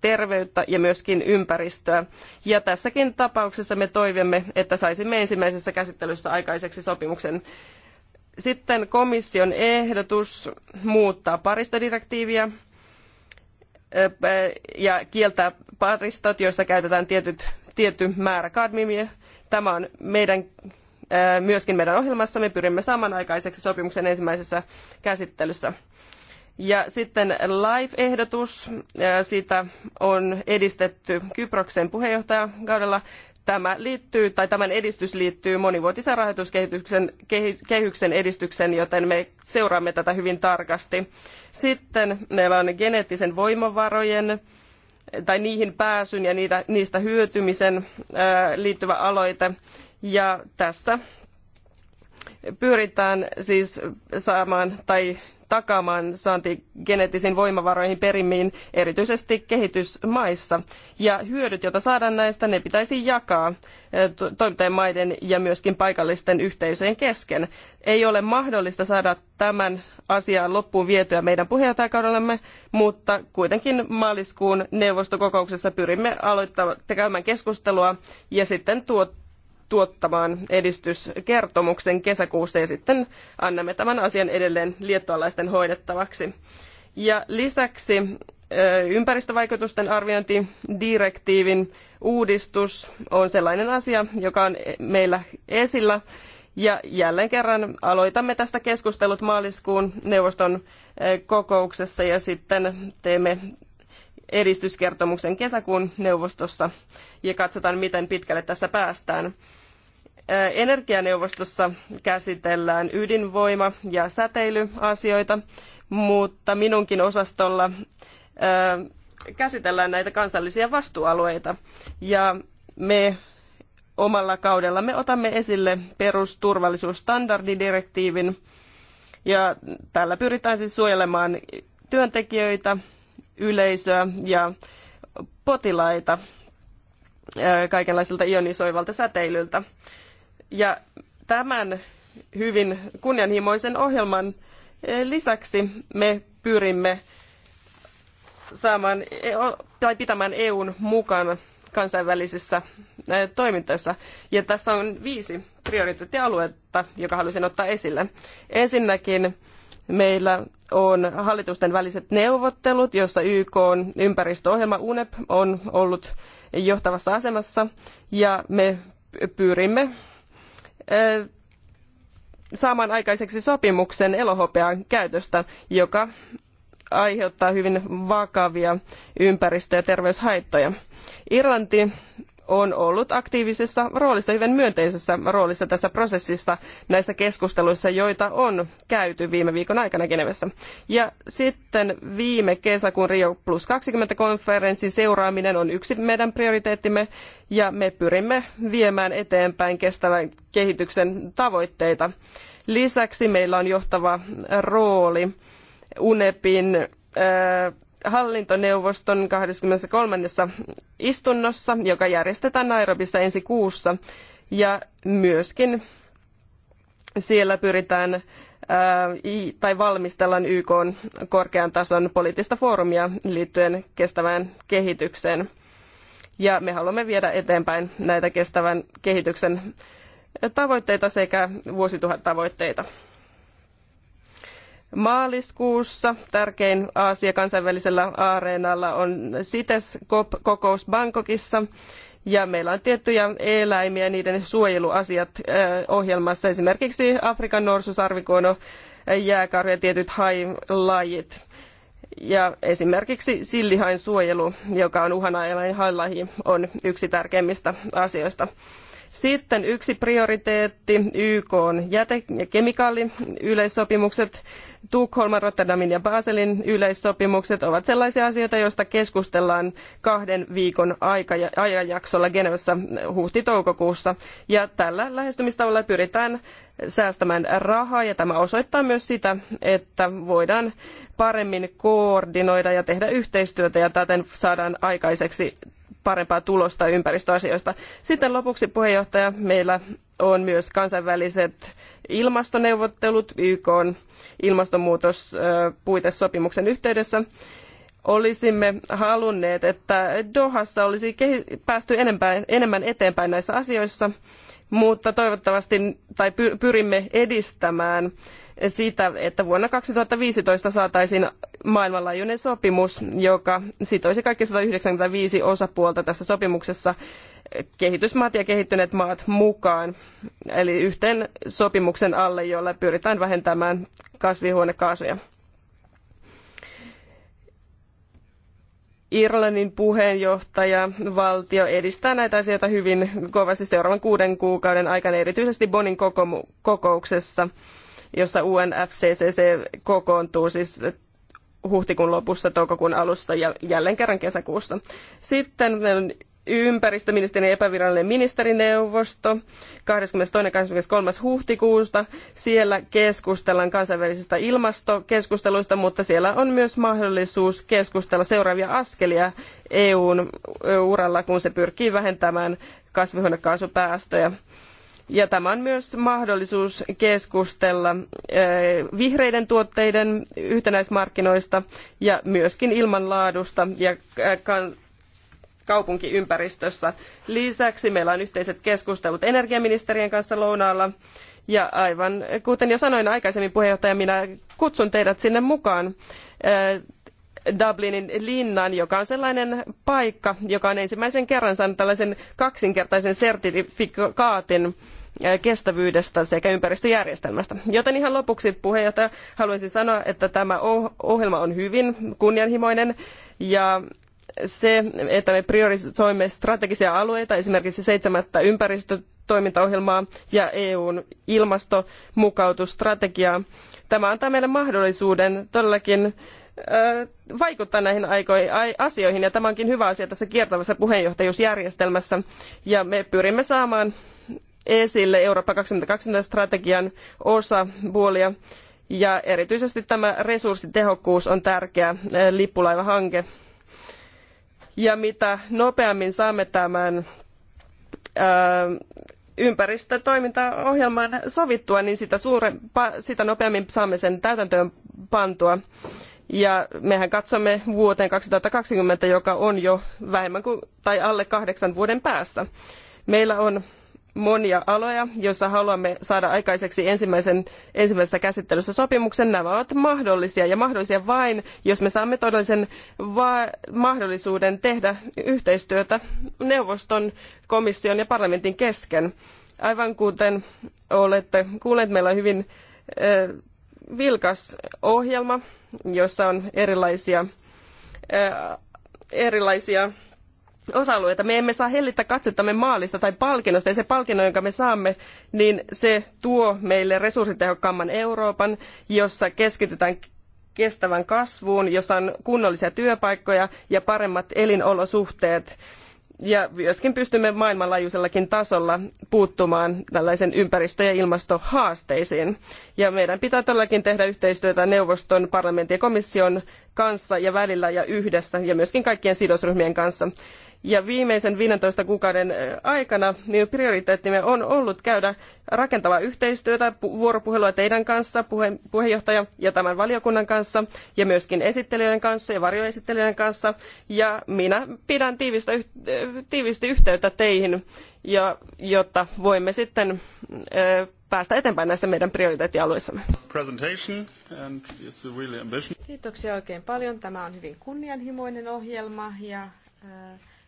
terveyttä ja myöskin ympäristöä. Ja tässäkin tapauksessa me toivomme, että saisimme ensimmäisessä käsittelyssä aikaiseksi sopimuksen. Sitten komission ehdotus muuttaa paristodirektiiviä. direktiiviä ja kieltää paristot, joissa käytetään tietyt, tietty määrä kadmimia. Tämä on meidän, äh, myöskin meidän ohjelmassamme. Pyrimme samanaikaiseksi sopimuksen ensimmäisessä käsittelyssä. Ja sitten live-ehdotus, äh, siitä on edistetty Kyproksen puheenjohtajakaudella. Tämä liittyy, tai tämän edistys liittyy monivuotisen rahoituskehityksen kehyksen edistykseen, joten me seuraamme tätä hyvin tarkasti. Sitten meillä on geneettisen voimavarojen tai niihin pääsyn ja niistä hyötymisen liittyvä aloite. Ja tässä pyritään siis saamaan tai takaamaan saanti geneettisiin voimavaroihin perimiin, erityisesti kehitysmaissa. Ja hyödyt, joita saadaan näistä, ne pitäisi jakaa eh, toimittajamaiden ja myöskin paikallisten yhteisöjen kesken. Ei ole mahdollista saada tämän asian loppuun vietyä meidän puheenjohtajakaudellamme, mutta kuitenkin maaliskuun neuvostokokouksessa pyrimme aloittamaan käymään keskustelua ja sitten tuot tuottamaan edistyskertomuksen kesäkuussa ja sitten annamme tämän asian edelleen liettualaisten hoidettavaksi. Ja lisäksi ympäristövaikutusten arviointidirektiivin uudistus on sellainen asia, joka on e- meillä esillä. Ja jälleen kerran aloitamme tästä keskustelut maaliskuun neuvoston kokouksessa ja sitten teemme edistyskertomuksen kesäkuun neuvostossa ja katsotaan, miten pitkälle tässä päästään energianeuvostossa käsitellään ydinvoima- ja säteilyasioita, mutta minunkin osastolla käsitellään näitä kansallisia vastuualueita. Ja me omalla kaudella me otamme esille perusturvallisuusstandardidirektiivin, ja tällä pyritään siis suojelemaan työntekijöitä, yleisöä ja potilaita kaikenlaisilta ionisoivalta säteilyltä. Ja tämän hyvin kunnianhimoisen ohjelman eh, lisäksi me pyrimme saamaan e- tai pitämään EUn mukana kansainvälisissä eh, toiminnassa. Ja tässä on viisi prioriteettialuetta, joka haluaisin ottaa esille. Ensinnäkin meillä on hallitusten väliset neuvottelut, joissa YK on ympäristöohjelma UNEP on ollut johtavassa asemassa ja me pyrimme saamaan aikaiseksi sopimuksen elohopean käytöstä, joka aiheuttaa hyvin vakavia ympäristö- ja terveyshaittoja. Irlanti on ollut aktiivisessa roolissa, hyvin myönteisessä roolissa tässä prosessissa näissä keskusteluissa, joita on käyty viime viikon aikana Genevessä. Ja sitten viime kesäkuun Rio Plus 20 konferenssin seuraaminen on yksi meidän prioriteettimme ja me pyrimme viemään eteenpäin kestävän kehityksen tavoitteita. Lisäksi meillä on johtava rooli UNEPin äh, hallintoneuvoston 23. istunnossa, joka järjestetään Nairobissa ensi kuussa. Ja myöskin siellä pyritään äh, tai valmistellaan YK korkean tason poliittista foorumia liittyen kestävään kehitykseen. Ja me haluamme viedä eteenpäin näitä kestävän kehityksen tavoitteita sekä vuosituhattavoitteita. tavoitteita maaliskuussa. Tärkein Aasia kansainvälisellä areenalla on CITES-kokous Bangkokissa. Ja meillä on tiettyjä eläimiä, niiden suojeluasiat ohjelmassa, esimerkiksi Afrikan norsusarvikoino, jääkarhu ja tietyt hailajit. Ja esimerkiksi sillihain suojelu, joka on uhanalainen hailaji, on yksi tärkeimmistä asioista. Sitten yksi prioriteetti YK on jäte- ja kemikaaliyleissopimukset Tukholman, Rotterdamin ja Baselin yleissopimukset ovat sellaisia asioita, joista keskustellaan kahden viikon ajanjaksolla Genevessä huhti-toukokuussa. Ja tällä lähestymistavalla pyritään säästämään rahaa ja tämä osoittaa myös sitä, että voidaan paremmin koordinoida ja tehdä yhteistyötä ja täten saadaan aikaiseksi parempaa tulosta ympäristöasioista. Sitten lopuksi puheenjohtaja, meillä on myös kansainväliset ilmastoneuvottelut YK ilmastonmuutospuitesopimuksen yhteydessä. Olisimme halunneet, että Dohassa olisi päästy enemmän eteenpäin näissä asioissa, mutta toivottavasti tai pyrimme edistämään siitä, että vuonna 2015 saataisiin maailmanlaajuinen sopimus, joka sitoisi kaikki 195 osapuolta tässä sopimuksessa kehitysmaat ja kehittyneet maat mukaan, eli yhteen sopimuksen alle, jolla pyritään vähentämään kasvihuonekaasuja. Irlannin puheenjohtaja valtio edistää näitä asioita hyvin kovasti seuraavan kuuden kuukauden aikana, erityisesti Bonin kokouksessa jossa UNFCCC kokoontuu siis huhtikuun lopussa, toukokuun alussa ja jälleen kerran kesäkuussa. Sitten ympäristöministerin epävirallinen ministerineuvosto 22. ja 23. huhtikuusta. Siellä keskustellaan kansainvälisistä ilmastokeskusteluista, mutta siellä on myös mahdollisuus keskustella seuraavia askelia EUn uralla, kun se pyrkii vähentämään kasvihuonekaasupäästöjä. Ja tämä on myös mahdollisuus keskustella eh, vihreiden tuotteiden yhtenäismarkkinoista ja myöskin ilmanlaadusta ja eh, kaupunkiympäristössä. Lisäksi meillä on yhteiset keskustelut energiaministerien kanssa lounaalla. Ja aivan kuten jo sanoin aikaisemmin puheenjohtaja, minä kutsun teidät sinne mukaan eh, Dublinin linnan, joka on sellainen paikka, joka on ensimmäisen kerran saanut tällaisen kaksinkertaisen sertifikaatin eh, kestävyydestä sekä ympäristöjärjestelmästä. Joten ihan lopuksi puheenjohtaja haluaisin sanoa, että tämä ohjelma on hyvin kunnianhimoinen ja se, että me priorisoimme strategisia alueita, esimerkiksi seitsemättä ympäristötoimintaohjelmaa ja EUn ilmastomukautusstrategiaa. Tämä antaa meille mahdollisuuden todellakin vaikuttaa näihin asioihin ja tämä onkin hyvä asia tässä kiertävässä puheenjohtajuusjärjestelmässä ja me pyrimme saamaan esille Eurooppa 2020 strategian osapuolia ja erityisesti tämä resurssitehokkuus on tärkeä lippulaivahanke. Ja mitä nopeammin saamme tämän ympäristötoimintaohjelman sovittua, niin sitä, suurempa, sitä nopeammin saamme sen täytäntöön pantua. Ja mehän katsomme vuoteen 2020, joka on jo vähemmän kuin, tai alle kahdeksan vuoden päässä. Meillä on monia aloja, joissa haluamme saada aikaiseksi ensimmäisen, ensimmäisessä käsittelyssä sopimuksen. Nämä ovat mahdollisia ja mahdollisia vain, jos me saamme todellisen mahdollisuuden tehdä yhteistyötä neuvoston, komission ja parlamentin kesken. Aivan kuten olette kuulleet, meillä on hyvin äh, vilkas ohjelma, jossa on erilaisia, ää, erilaisia osa-alueita. Me emme saa hellittää katsettamme maalista tai palkinnosta, ja se palkinto, jonka me saamme, niin se tuo meille resurssitehokkaamman Euroopan, jossa keskitytään kestävän kasvuun, jossa on kunnollisia työpaikkoja ja paremmat elinolosuhteet ja myöskin pystymme maailmanlaajuisellakin tasolla puuttumaan tällaisen ympäristö- ja ilmastohaasteisiin. Ja meidän pitää todellakin tehdä yhteistyötä neuvoston, parlamentin ja komission kanssa ja välillä ja yhdessä ja myöskin kaikkien sidosryhmien kanssa. Ja viimeisen 15 kuukauden aikana niin prioriteettimme on ollut käydä rakentavaa yhteistyötä, vuoropuhelua teidän kanssa, puhe, puheenjohtaja, ja tämän valiokunnan kanssa, ja myöskin esittelijöiden kanssa ja varjoesittelijöiden kanssa. Ja minä pidän tiivistä, tiivisti yhteyttä teihin, ja, jotta voimme sitten ö, päästä eteenpäin näissä meidän prioriteettialueissamme. Kiitoksia oikein paljon. Tämä on hyvin kunnianhimoinen ohjelma ja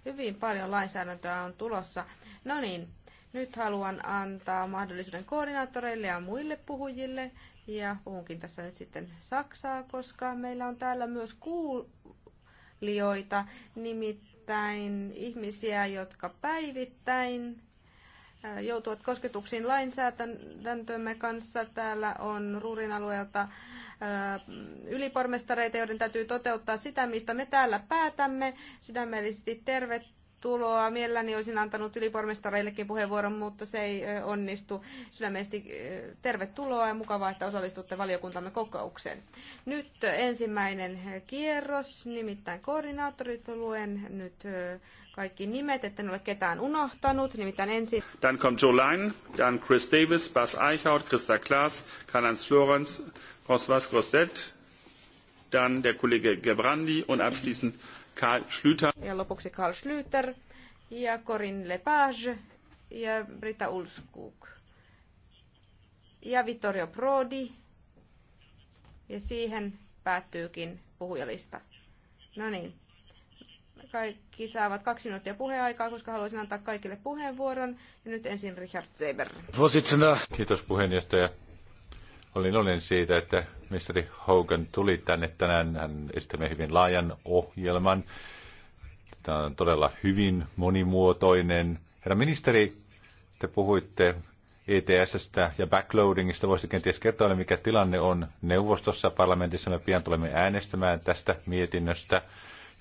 Hyvin paljon lainsäädäntöä on tulossa. No niin, nyt haluan antaa mahdollisuuden koordinaattoreille ja muille puhujille. Ja puhunkin tässä nyt sitten Saksaa, koska meillä on täällä myös kuulijoita, nimittäin ihmisiä, jotka päivittäin joutuvat kosketuksiin lainsäädäntömme kanssa. Täällä on Ruurin alueelta ylipormestareita, joiden täytyy toteuttaa sitä, mistä me täällä päätämme. Sydämellisesti tervetuloa tuloa. Mielelläni olisin antanut ylipormestareillekin puheenvuoron, mutta se ei onnistu. Sydämellisesti tervetuloa ja mukavaa, että osallistutte valiokuntamme kokoukseen. Nyt ensimmäinen kierros, nimittäin koordinaattorit. Luen nyt kaikki nimet, etten ole ketään unohtanut. Nimittäin ensin... Dann kommt Joe Lein, dann Chris Davis, Bas Eichhaut, Christa Klaas, Karl-Heinz Florenz, franoise grossette dann der Kollege Gebrandi und abschließend Karl Schlüter. Ja lopuksi Karl Schlüter ja Corinne Lepage ja Britta Ulskuk ja Vittorio Prodi. Ja siihen päättyykin puhujalista. No niin. Kaikki saavat kaksi minuuttia puheaikaa, koska haluaisin antaa kaikille puheenvuoron. Ja nyt ensin Richard Zeber. Kiitos puheenjohtaja. Olin iloinen siitä, että ministeri Hogan tuli tänne tänään. Hän esitämme hyvin laajan ohjelman. Tämä on todella hyvin monimuotoinen. Herra ministeri, te puhuitte ETSstä ja backloadingista. Voisitte kenties kertoa, mikä tilanne on neuvostossa parlamentissa. Me pian tulemme äänestämään tästä mietinnöstä.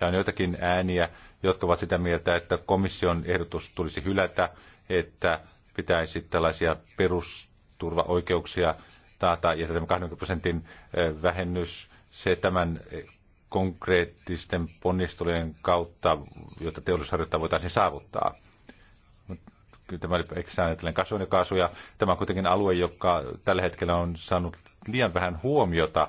Ja on joitakin ääniä, jotka ovat sitä mieltä, että komission ehdotus tulisi hylätä, että pitäisi tällaisia perusturvaoikeuksia taata, ja tämä 20 prosentin vähennys, se tämän konkreettisten ponnistelujen kautta, jotta teollisuusharjoittaa voitaisiin saavuttaa. Tämä oli ajatellen ja Tämä on kuitenkin alue, joka tällä hetkellä on saanut liian vähän huomiota.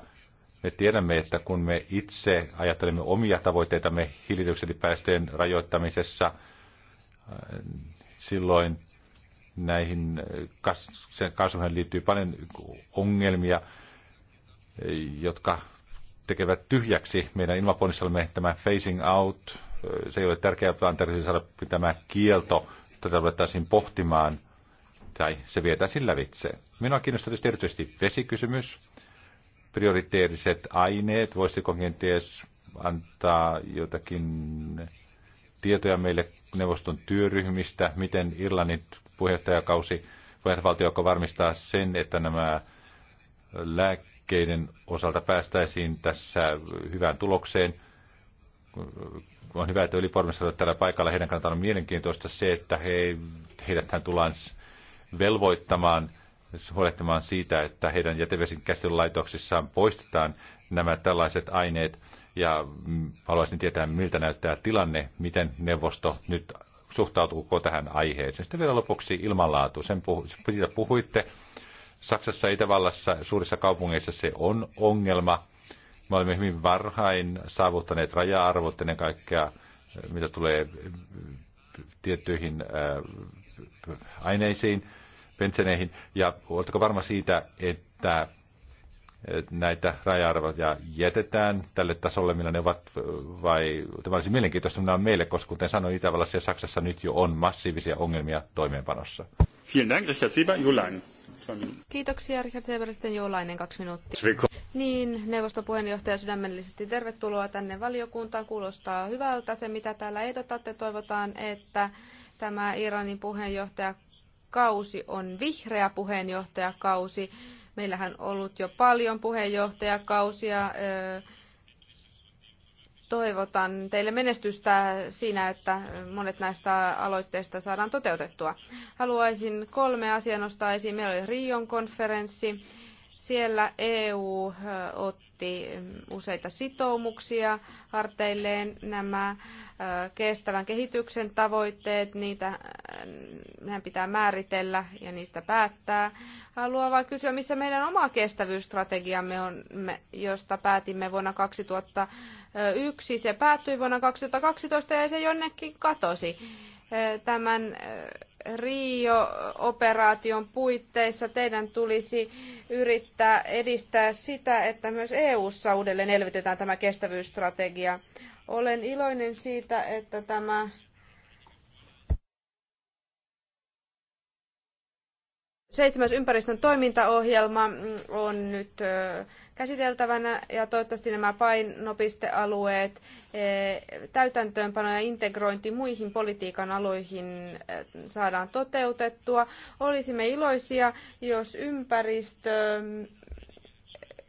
Me tiedämme, että kun me itse ajattelemme omia tavoitteitamme hiilidioksidipäästöjen rajoittamisessa, silloin näihin kaasuihin liittyy paljon ongelmia, jotka tekevät tyhjäksi meidän ilmapuolistamme tämä phasing out. Se ei ole tärkeää, vaan tarvitsisi saada tämä kielto, tätä ruvettaisiin pohtimaan, tai se vietäisiin lävitse. Minua kiinnostaa tietysti erityisesti vesikysymys, Prioriteeriset aineet, voisitko kenties antaa jotakin tietoja meille neuvoston työryhmistä, miten Irlannin puheenjohtajakausi puheenjohtajavaltio, joka varmistaa sen, että nämä lääkkeiden osalta päästäisiin tässä hyvään tulokseen. On hyvä, että ylipormissa tällä paikalla. Heidän kannaltaan on mielenkiintoista se, että he, heidät tullaan velvoittamaan huolehtimaan siitä, että heidän jätevesin käsittelylaitoksissaan poistetaan nämä tällaiset aineet. Ja mm, haluaisin tietää, miltä näyttää tilanne, miten neuvosto nyt suhtautuuko tähän aiheeseen. Sitten vielä lopuksi ilmanlaatu. Sen puhu, siitä puhuitte. Saksassa, Itävallassa, suurissa kaupungeissa se on ongelma. Me olemme hyvin varhain saavuttaneet raja-arvot ennen kaikkea, eh, mitä tulee eh, tiettyihin eh, aineisiin, penseneihin. Ja oletko varma siitä, että näitä raja-arvoja jätetään tälle tasolle, millä ne ovat, vai tämä olisi mielenkiintoista nämä on meille, koska kuten sanoin, Itävallassa ja Saksassa nyt jo on massiivisia ongelmia toimeenpanossa. Kiitoksia, Richard Seber, sitten Joulainen, kaksi minuuttia. Niin, neuvoston puheenjohtaja sydämellisesti tervetuloa tänne valiokuntaan. Kuulostaa hyvältä se, mitä täällä ehdotatte. Toivotaan, että tämä Iranin puheenjohtajakausi on vihreä puheenjohtajakausi. kausi Meillähän on ollut jo paljon puheenjohtajakausia. Toivotan teille menestystä siinä, että monet näistä aloitteista saadaan toteutettua. Haluaisin kolme asiaa nostaa esiin. Meillä oli Rion konferenssi. Siellä EU asetti useita sitoumuksia harteilleen nämä kestävän kehityksen tavoitteet, niitä meidän pitää määritellä ja niistä päättää. Haluan vain kysyä, missä meidän oma kestävyysstrategiamme on, josta päätimme vuonna 2001. Se päättyi vuonna 2012 ja se jonnekin katosi. Tämän Rio-operaation puitteissa teidän tulisi yrittää edistää sitä, että myös EU-ssa uudelleen elvytetään tämä kestävyysstrategia. Olen iloinen siitä, että tämä seitsemäs ympäristön toimintaohjelma on nyt käsiteltävänä ja toivottavasti nämä painopistealueet, eh, täytäntöönpano ja integrointi muihin politiikan aloihin eh, saadaan toteutettua. Olisimme iloisia, jos ympäristö,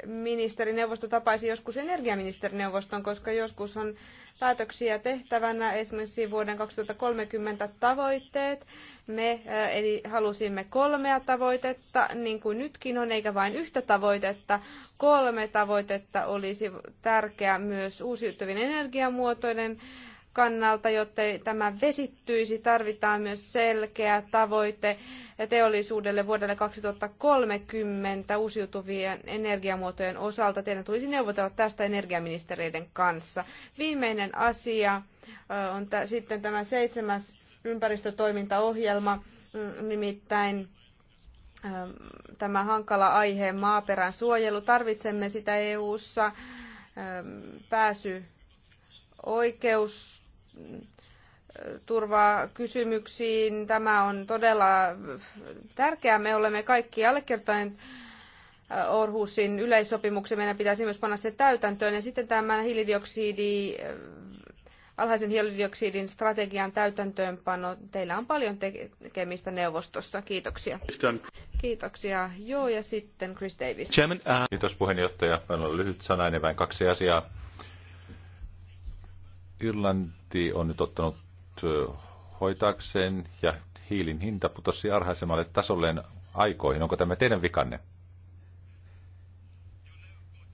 ministerineuvosto tapaisi joskus energiaministerineuvoston, koska joskus on päätöksiä tehtävänä, esimerkiksi vuoden 2030 tavoitteet. Me eh, eli halusimme kolmea tavoitetta, niin kuin nytkin on, eikä vain yhtä tavoitetta. Kolme tavoitetta olisi tärkeää myös uusiutuvien energiamuotoiden kannalta, jotta tämä vesittyisi, tarvitaan myös selkeä tavoite teollisuudelle vuodelle 2030 uusiutuvien energiamuotojen osalta. Teidän tulisi neuvotella tästä energiaministereiden kanssa. Viimeinen asia äh, on sitten tämä seitsemäs ympäristötoimintaohjelma, mm, nimittäin ähm, tämä hankala aihe maaperän suojelu. Tarvitsemme sitä EU-ssa ähm, pääsy oikeus turvakysymyksiin. Tämä on todella tärkeää. Me olemme kaikki allekirjoittaneet Orhusin yleissopimuksen. Meidän pitäisi myös panna se täytäntöön. Ja sitten tämän hiilidioksidi, alhaisen hiilidioksidin strategian täytäntöönpano. Teillä on paljon tekemistä neuvostossa. Kiitoksia. Kiitoksia. Joo, ja sitten Chris Davis. Chairman, uh... Kiitos puheenjohtaja. Meillä on lyhyt sanainen vain kaksi asiaa Irlanti on nyt ottanut hoitaakseen ja hiilin hinta putosi arhaisemmalle tasolleen aikoihin. Onko tämä teidän vikanne?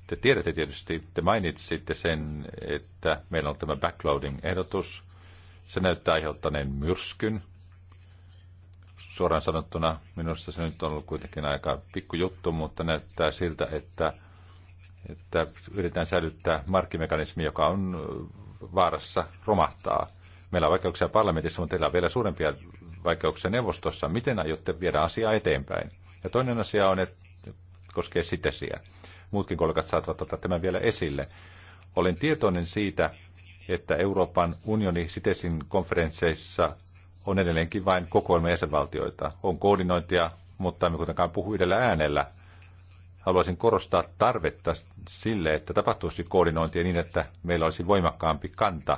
Te tiedätte tietysti, te mainitsitte sen, että meillä on tämä backloading-ehdotus. Se näyttää aiheuttaneen myrskyn. Suoraan sanottuna minusta se nyt on ollut kuitenkin aika juttu, mutta näyttää siltä, että, että yritetään säilyttää markkimekanismi, joka on vaarassa romahtaa. Meillä on vaikeuksia parlamentissa, mutta teillä on vielä suurempia vaikeuksia neuvostossa. Miten aiotte viedä asiaa eteenpäin? Ja toinen asia on, että koskee sitesiä. Muutkin kollegat saattavat ottaa tämän vielä esille. Olen tietoinen siitä, että Euroopan unioni sitesin konferensseissa on edelleenkin vain kokoelma jäsenvaltioita. On koordinointia, mutta emme kuitenkaan puhu yhdellä äänellä haluaisin korostaa tarvetta sille, että tapahtuisi koordinointia niin, että meillä olisi voimakkaampi kanta,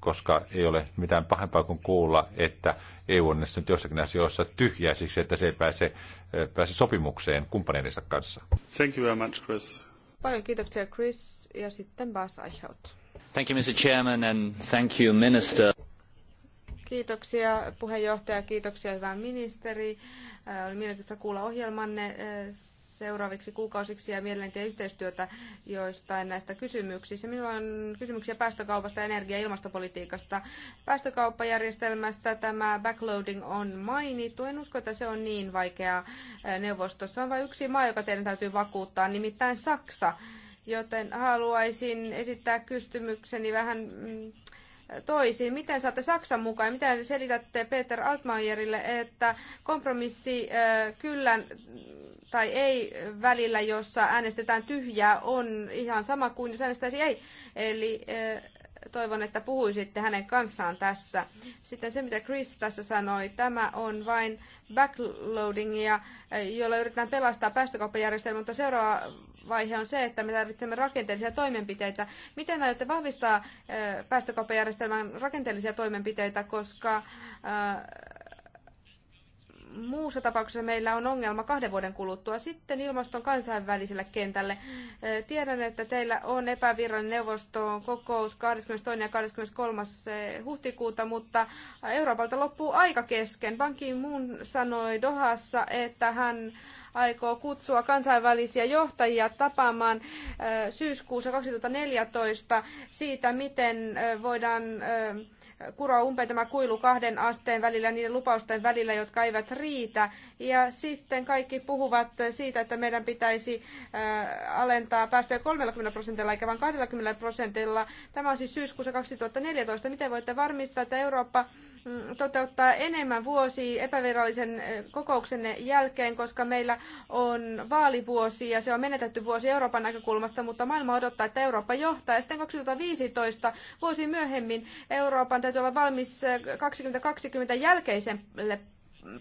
koska ei ole mitään pahempaa kuin kuulla, että EU on nyt jossakin asioissa tyhjää siksi, että se ei pääse, eh, pääse sopimukseen kumppaneidensa kanssa. Thank you very much, Chris. Paljon kiitoksia, Chris. Ja sitten Bas Eichhout. Thank you, Mr. Chairman, and thank you, Minister. Kiitoksia puheenjohtaja, kiitoksia hyvä ministeri. Oli mielenkiintoista kuulla ohjelmanne eh, seuraaviksi kuukausiksi ja mielelläni teen yhteistyötä joistain näistä kysymyksistä. Minulla on kysymyksiä päästökaupasta, energia- ja ilmastopolitiikasta. Päästökauppajärjestelmästä tämä backloading on mainittu. En usko, että se on niin vaikea eh, neuvostossa. On vain yksi maa, joka teidän täytyy vakuuttaa, nimittäin Saksa. Joten haluaisin esittää kysymykseni vähän mm, toisin, Miten saatte Saksan mukaan? Miten selitätte Peter Altmaierille, että kompromissi kyllä tai ei välillä, jossa äänestetään tyhjää, on ihan sama kuin jos äänestäisi ei. Eli toivon, että puhuisitte hänen kanssaan tässä. Sitten se, mitä Chris tässä sanoi, tämä on vain backloadingia, jolla yritetään pelastaa päästökauppajärjestelmä, mutta seuraava vaihe on se, että me tarvitsemme rakenteellisia toimenpiteitä. Miten aiotte vahvistaa päästökauppajärjestelmän rakenteellisia toimenpiteitä, koska muussa tapauksessa meillä on ongelma kahden vuoden kuluttua sitten ilmaston kansainväliselle kentälle. Tiedän, että teillä on epävirallinen neuvoston kokous 22. ja 23. huhtikuuta, mutta Euroopalta loppuu aika kesken. Ban Ki-moon sanoi Dohassa, että hän aikoo kutsua kansainvälisiä johtajia tapaamaan syyskuussa 2014 siitä, miten voidaan kuroa umpeen tämä kuilu kahden asteen välillä, niiden lupausten välillä, jotka eivät riitä. Ja sitten kaikki puhuvat siitä, että meidän pitäisi alentaa päästöjä 30 prosentilla eikä vain 20 prosentilla. Tämä on siis syyskuussa 2014. Miten voitte varmistaa, että Eurooppa Mm, toteuttaa enemmän vuosi epävirallisen eh, kokouksenne jälkeen, koska meillä on vaalivuosi ja se on menetetty vuosi Euroopan näkökulmasta, mutta maailma odottaa, että Eurooppa johtaa. Ja sitten 2015, vuosi myöhemmin, Euroopan täytyy olla valmis 2020 eh, jälkeiselle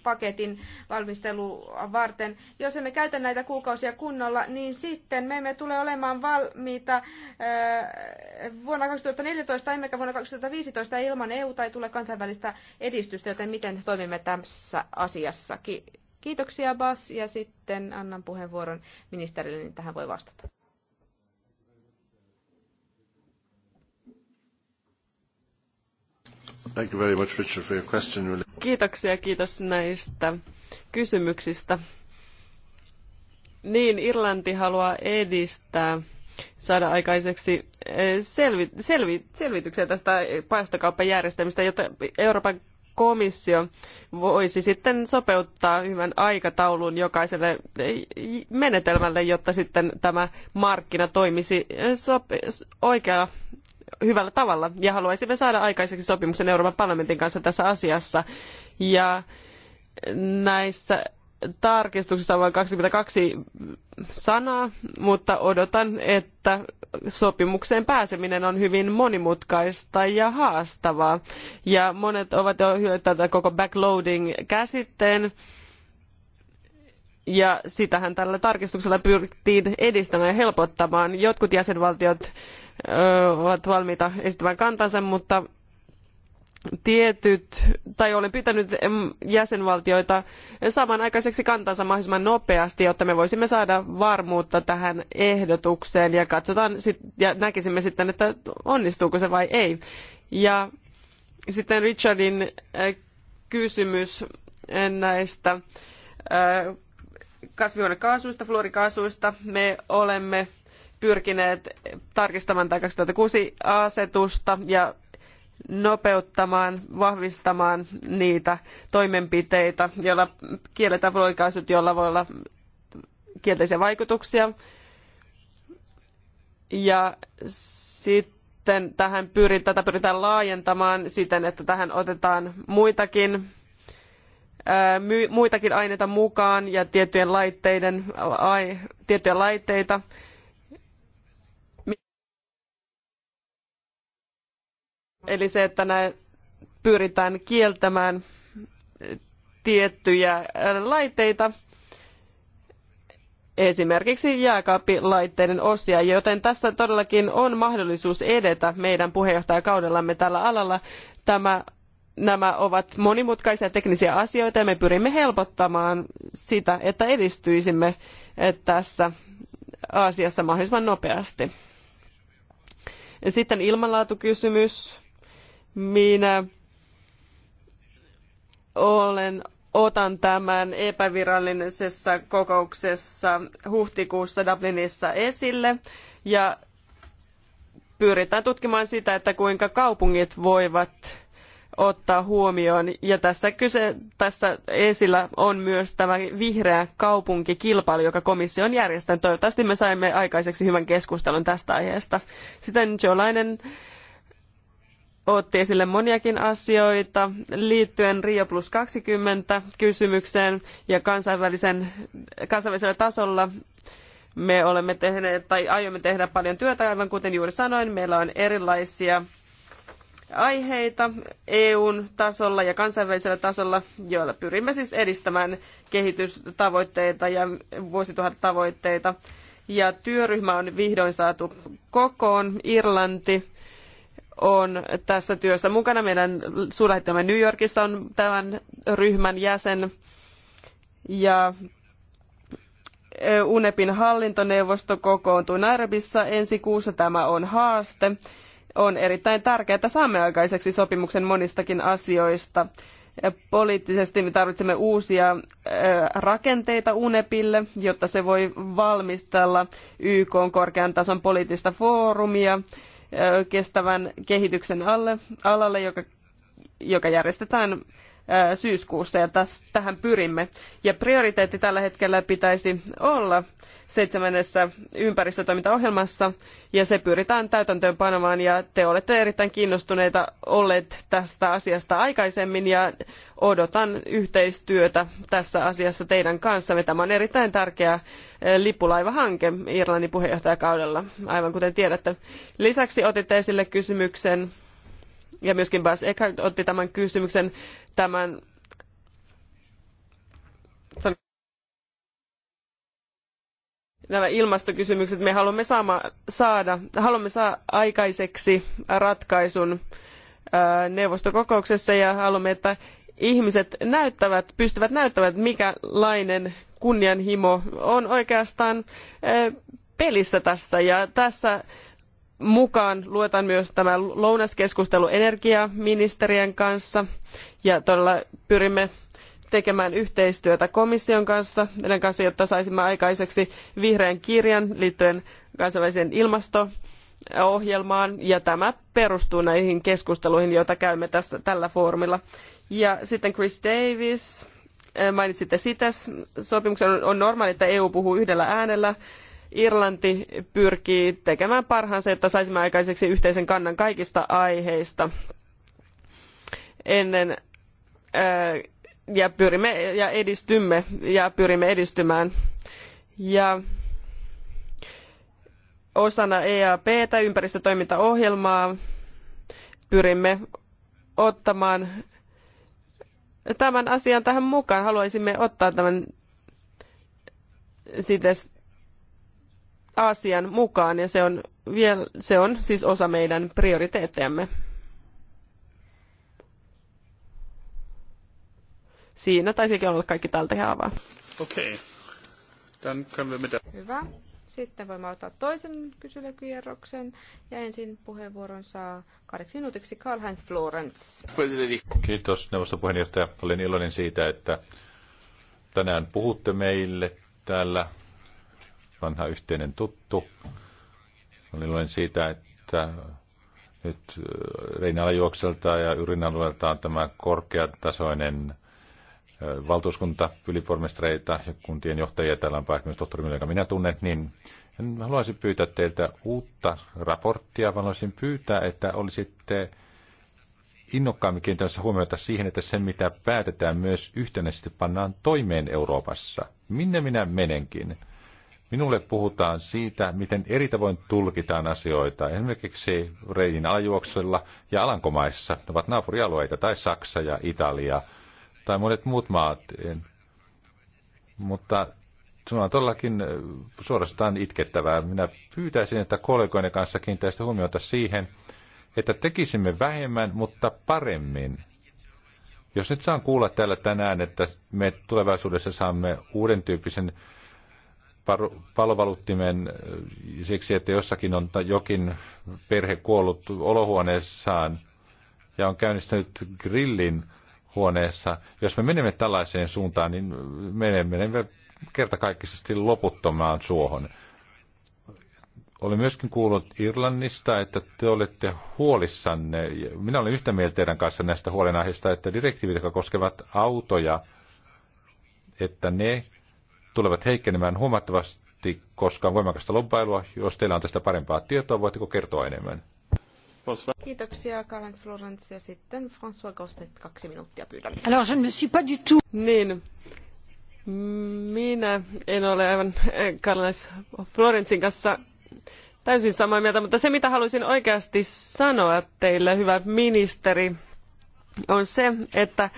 paketin valmistelua varten. Jos emme käytä näitä kuukausia kunnolla, niin sitten me emme tule olemaan valmiita äh, vuonna 2014 emmekä vuonna 2015 ilman EU tai tule kansainvälistä edistystä, joten miten toimimme tässä asiassa? Kiitoksia Bas ja sitten annan puheenvuoron ministerille, niin tähän voi vastata. Thank you very much, Richard, for your question. Kiitoksia, kiitos näistä kysymyksistä. Niin, Irlanti haluaa edistää saada aikaiseksi eh, selvi, selvi, selvityksiä tästä päästökauppajärjestelmistä, jotta Euroopan komissio voisi sitten sopeuttaa hyvän aikataulun jokaiselle eh, menetelmälle, jotta sitten tämä markkina toimisi eh, sope- oikealla hyvällä tavalla ja haluaisimme saada aikaiseksi sopimuksen Euroopan parlamentin kanssa tässä asiassa. Ja näissä tarkistuksissa on vain 22 sanaa, mutta odotan, että sopimukseen pääseminen on hyvin monimutkaista ja haastavaa. Ja monet ovat jo hyödyttäneet koko backloading-käsitteen, ja sitähän tällä tarkistuksella pyrittiin edistämään ja helpottamaan. Jotkut jäsenvaltiot ovat valmiita esittämään kantansa, mutta tietyt, tai olen pyytänyt jäsenvaltioita samanaikaiseksi kantansa mahdollisimman nopeasti, jotta me voisimme saada varmuutta tähän ehdotukseen ja katsotaan sit, ja näkisimme sitten, että onnistuuko se vai ei. Ja sitten Richardin kysymys näistä kasvihuonekaasuista, fluorikaasuista. Me olemme pyrkineet tarkistamaan tämä 2006 asetusta ja nopeuttamaan, vahvistamaan niitä toimenpiteitä, joilla kielletään fluorikaasut, joilla voi olla kielteisiä vaikutuksia. Ja sitten tähän pyrin, tätä pyritään laajentamaan siten, että tähän otetaan muitakin, ää, muitakin aineita mukaan ja tiettyjen laitteiden, ai, tiettyjä laitteita Eli se, että näin pyritään kieltämään tiettyjä äh, laitteita, esimerkiksi jääkaappilaitteiden osia, joten tässä todellakin on mahdollisuus edetä meidän puheenjohtajakaudellamme tällä alalla. Tämä, nämä ovat monimutkaisia teknisiä asioita ja me pyrimme helpottamaan sitä, että edistyisimme äh, tässä asiassa mahdollisimman nopeasti. Sitten ilmanlaatukysymys minä olen otan tämän epävirallisessa kokouksessa huhtikuussa Dublinissa esille ja pyritään tutkimaan sitä, että kuinka kaupungit voivat ottaa huomioon. Ja tässä, kyse, tässä esillä on myös tämä vihreä kaupunkikilpailu, joka komissio on järjestänyt. Toivottavasti me saimme aikaiseksi hyvän keskustelun tästä aiheesta. Sitten Jolainen otti esille moniakin asioita liittyen Rio plus 20 kysymykseen ja kansainvälisen, kansainvälisellä tasolla me olemme tehneet tai aiomme tehdä paljon työtä, aivan kuten juuri sanoin, meillä on erilaisia aiheita EUn tasolla ja kansainvälisellä tasolla, joilla pyrimme siis edistämään kehitystavoitteita ja vuosituhattavoitteita. Ja työryhmä on vihdoin saatu kokoon. Irlanti on tässä työssä mukana. Meidän suurlähettilämme New Yorkissa on tämän ryhmän jäsen ja UNEPin hallintoneuvosto kokoontuu Nairobissa ensi kuussa. Tämä on haaste. On erittäin tärkeää, että saamme aikaiseksi sopimuksen monistakin asioista. Poliittisesti me tarvitsemme uusia rakenteita UNEPille, jotta se voi valmistella YK korkean tason poliittista foorumia kestävän kehityksen alle, alalle, joka, joka järjestetään syyskuussa ja täs, tähän pyrimme. Ja prioriteetti tällä hetkellä pitäisi olla seitsemännessä ympäristötoimintaohjelmassa ja se pyritään täytäntöönpanemaan ja te olette erittäin kiinnostuneita olleet tästä asiasta aikaisemmin ja odotan yhteistyötä tässä asiassa teidän kanssanne. Tämä on erittäin tärkeä lippulaivahanke Irlannin puheenjohtajakaudella, aivan kuten tiedätte. Lisäksi otitte esille kysymyksen ja myöskin Bas Eckhart otti tämän kysymyksen tämän nämä ilmastokysymykset me haluamme saama, saada, haluamme saa aikaiseksi ratkaisun ää, neuvostokokouksessa ja haluamme, että ihmiset näyttävät, pystyvät näyttämään, mikälainen kunnianhimo on oikeastaan ää, pelissä tässä ja tässä mukaan luetaan myös tämä lounaskeskustelu energiaministerien kanssa ja todella pyrimme tekemään yhteistyötä komission kanssa, meidän kanssa, jotta saisimme aikaiseksi vihreän kirjan liittyen kansainväliseen ilmasto-ohjelmaan, ja tämä perustuu näihin keskusteluihin, joita käymme tässä, tällä foorumilla. Ja sitten Chris Davis, eh, mainitsitte sitä sopimuksen on normaali, että EU puhuu yhdellä äänellä. Irlanti pyrkii tekemään parhaansa, jotta saisimme aikaiseksi yhteisen kannan kaikista aiheista ennen ja pyrimme ja edistymme ja pyrimme edistymään. Ja osana EAPtä ympäristötoimintaohjelmaa pyrimme ottamaan tämän asian tähän mukaan. Haluaisimme ottaa tämän sites asian mukaan ja se on, vielä se on siis osa meidän prioriteettejamme. Siinä taisikin olla kaikki tältä haavaa. Okei. Okay. mitä? Hyvä. Sitten voimme ottaa toisen kyselykierroksen ja ensin puheenvuoron saa kahdeksi minuutiksi Karl-Heinz Florence. Kiitos neuvoston puheenjohtaja. Olen iloinen siitä, että tänään puhutte meille täällä. Vanha yhteinen tuttu. Olen iloinen siitä, että nyt äh, Reinala juokselta ja Yrinalueelta on tämä korkeatasoinen valtuuskunta, ylipormestreita ja kuntien johtajia, täällä on päättänyt tohtori joka minä tunnen, niin haluaisin pyytää teiltä uutta raporttia, vaan haluaisin pyytää, että olisitte innokkaammin kiinnittämässä huomiota siihen, että sen mitä päätetään myös yhtenäisesti pannaan toimeen Euroopassa. Minne minä menenkin? Minulle puhutaan siitä, miten eri tavoin tulkitaan asioita. Esimerkiksi Reinin alajuoksella ja Alankomaissa, ne ovat naapurialueita, tai Saksa ja Italia – tai monet muut maat. Mutta se on todellakin suorastaan itkettävää. Minä pyytäisin, että kollegoiden kanssa kiinnittäisitte huomiota siihen, että tekisimme vähemmän, mutta paremmin. Jos nyt saan kuulla täällä tänään, että me tulevaisuudessa saamme uuden tyyppisen palovaluttimen siksi, että jossakin on jokin perhe kuollut olohuoneessaan ja on käynnistänyt grillin, huoneessa. Jos me menemme tällaiseen suuntaan, niin menemme kertakaikkisesti loputtomaan suohon. Olen myöskin kuullut Irlannista, että te olette huolissanne. Minä olen yhtä mieltä teidän kanssa näistä huolenaiheista, että direktiivit, jotka koskevat autoja, että ne tulevat heikkenemään huomattavasti, koska on voimakasta lobbailua. Jos teillä on tästä parempaa tietoa, voitteko kertoa enemmän? Kiitoksia, Karen Florence ja sitten François Gostet, kaksi minuuttia pyydän. Alors, je ne me suis pas du tout... Niin, minä en ole aivan eh, Karlais Florencin kanssa täysin samaa mieltä, mutta se mitä haluaisin oikeasti sanoa teille, hyvä ministeri, on se, että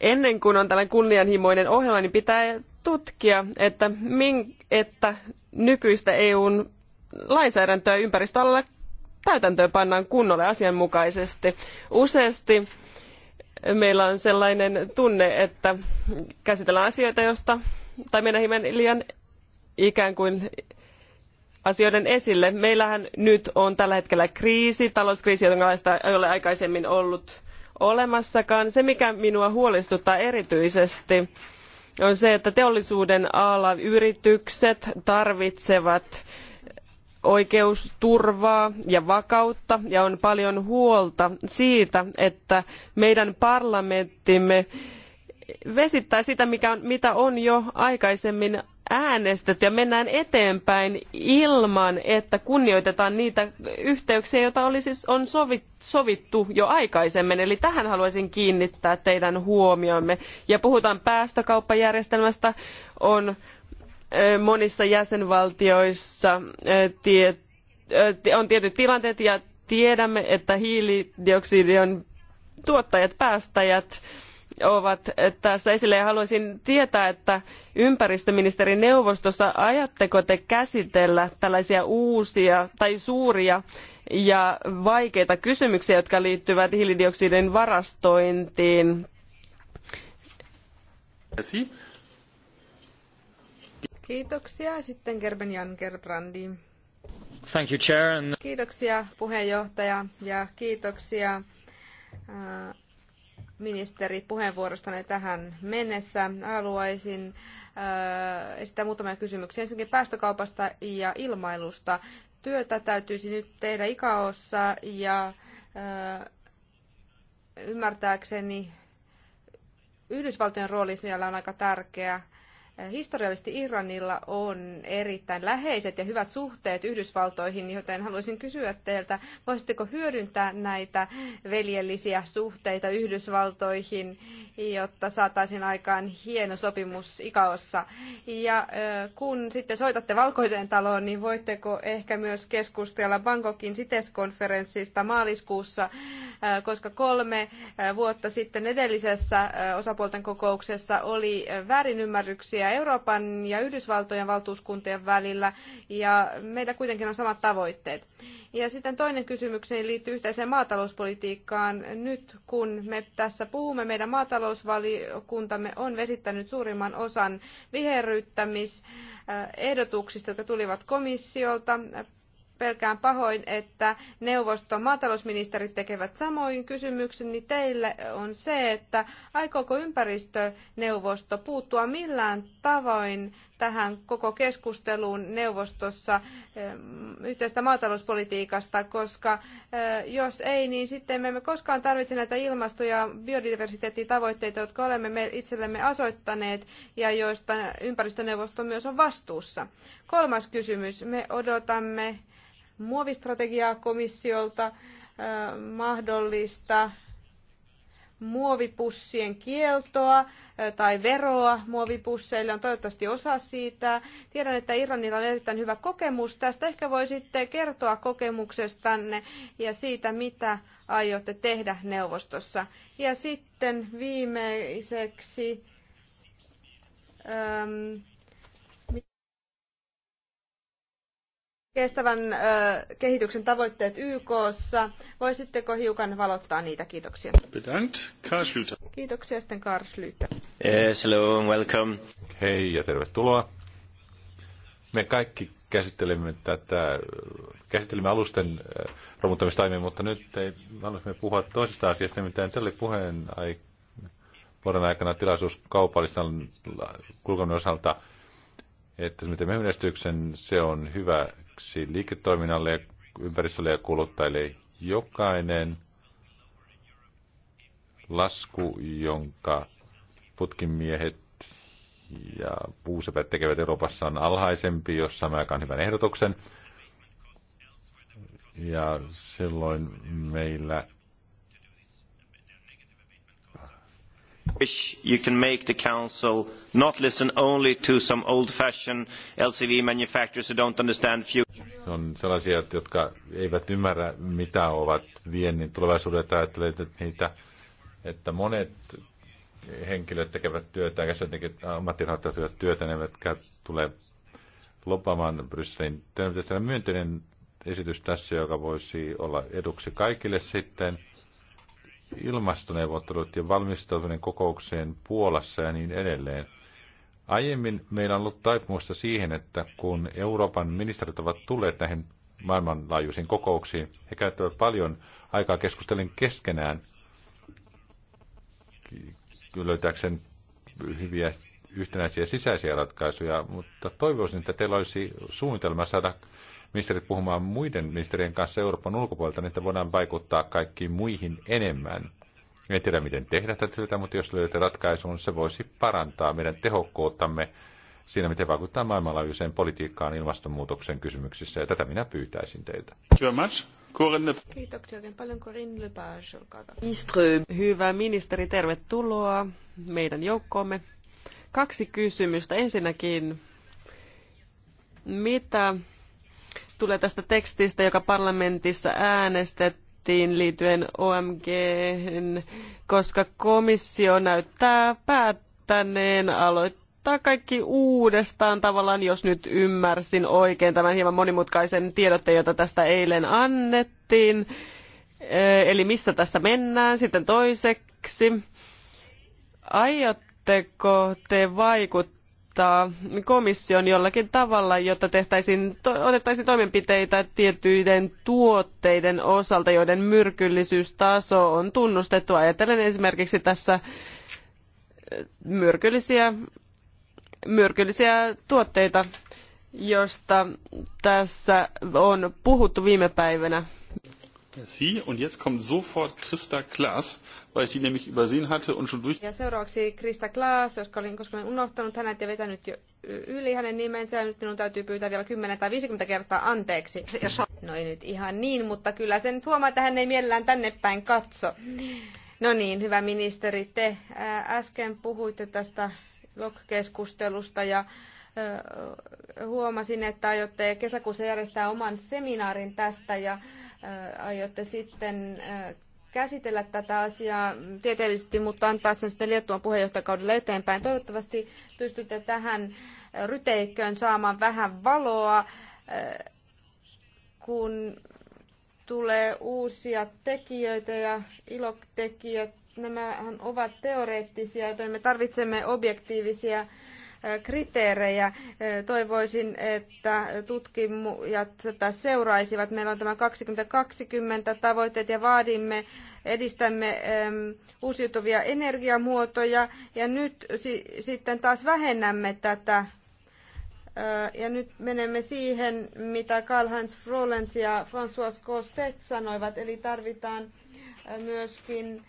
ennen kuin on tällainen kunnianhimoinen ohjelma, niin pitää tutkia, että, min, että nykyistä EUn lainsäädäntöä ympäristöalalla täytäntöön pannaan kunnolla asianmukaisesti. Useasti meillä on sellainen tunne, että käsitellään asioita, josta, tai mennään hieman liian ikään kuin asioiden esille. Meillähän nyt on tällä hetkellä kriisi, talouskriisi, jonkinlaista ei ole aikaisemmin ollut olemassakaan. Se, mikä minua huolestuttaa erityisesti, on se, että teollisuuden ala yritykset tarvitsevat oikeusturvaa ja vakautta ja on paljon huolta siitä, että meidän parlamenttimme vesittää sitä, mikä on, mitä on jo aikaisemmin äänestetty ja mennään eteenpäin ilman, että kunnioitetaan niitä yhteyksiä, joita oli siis, on sovittu jo aikaisemmin. Eli tähän haluaisin kiinnittää teidän huomiomme. Ja puhutaan päästökauppajärjestelmästä, on monissa jäsenvaltioissa on tietyt tilanteet ja tiedämme, että hiilidioksidin tuottajat, päästäjät ovat tässä esille. Ja haluaisin tietää, että ympäristöministerin neuvostossa ajatteko te käsitellä tällaisia uusia tai suuria ja vaikeita kysymyksiä, jotka liittyvät hiilidioksidin varastointiin? Merci. Kiitoksia. Sitten Gerben Jan Thank you, Chair. And... Kiitoksia puheenjohtaja ja kiitoksia äh, ministeri puheenvuorostanne tähän mennessä. Haluaisin äh, esittää muutamia kysymyksiä. Ensinnäkin päästökaupasta ja ilmailusta. Työtä täytyisi nyt tehdä ikaossa ja äh, ymmärtääkseni Yhdysvaltojen rooli siellä on aika tärkeä. Historiallisesti Iranilla on erittäin läheiset ja hyvät suhteet Yhdysvaltoihin, joten haluaisin kysyä teiltä, voisitteko hyödyntää näitä veljellisiä suhteita Yhdysvaltoihin, jotta saataisiin aikaan hieno sopimus ikaossa. Ja kun sitten soitatte Valkoiseen taloon, niin voitteko ehkä myös keskustella Bangkokin konferenssista maaliskuussa, koska kolme vuotta sitten edellisessä osapuolten kokouksessa oli väärinymmärryksiä eroja Euroopan ja Yhdysvaltojen valtuuskuntien välillä ja meillä kuitenkin on samat tavoitteet. Ja sitten toinen kysymykseni liittyy yhteiseen maatalouspolitiikkaan. Nyt kun me tässä puhumme, meidän maatalousvaliokuntamme on vesittänyt suurimman osan viherryttämisehdotuksista, jotka tulivat komissiolta pelkään pahoin, että neuvoston maatalousministerit tekevät samoin. Kysymykseni niin teille on se, että aikooko ympäristöneuvosto puuttua millään tavoin tähän koko keskusteluun neuvostossa eh, yhteistä maatalouspolitiikasta, koska eh, jos ei, niin sitten me emme koskaan tarvitse näitä ilmasto- ja biodiversiteettitavoitteita, jotka olemme me itsellemme asoittaneet ja joista ympäristöneuvosto myös on vastuussa. Kolmas kysymys. Me odotamme muovistrategiaa komissiolta, mahdollista muovipussien kieltoa tai veroa muovipusseille on toivottavasti osa siitä. Tiedän, että Iranilla on erittäin hyvä kokemus tästä. Ehkä voisitte kertoa kokemuksestanne ja siitä, mitä aiotte tehdä neuvostossa. Ja sitten viimeiseksi... Ähm, kestävän kehityksen tavoitteet YKssa. Voisitteko hiukan valottaa niitä? Kiitoksia. Bedankt. Karl Kiitoksia sitten Karl Schlüter. Yes, hello and welcome. Hei ja tervetuloa. Me kaikki käsittelimme tätä, käsittelimme alusten romuttamistaimia, mutta nyt ei, haluaisimme puhua toisesta asiasta, nimittäin tällä puheen ai, vuoden aikana tilaisuus kaupallisten kulkaminen osalta, että miten menestyksen se on hyvä hyväksi liiketoiminnalle, ympäristölle ja kuluttajille. Jokainen lasku, jonka putkimiehet ja puusepät tekevät Euroopassa on alhaisempi, jos saamme aikaan hyvän ehdotuksen. Ja silloin meillä wish you can make the council not listen only to some old-fashioned LCV manufacturers who don't understand future. On sellaisia, jotka eivät ymmärrä, mitä ovat viennin tulevaisuudet, että niitä, että monet henkilöt tekevät työtä, käsityöntekijät, ammattinhoitajat tekevät työtä, ne eivätkä tule lopamaan Brysselin. Tämä pitäisi myönteinen esitys tässä, joka voisi olla eduksi kaikille sitten – ilmastoneuvottelut ja valmistautuminen kokoukseen Puolassa ja niin edelleen. Aiemmin meillä on ollut taipumusta siihen, että kun Euroopan ministerit ovat tulleet näihin maailmanlaajuisiin kokouksiin, he käyttävät paljon aikaa keskustellen keskenään löytääkseen hyviä yhtenäisiä sisäisiä ratkaisuja, mutta toivoisin, että teillä olisi suunnitelma saada ministerit puhumaan muiden ministerien kanssa Euroopan ulkopuolelta, niin että voidaan vaikuttaa kaikkiin muihin enemmän. En tiedä, miten tehdä tätä, mutta jos löydät ratkaisun, se voisi parantaa meidän tehokkuuttamme siinä, miten vaikuttaa maailmanlaajuiseen politiikkaan ilmastonmuutoksen kysymyksissä, ja tätä minä pyytäisin teiltä. Kiitoksia oikein paljon, Corinne Lepage, Hyvä ministeri, tervetuloa meidän joukkoomme. Kaksi kysymystä. Ensinnäkin, mitä tulee tästä tekstistä, joka parlamentissa äänestettiin liittyen OMG, koska komissio näyttää päättäneen aloittaa kaikki uudestaan tavallaan, jos nyt ymmärsin oikein tämän hieman monimutkaisen tiedotteen, jota tästä eilen annettiin. Eli missä tässä mennään sitten toiseksi? Aiotteko te vaikuttaa? pakottaa komission jollakin tavalla, jotta tehtäisiin, to, otettaisiin toimenpiteitä tiettyiden tuotteiden osalta, joiden myrkyllisyystaso on tunnustettu. Ajattelen esimerkiksi tässä äh, myrkyllisiä, myrkyllisiä tuotteita, josta tässä on puhuttu viime päivinä. Merci. Und jetzt kommt sofort Christa Klaas, weil ich die nämlich übersehen hatte und schon durch... Ja seuraavaksi Krista Klaas, koska olin, koska olin unohtanut hänet ja vetänyt jo yli hänen nimensä, nyt minun täytyy pyytää vielä 10 tai 50 kertaa anteeksi. No ei nyt ihan niin, mutta kyllä sen huomaa, että hän ei mielellään tänne päin katso. No niin, hyvä ministeri, te äsken puhuitte tästä blog-keskustelusta ja huomasin, että aiotte kesäkuussa järjestää oman seminaarin tästä ja aiotte sitten käsitellä tätä asiaa tieteellisesti, mutta antaa sen sitten Liettuan puheenjohtajakaudella eteenpäin. Toivottavasti pystytte tähän ryteikköön saamaan vähän valoa, kun tulee uusia tekijöitä ja ilotekijöitä. Nämähän ovat teoreettisia, joten me tarvitsemme objektiivisia kriteerejä. Toivoisin, että tutkimujat tätä seuraisivat. Meillä on tämä 2020 tavoitteet ja vaadimme, edistämme uusiutuvia energiamuotoja ja nyt sitten taas vähennämme tätä ja nyt menemme siihen, mitä Karl-Heinz Frolens ja François Costet sanoivat, eli tarvitaan myöskin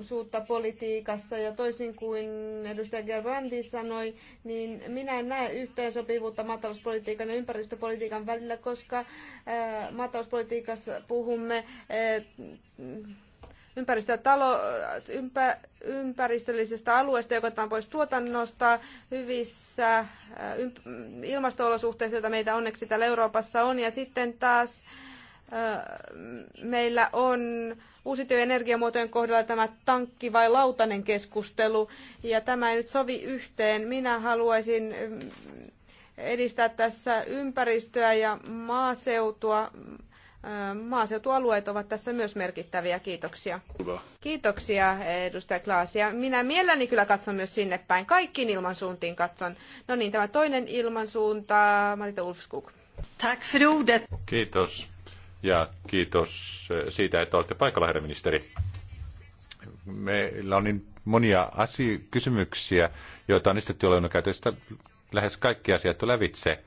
suutta politiikassa ja toisin kuin edustaja Gerrandi sanoi, niin minä en näe yhteensopivuutta maatalouspolitiikan ja ympäristöpolitiikan välillä, koska äh, maatalouspolitiikassa puhumme äh, ympäristötalo, ympä, ympäristöllisestä alueesta, joka otetaan pois tuotannosta, hyvissä äh, ymp, ilmasto-olosuhteissa, joita meitä onneksi täällä Euroopassa on, ja sitten taas meillä on uusiutuvien energiamuotojen kohdalla tämä tankki vai lautanen keskustelu, ja tämä ei nyt sovi yhteen. Minä haluaisin mm, edistää tässä ympäristöä ja maaseutua. Maaseutualueet ovat tässä myös merkittäviä. Kiitoksia. Hyvä. Kiitoksia, edustaja Klaas. Ja minä mielelläni kyllä katson myös sinne päin. Kaikkiin ilmansuuntiin katson. No niin, tämä toinen ilmansuunta, Marita Ulfskuk. Tack för ordet. Kiitos ja kiitos eh, siitä, että olette paikalla, herra ministeri. Meillä on niin monia asia, kysymyksiä, joita on esitetty olevan käytöstä. Lähes kaikki asiat on lävitse.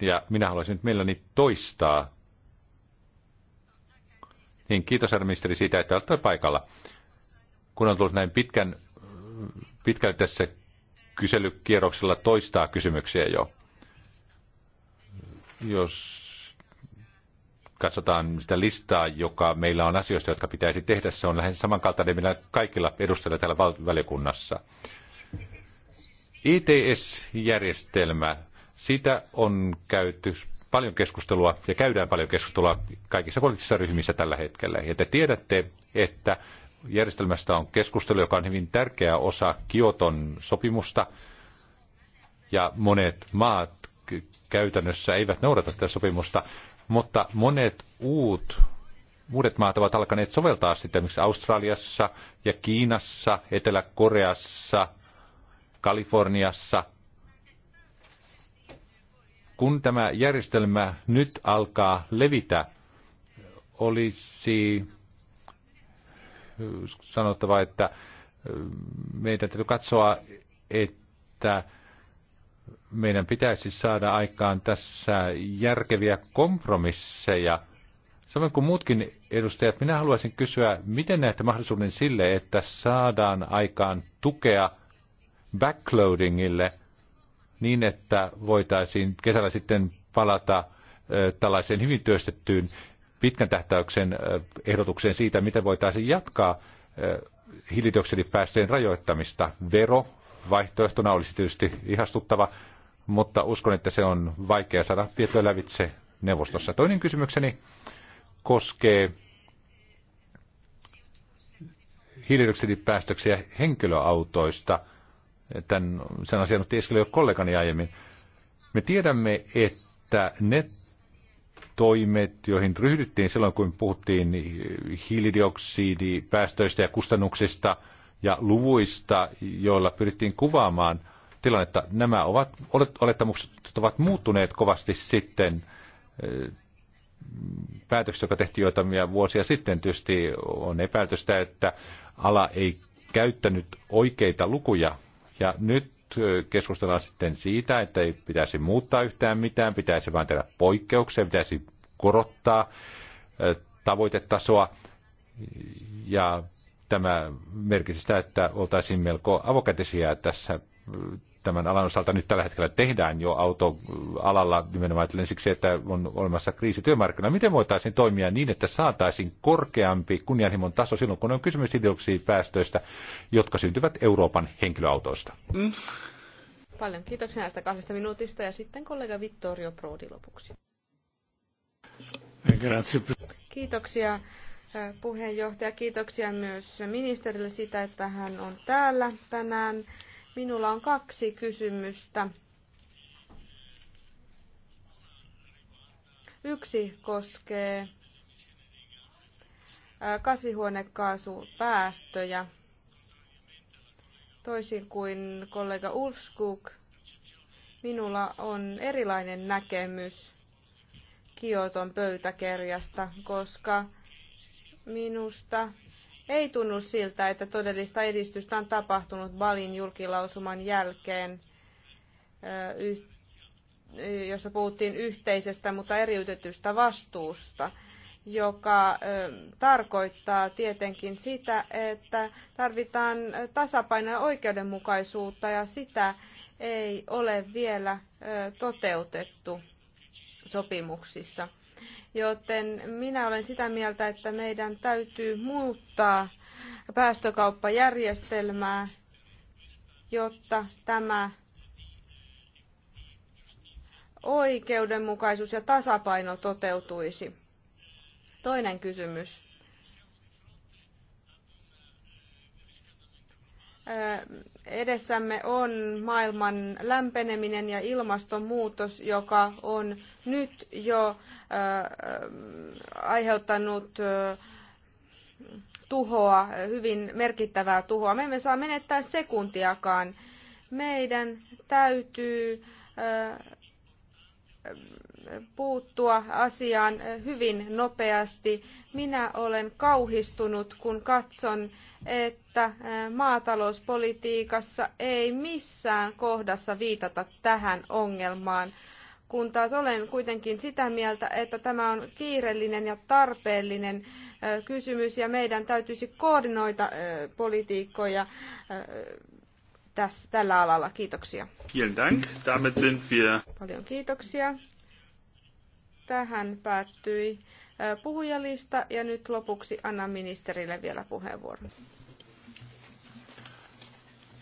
Ja minä haluaisin nyt mielelläni toistaa. Niin, kiitos, herra ministeri, siitä, että olette paikalla. Kun on tullut näin pitkän, pitkälle tässä kyselykierroksella toistaa kysymyksiä jo. Jos katsotaan sitä listaa, joka meillä on asioista, jotka pitäisi tehdä, se on lähes samankaltainen meillä kaikilla edustajilla täällä val- valiokunnassa. ITS-järjestelmä, sitä on käyty paljon keskustelua ja käydään paljon keskustelua kaikissa poliittisissa ryhmissä tällä hetkellä. Ja te tiedätte, että järjestelmästä on keskustelu, joka on hyvin tärkeä osa Kioton sopimusta. Ja monet maat käytännössä eivät noudata tätä sopimusta mutta monet uut, uudet maat ovat alkaneet soveltaa sitä, esimerkiksi Australiassa ja Kiinassa, Etelä-Koreassa, Kaliforniassa. Kun tämä järjestelmä nyt alkaa levitä, olisi sanottava, että meidän täytyy katsoa, että meidän pitäisi saada aikaan tässä järkeviä kompromisseja. Samoin kuin muutkin edustajat, minä haluaisin kysyä, miten näette mahdollisuuden sille, että saadaan aikaan tukea backloadingille niin, että voitaisiin kesällä sitten palata tällaiseen hyvin työstettyyn pitkän tähtäyksen ehdotukseen siitä, miten voitaisiin jatkaa hiilidioksidipäästöjen rajoittamista. Vero vaihtoehtona olisi tietysti ihastuttava, mutta uskon, että se on vaikea saada vietyä lävitse neuvostossa. Toinen kysymykseni koskee hiilidioksidipäästöksiä henkilöautoista. Tämän, sen asian otti esille jo kollegani aiemmin. Me tiedämme, että ne toimet, joihin ryhdyttiin silloin, kun puhuttiin hiilidioksidipäästöistä ja kustannuksista – ja luvuista, joilla pyrittiin kuvaamaan tilannetta. Nämä ovat, olettamukset ovat muuttuneet kovasti sitten eh, Päätökset, joka tehtiin joitamia vuosia sitten. Tietysti on epäiltystä, että ala ei käyttänyt oikeita lukuja. Ja nyt eh, keskustellaan sitten siitä, että ei pitäisi muuttaa yhtään mitään, pitäisi vain tehdä poikkeuksia, pitäisi korottaa eh, tavoitetasoa ja tämä merkisi sitä, että oltaisiin melko avokätisiä tässä äh, tämän alan osalta nyt tällä hetkellä tehdään jo autoalalla äh, nimenomaan siksi, että on olemassa kriisi työmarkkina. Miten voitaisiin toimia niin, että saataisiin korkeampi kunnianhimon taso silloin, kun on kysymys hiilidioksidipäästöistä, jotka syntyvät Euroopan henkilöautoista? Mm. Paljon kiitoksia näistä kahdesta minuutista ja sitten kollega Vittorio Prodi lopuksi. Grazie. Kiitoksia puheenjohtaja. Kiitoksia myös ministerille sitä, että hän on täällä tänään. Minulla on kaksi kysymystä. Yksi koskee kasvihuonekaasupäästöjä. Toisin kuin kollega Ulfskuk, minulla on erilainen näkemys Kioton pöytäkirjasta, koska Minusta ei tunnu siltä, että todellista edistystä on tapahtunut Balin julkilausuman jälkeen, jossa puhuttiin yhteisestä, mutta eriytetystä vastuusta joka tarkoittaa tietenkin sitä, että tarvitaan tasapainoa ja oikeudenmukaisuutta ja sitä ei ole vielä toteutettu sopimuksissa joten minä olen sitä mieltä, että meidän täytyy muuttaa päästökauppajärjestelmää, jotta tämä oikeudenmukaisuus ja tasapaino toteutuisi. Toinen kysymys. Edessämme on maailman lämpeneminen ja ilmastonmuutos, joka on nyt jo äh, äh, aiheuttanut äh, tuhoa, hyvin merkittävää tuhoa. Me emme saa menettää sekuntiakaan. Meidän täytyy puuttua asiaan hyvin nopeasti. Minä olen kauhistunut, kun katson, että maatalouspolitiikassa ei missään kohdassa viitata tähän ongelmaan kun taas olen kuitenkin sitä mieltä, että tämä on kiireellinen ja tarpeellinen kysymys ja meidän täytyisi koordinoida politiikkoja tässä, tällä alalla. Kiitoksia. Vielen Dank. Damit sind wir... Paljon kiitoksia. Tähän päättyi puhujalista ja nyt lopuksi annan ministerille vielä puheenvuoron.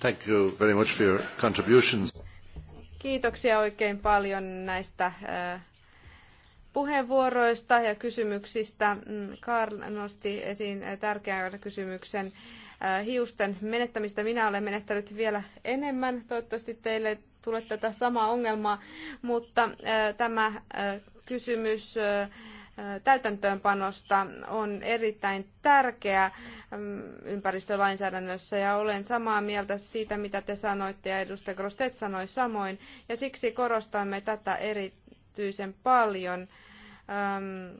Thank you very much for your contributions. Kiitoksia oikein paljon näistä äh, puheenvuoroista ja kysymyksistä. Mm, Karl nosti esiin äh, tärkeän kysymyksen äh, hiusten menettämistä. Minä olen menettänyt vielä enemmän. Toivottavasti teille tulee tätä samaa ongelmaa, mutta tämä kysymys täytäntöönpanosta on erittäin tärkeä mm, ympäristölainsäädännössä ja olen samaa mieltä siitä, mitä te sanoitte ja edustaja Grostet sanoi samoin ja siksi korostamme tätä erityisen paljon ähm,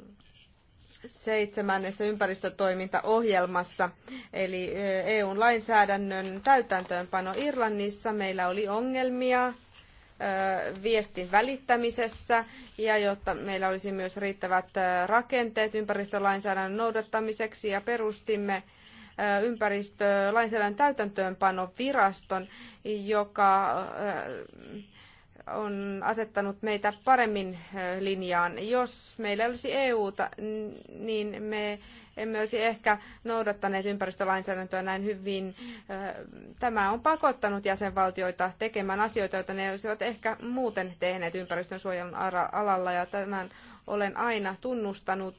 seitsemännessä ympäristötoimintaohjelmassa, eli EUn lainsäädännön täytäntöönpano Irlannissa. Meillä oli ongelmia viestin välittämisessä ja jotta meillä olisi myös riittävät rakenteet ympäristölainsäädännön noudattamiseksi ja perustimme ympäristölainsäädännön täytäntöönpanon viraston, joka on asettanut meitä paremmin linjaan. Jos meillä olisi EUta, niin me emme olisi ehkä noudattaneet ympäristölainsäädäntöä näin hyvin. Tämä on pakottanut jäsenvaltioita tekemään asioita, joita ne olisivat ehkä muuten tehneet ympäristönsuojelun alalla, ja tämän olen aina tunnustanut.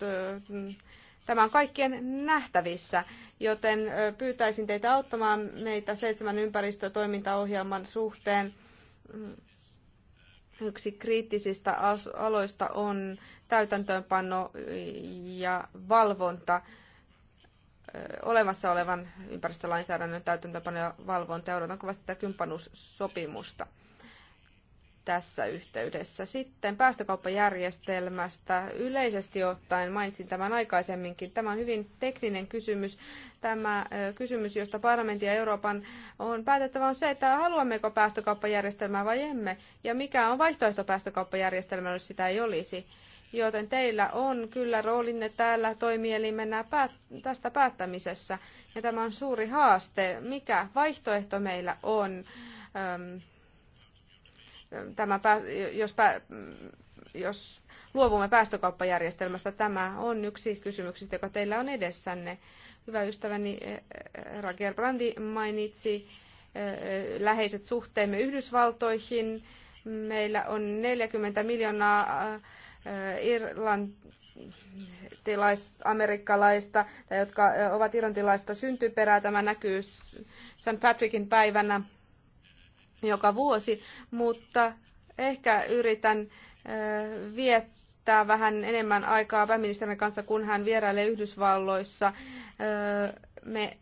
Tämä on kaikkien nähtävissä, joten pyytäisin teitä auttamaan meitä seitsemän ympäristötoimintaohjelman suhteen. Yksi kriittisistä aloista on täytäntöönpano ja valvonta olemassa olevan ympäristölainsäädännön täytäntöönpano ja valvonta. Odotan kovasti tätä kumppanuussopimusta tässä yhteydessä. Sitten päästökauppajärjestelmästä. Yleisesti ottaen mainitsin tämän aikaisemminkin. Tämä on hyvin tekninen kysymys. Tämä kysymys, josta parlamentin ja Euroopan on päätettävä, on se, että haluammeko päästökauppajärjestelmää vai emme, ja mikä on vaihtoehto päästökauppajärjestelmälle, jos sitä ei olisi joten teillä on kyllä roolinne täällä toimielimenä päät- tästä päättämisessä. Ja tämä on suuri haaste. Mikä vaihtoehto meillä on, ähm, tämä jos, jos luovumme päästökauppajärjestelmästä? Tämä on yksi kysymyksistä, joka teillä on edessänne. Hyvä ystäväni eh, eh, Rager Brandi mainitsi eh, läheiset suhteemme Yhdysvaltoihin. Meillä on 40 miljoonaa Äh, irlantilais-amerikkalaista tai jotka äh, ovat irlantilaista syntyperää. Tämä näkyy St. Patrickin päivänä joka vuosi, mutta ehkä yritän äh, viettää vähän enemmän aikaa pääministerin kanssa, kun hän vierailee Yhdysvalloissa. Me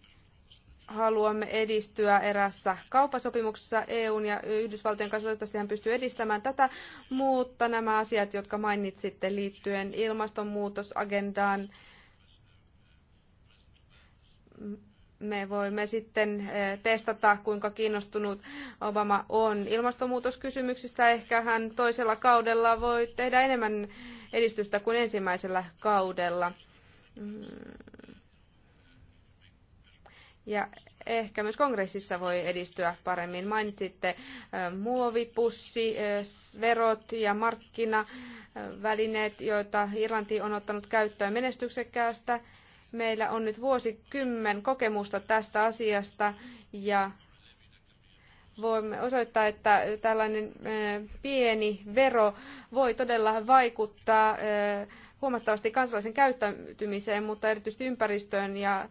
haluamme edistyä erässä kauppasopimuksessa EUn ja Yhdysvaltojen kanssa. Toivottavasti hän pystyy edistämään tätä, mutta nämä asiat, jotka mainitsitte liittyen ilmastonmuutosagendaan, me voimme sitten eh, testata, kuinka kiinnostunut Obama on ilmastonmuutoskysymyksistä. Ehkä hän toisella kaudella voi tehdä enemmän edistystä kuin ensimmäisellä kaudella mm ja ehkä myös kongressissa voi edistyä paremmin. Mainitsitte muovipussi, verot ja markkinavälineet, joita Irlanti on ottanut käyttöön menestyksekkäästä. Meillä on nyt vuosikymmen kokemusta tästä asiasta ja voimme osoittaa, että tällainen pieni vero voi todella vaikuttaa huomattavasti kansalaisen käyttäytymiseen, mutta erityisesti ympäristöön ja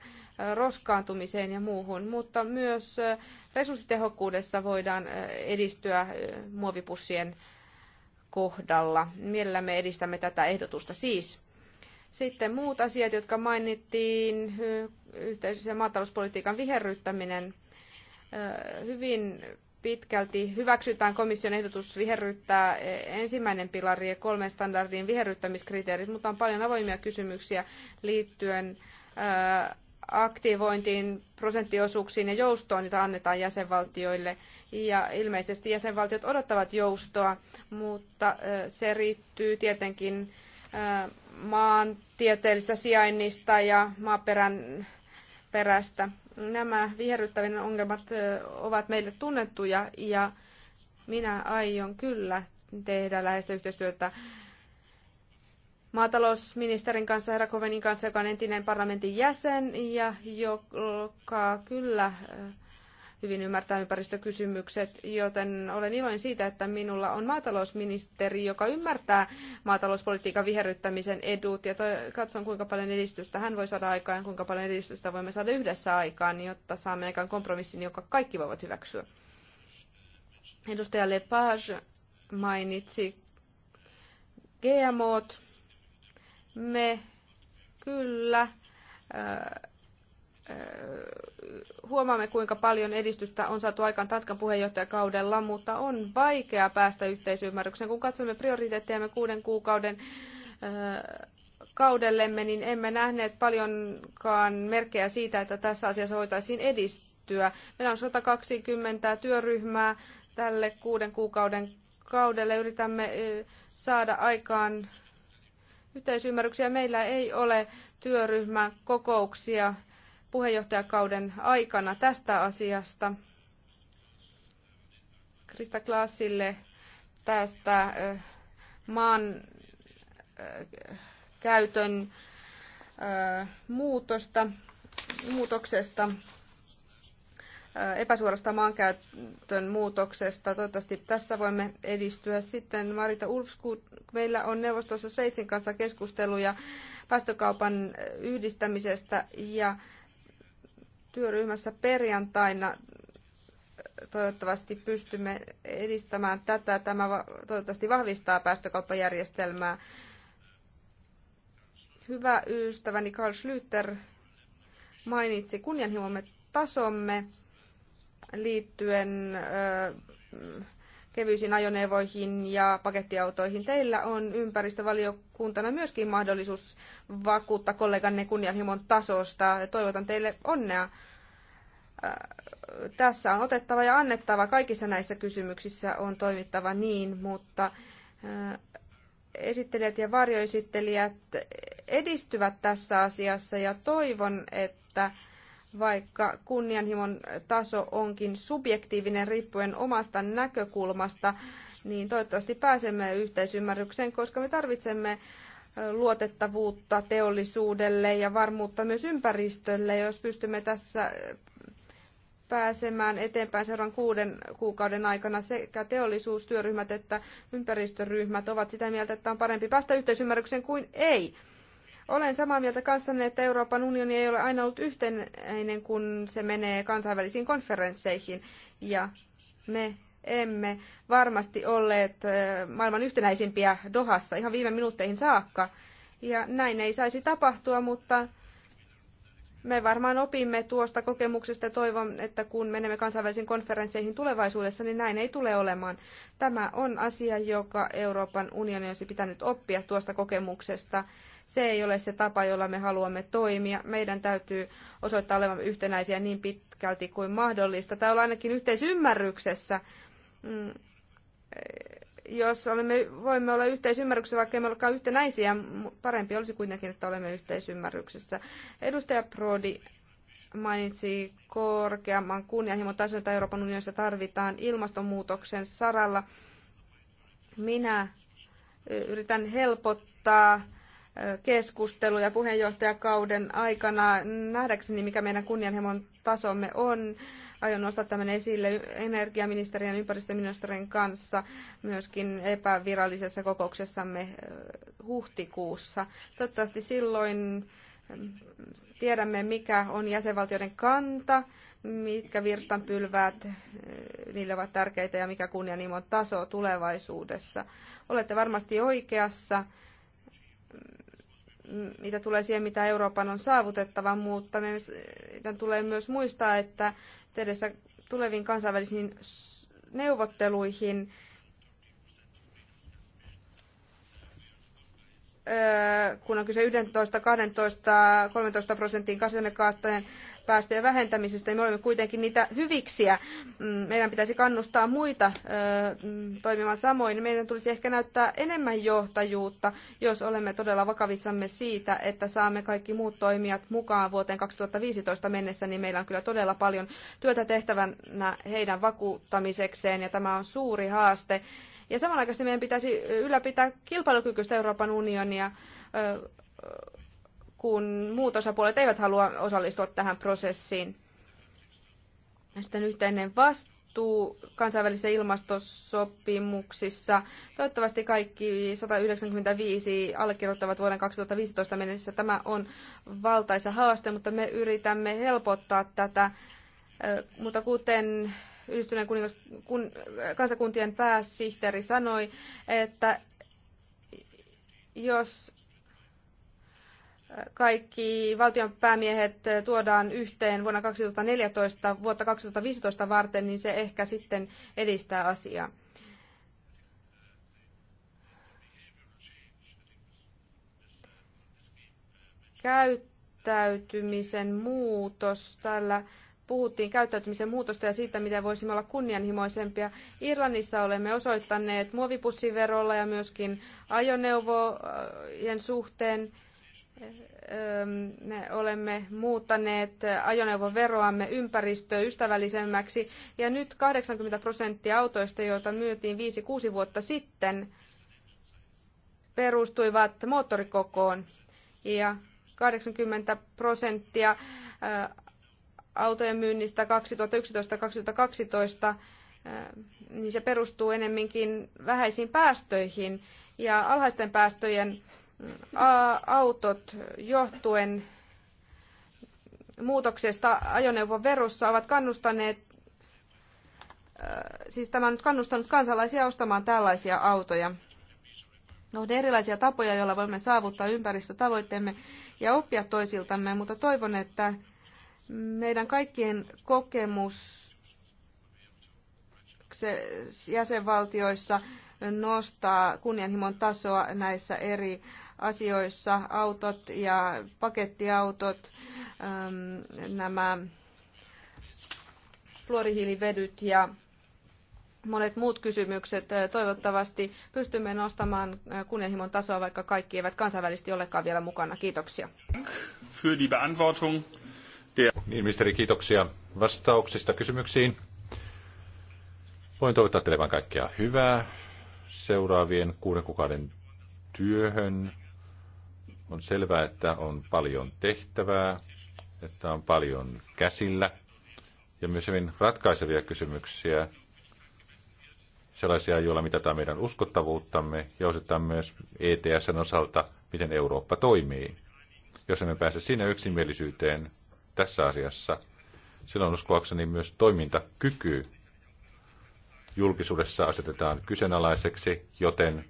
roskaantumiseen ja muuhun, mutta myös resurssitehokkuudessa voidaan edistyä muovipussien kohdalla. Mielellämme edistämme tätä ehdotusta siis. Sitten muut asiat, jotka mainittiin, ja maatalouspolitiikan viherryttäminen. Hyvin pitkälti hyväksytään komission ehdotus viherryttää ensimmäinen pilari ja kolmen standardin viherryttämiskriteerit, mutta on paljon avoimia kysymyksiä liittyen aktivointiin, prosenttiosuuksiin ja joustoon, jota annetaan jäsenvaltioille. Ja ilmeisesti jäsenvaltiot odottavat joustoa, mutta se riittyy tietenkin maan tieteellisestä sijainnista ja maaperän perästä. Nämä viherryttävien ongelmat ovat meille tunnettuja ja minä aion kyllä tehdä läheistä yhteistyötä maatalousministerin kanssa, herra Kovenin kanssa, joka on entinen parlamentin jäsen ja joka kyllä eh, hyvin ymmärtää ympäristökysymykset, joten olen iloinen siitä, että minulla on maatalousministeri, joka ymmärtää maatalouspolitiikan viherryttämisen edut ja toi, katson, kuinka paljon edistystä hän voi saada aikaan ja kuinka paljon edistystä voimme saada yhdessä aikaan, jotta saamme aikaan kompromissin, joka kaikki voivat hyväksyä. Edustaja Lepage mainitsi GMOt me kyllä äh, äh, huomaamme, kuinka paljon edistystä on saatu aikaan Tanskan puheenjohtajakaudella, mutta on vaikea päästä yhteisymmärrykseen. Kun katsomme prioriteettejamme kuuden kuukauden äh, kaudellemme, niin emme nähneet paljonkaan merkkejä siitä, että tässä asiassa voitaisiin edistyä. Meillä on 120 työryhmää tälle kuuden kuukauden kaudelle. Yritämme saada aikaan yhteisymmärryksiä. Meillä ei ole työryhmän kokouksia puheenjohtajakauden aikana tästä asiasta. Krista Klaasille tästä maan käytön muutosta, muutoksesta epäsuorasta maankäytön muutoksesta. Toivottavasti tässä voimme edistyä. Sitten Marita Ulfsku, meillä on neuvostossa Sveitsin kanssa keskusteluja päästökaupan yhdistämisestä ja työryhmässä perjantaina toivottavasti pystymme edistämään tätä. Tämä toivottavasti vahvistaa päästökauppajärjestelmää. Hyvä ystäväni Karl Schlüter mainitsi kunnianhimomme tasomme liittyen kevyisiin ajoneuvoihin ja pakettiautoihin. Teillä on ympäristövaliokuntana myöskin mahdollisuus vakuuttaa kolleganne kunnianhimon tasosta. Toivotan teille onnea. Tässä on otettava ja annettava. Kaikissa näissä kysymyksissä on toimittava niin, mutta esittelijät ja varjoesittelijät edistyvät tässä asiassa ja toivon, että vaikka kunnianhimon taso onkin subjektiivinen riippuen omasta näkökulmasta, niin toivottavasti pääsemme yhteisymmärrykseen, koska me tarvitsemme luotettavuutta teollisuudelle ja varmuutta myös ympäristölle. Jos pystymme tässä pääsemään eteenpäin seuraavan kuuden kuukauden aikana sekä teollisuustyöryhmät että ympäristöryhmät ovat sitä mieltä, että on parempi päästä yhteisymmärrykseen kuin ei. Olen samaa mieltä kanssanne, että Euroopan unioni ei ole aina ollut yhtenäinen, kun se menee kansainvälisiin konferensseihin. Ja me emme varmasti olleet maailman yhtenäisimpiä Dohassa ihan viime minuutteihin saakka. Ja näin ei saisi tapahtua, mutta me varmaan opimme tuosta kokemuksesta ja toivon, että kun menemme kansainvälisiin konferensseihin tulevaisuudessa, niin näin ei tule olemaan. Tämä on asia, joka Euroopan unioni olisi pitänyt oppia tuosta kokemuksesta. Se ei ole se tapa, jolla me haluamme toimia. Meidän täytyy osoittaa olevamme yhtenäisiä niin pitkälti kuin mahdollista, tai olla ainakin yhteisymmärryksessä. Mm, eh, jos olemme, voimme olla yhteisymmärryksessä, vaikka emme olekaan yhtenäisiä, parempi olisi kuitenkin, että olemme yhteisymmärryksessä. Edustaja Prodi, mainitsi korkeamman kunnianhimon tason, jota Euroopan unionissa tarvitaan ilmastonmuutoksen saralla. Minä eh, yritän helpottaa keskusteluja puheenjohtajakauden aikana. Nähdäkseni, mikä meidän kunnianhimon tasomme on, aion nostaa tämän esille energiaministerin ja ympäristöministerin kanssa myöskin epävirallisessa kokouksessamme äh, huhtikuussa. Toivottavasti silloin äh, tiedämme, mikä on jäsenvaltioiden kanta, mitkä virstanpylväät äh, niille ovat tärkeitä ja mikä kunnianhimon taso tulevaisuudessa. Olette varmasti oikeassa mitä tulee siihen, mitä Euroopan on saavutettava, mutta meidän tulee myös muistaa, että edessä tuleviin kansainvälisiin neuvotteluihin kun on kyse 11, 12, 13 prosentin kasvihuonekaastojen päästöjen vähentämisestä, niin me olemme kuitenkin niitä hyviksiä. Mm, meidän pitäisi kannustaa muita mm, toimimaan samoin. Meidän tulisi ehkä näyttää enemmän johtajuutta, jos olemme todella vakavissamme siitä, että saamme kaikki muut toimijat mukaan vuoteen 2015 mennessä, niin meillä on kyllä todella paljon työtä tehtävänä heidän vakuuttamisekseen, ja tämä on suuri haaste. Ja samanaikaisesti meidän pitäisi ylläpitää kilpailukykyistä Euroopan unionia kun muut osapuolet eivät halua osallistua tähän prosessiin. Sitten yhteinen vastuu kansainvälisissä ilmastosopimuksissa. Toivottavasti kaikki 195 allekirjoittavat vuoden 2015 mennessä. Tämä on valtaisa haaste, mutta me yritämme helpottaa tätä. Mutta kuten yhdistyneen kuningas, kun, kansakuntien pääsihteeri sanoi, että jos kaikki valtion päämiehet tuodaan yhteen vuonna 2014 vuotta 2015 varten, niin se ehkä sitten edistää asiaa. Käyttäytymisen muutos tällä puhuttiin käyttäytymisen muutosta ja siitä, miten voisimme olla kunnianhimoisempia. Irlannissa olemme osoittaneet muovipussiverolla ja myöskin ajoneuvojen suhteen me olemme muuttaneet ajoneuvoveroamme ympäristöystävällisemmäksi ja nyt 80 prosenttia autoista, joita myytiin 5-6 vuotta sitten, perustuivat moottorikokoon ja 80 prosenttia autojen myynnistä 2011-2012 niin se perustuu enemminkin vähäisiin päästöihin ja alhaisten päästöjen autot johtuen muutoksesta ajoneuvon verossa ovat kannustaneet, siis tämä on nyt kannustanut kansalaisia ostamaan tällaisia autoja. On erilaisia tapoja, joilla voimme saavuttaa ympäristötavoitteemme ja oppia toisiltamme, mutta toivon, että meidän kaikkien kokemus jäsenvaltioissa nostaa kunnianhimon tasoa näissä eri asioissa, autot ja pakettiautot, ähm, nämä fluorihiilivedyt ja monet muut kysymykset. Äh, toivottavasti pystymme nostamaan äh, kunnianhimon tasoa, vaikka kaikki eivät kansainvälisesti olekaan vielä mukana. Kiitoksia. Für die Beantwortung Niin, ministeri, kiitoksia vastauksista kysymyksiin. Voin toivottaa teille vain kaikkea hyvää seuraavien kuuden kuukauden työhön. On selvää, että on paljon tehtävää, että on paljon käsillä ja myös hyvin ratkaisevia kysymyksiä, sellaisia, joilla mitataan meidän uskottavuuttamme ja osittain myös ETSn osalta, miten Eurooppa toimii. Jos emme pääse siinä yksimielisyyteen tässä asiassa, silloin uskoakseni myös toimintakyky julkisuudessa asetetaan kyseenalaiseksi, joten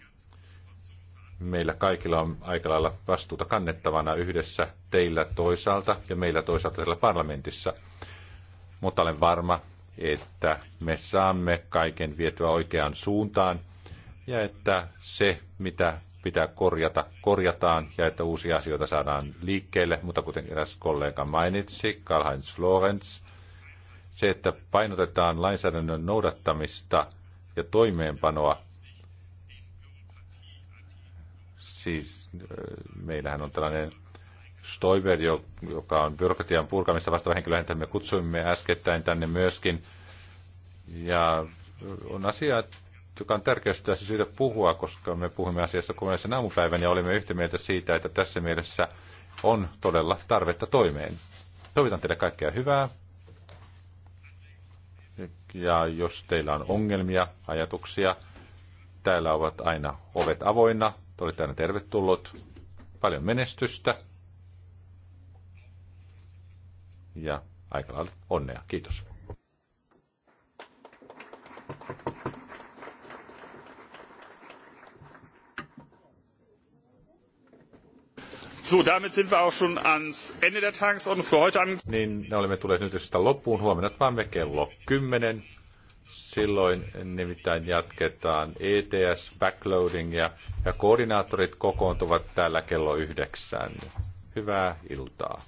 meillä kaikilla on aika lailla vastuuta kannettavana yhdessä teillä toisaalta ja meillä toisaalta siellä parlamentissa. Mutta olen varma, että me saamme kaiken vietyä oikeaan suuntaan ja että se, mitä pitää korjata, korjataan ja että uusia asioita saadaan liikkeelle. Mutta kuten eräs kollega mainitsi, Karl-Heinz Florenz, se, että painotetaan lainsäädännön noudattamista ja toimeenpanoa Siis äh, meillähän on tällainen Stoiber, joka on byrokratian purkamista vähän henkilö, häntä me kutsuimme äskettäin tänne myöskin. Ja äh, on asia, joka on tärkeästä syytä puhua, koska me puhumme asiassa kokonaisen aamupäivän ja olimme yhtä mieltä siitä, että tässä mielessä on todella tarvetta toimeen. Toivotan teille kaikkea hyvää. Ja jos teillä on ongelmia, ajatuksia, täällä ovat aina ovet avoinna. Te olette aina tervetullut. Paljon menestystä. Ja aika lailla onnea. Kiitos. So, damit sind wir auch schon ans Ende der Tagesordnung für heute an. Niin, ne olemme tulleet nyt sitä loppuun. Huomenna vaan me kello 10. Silloin nimittäin jatketaan ETS, backloadingia ja koordinaattorit kokoontuvat täällä kello yhdeksän. Hyvää iltaa.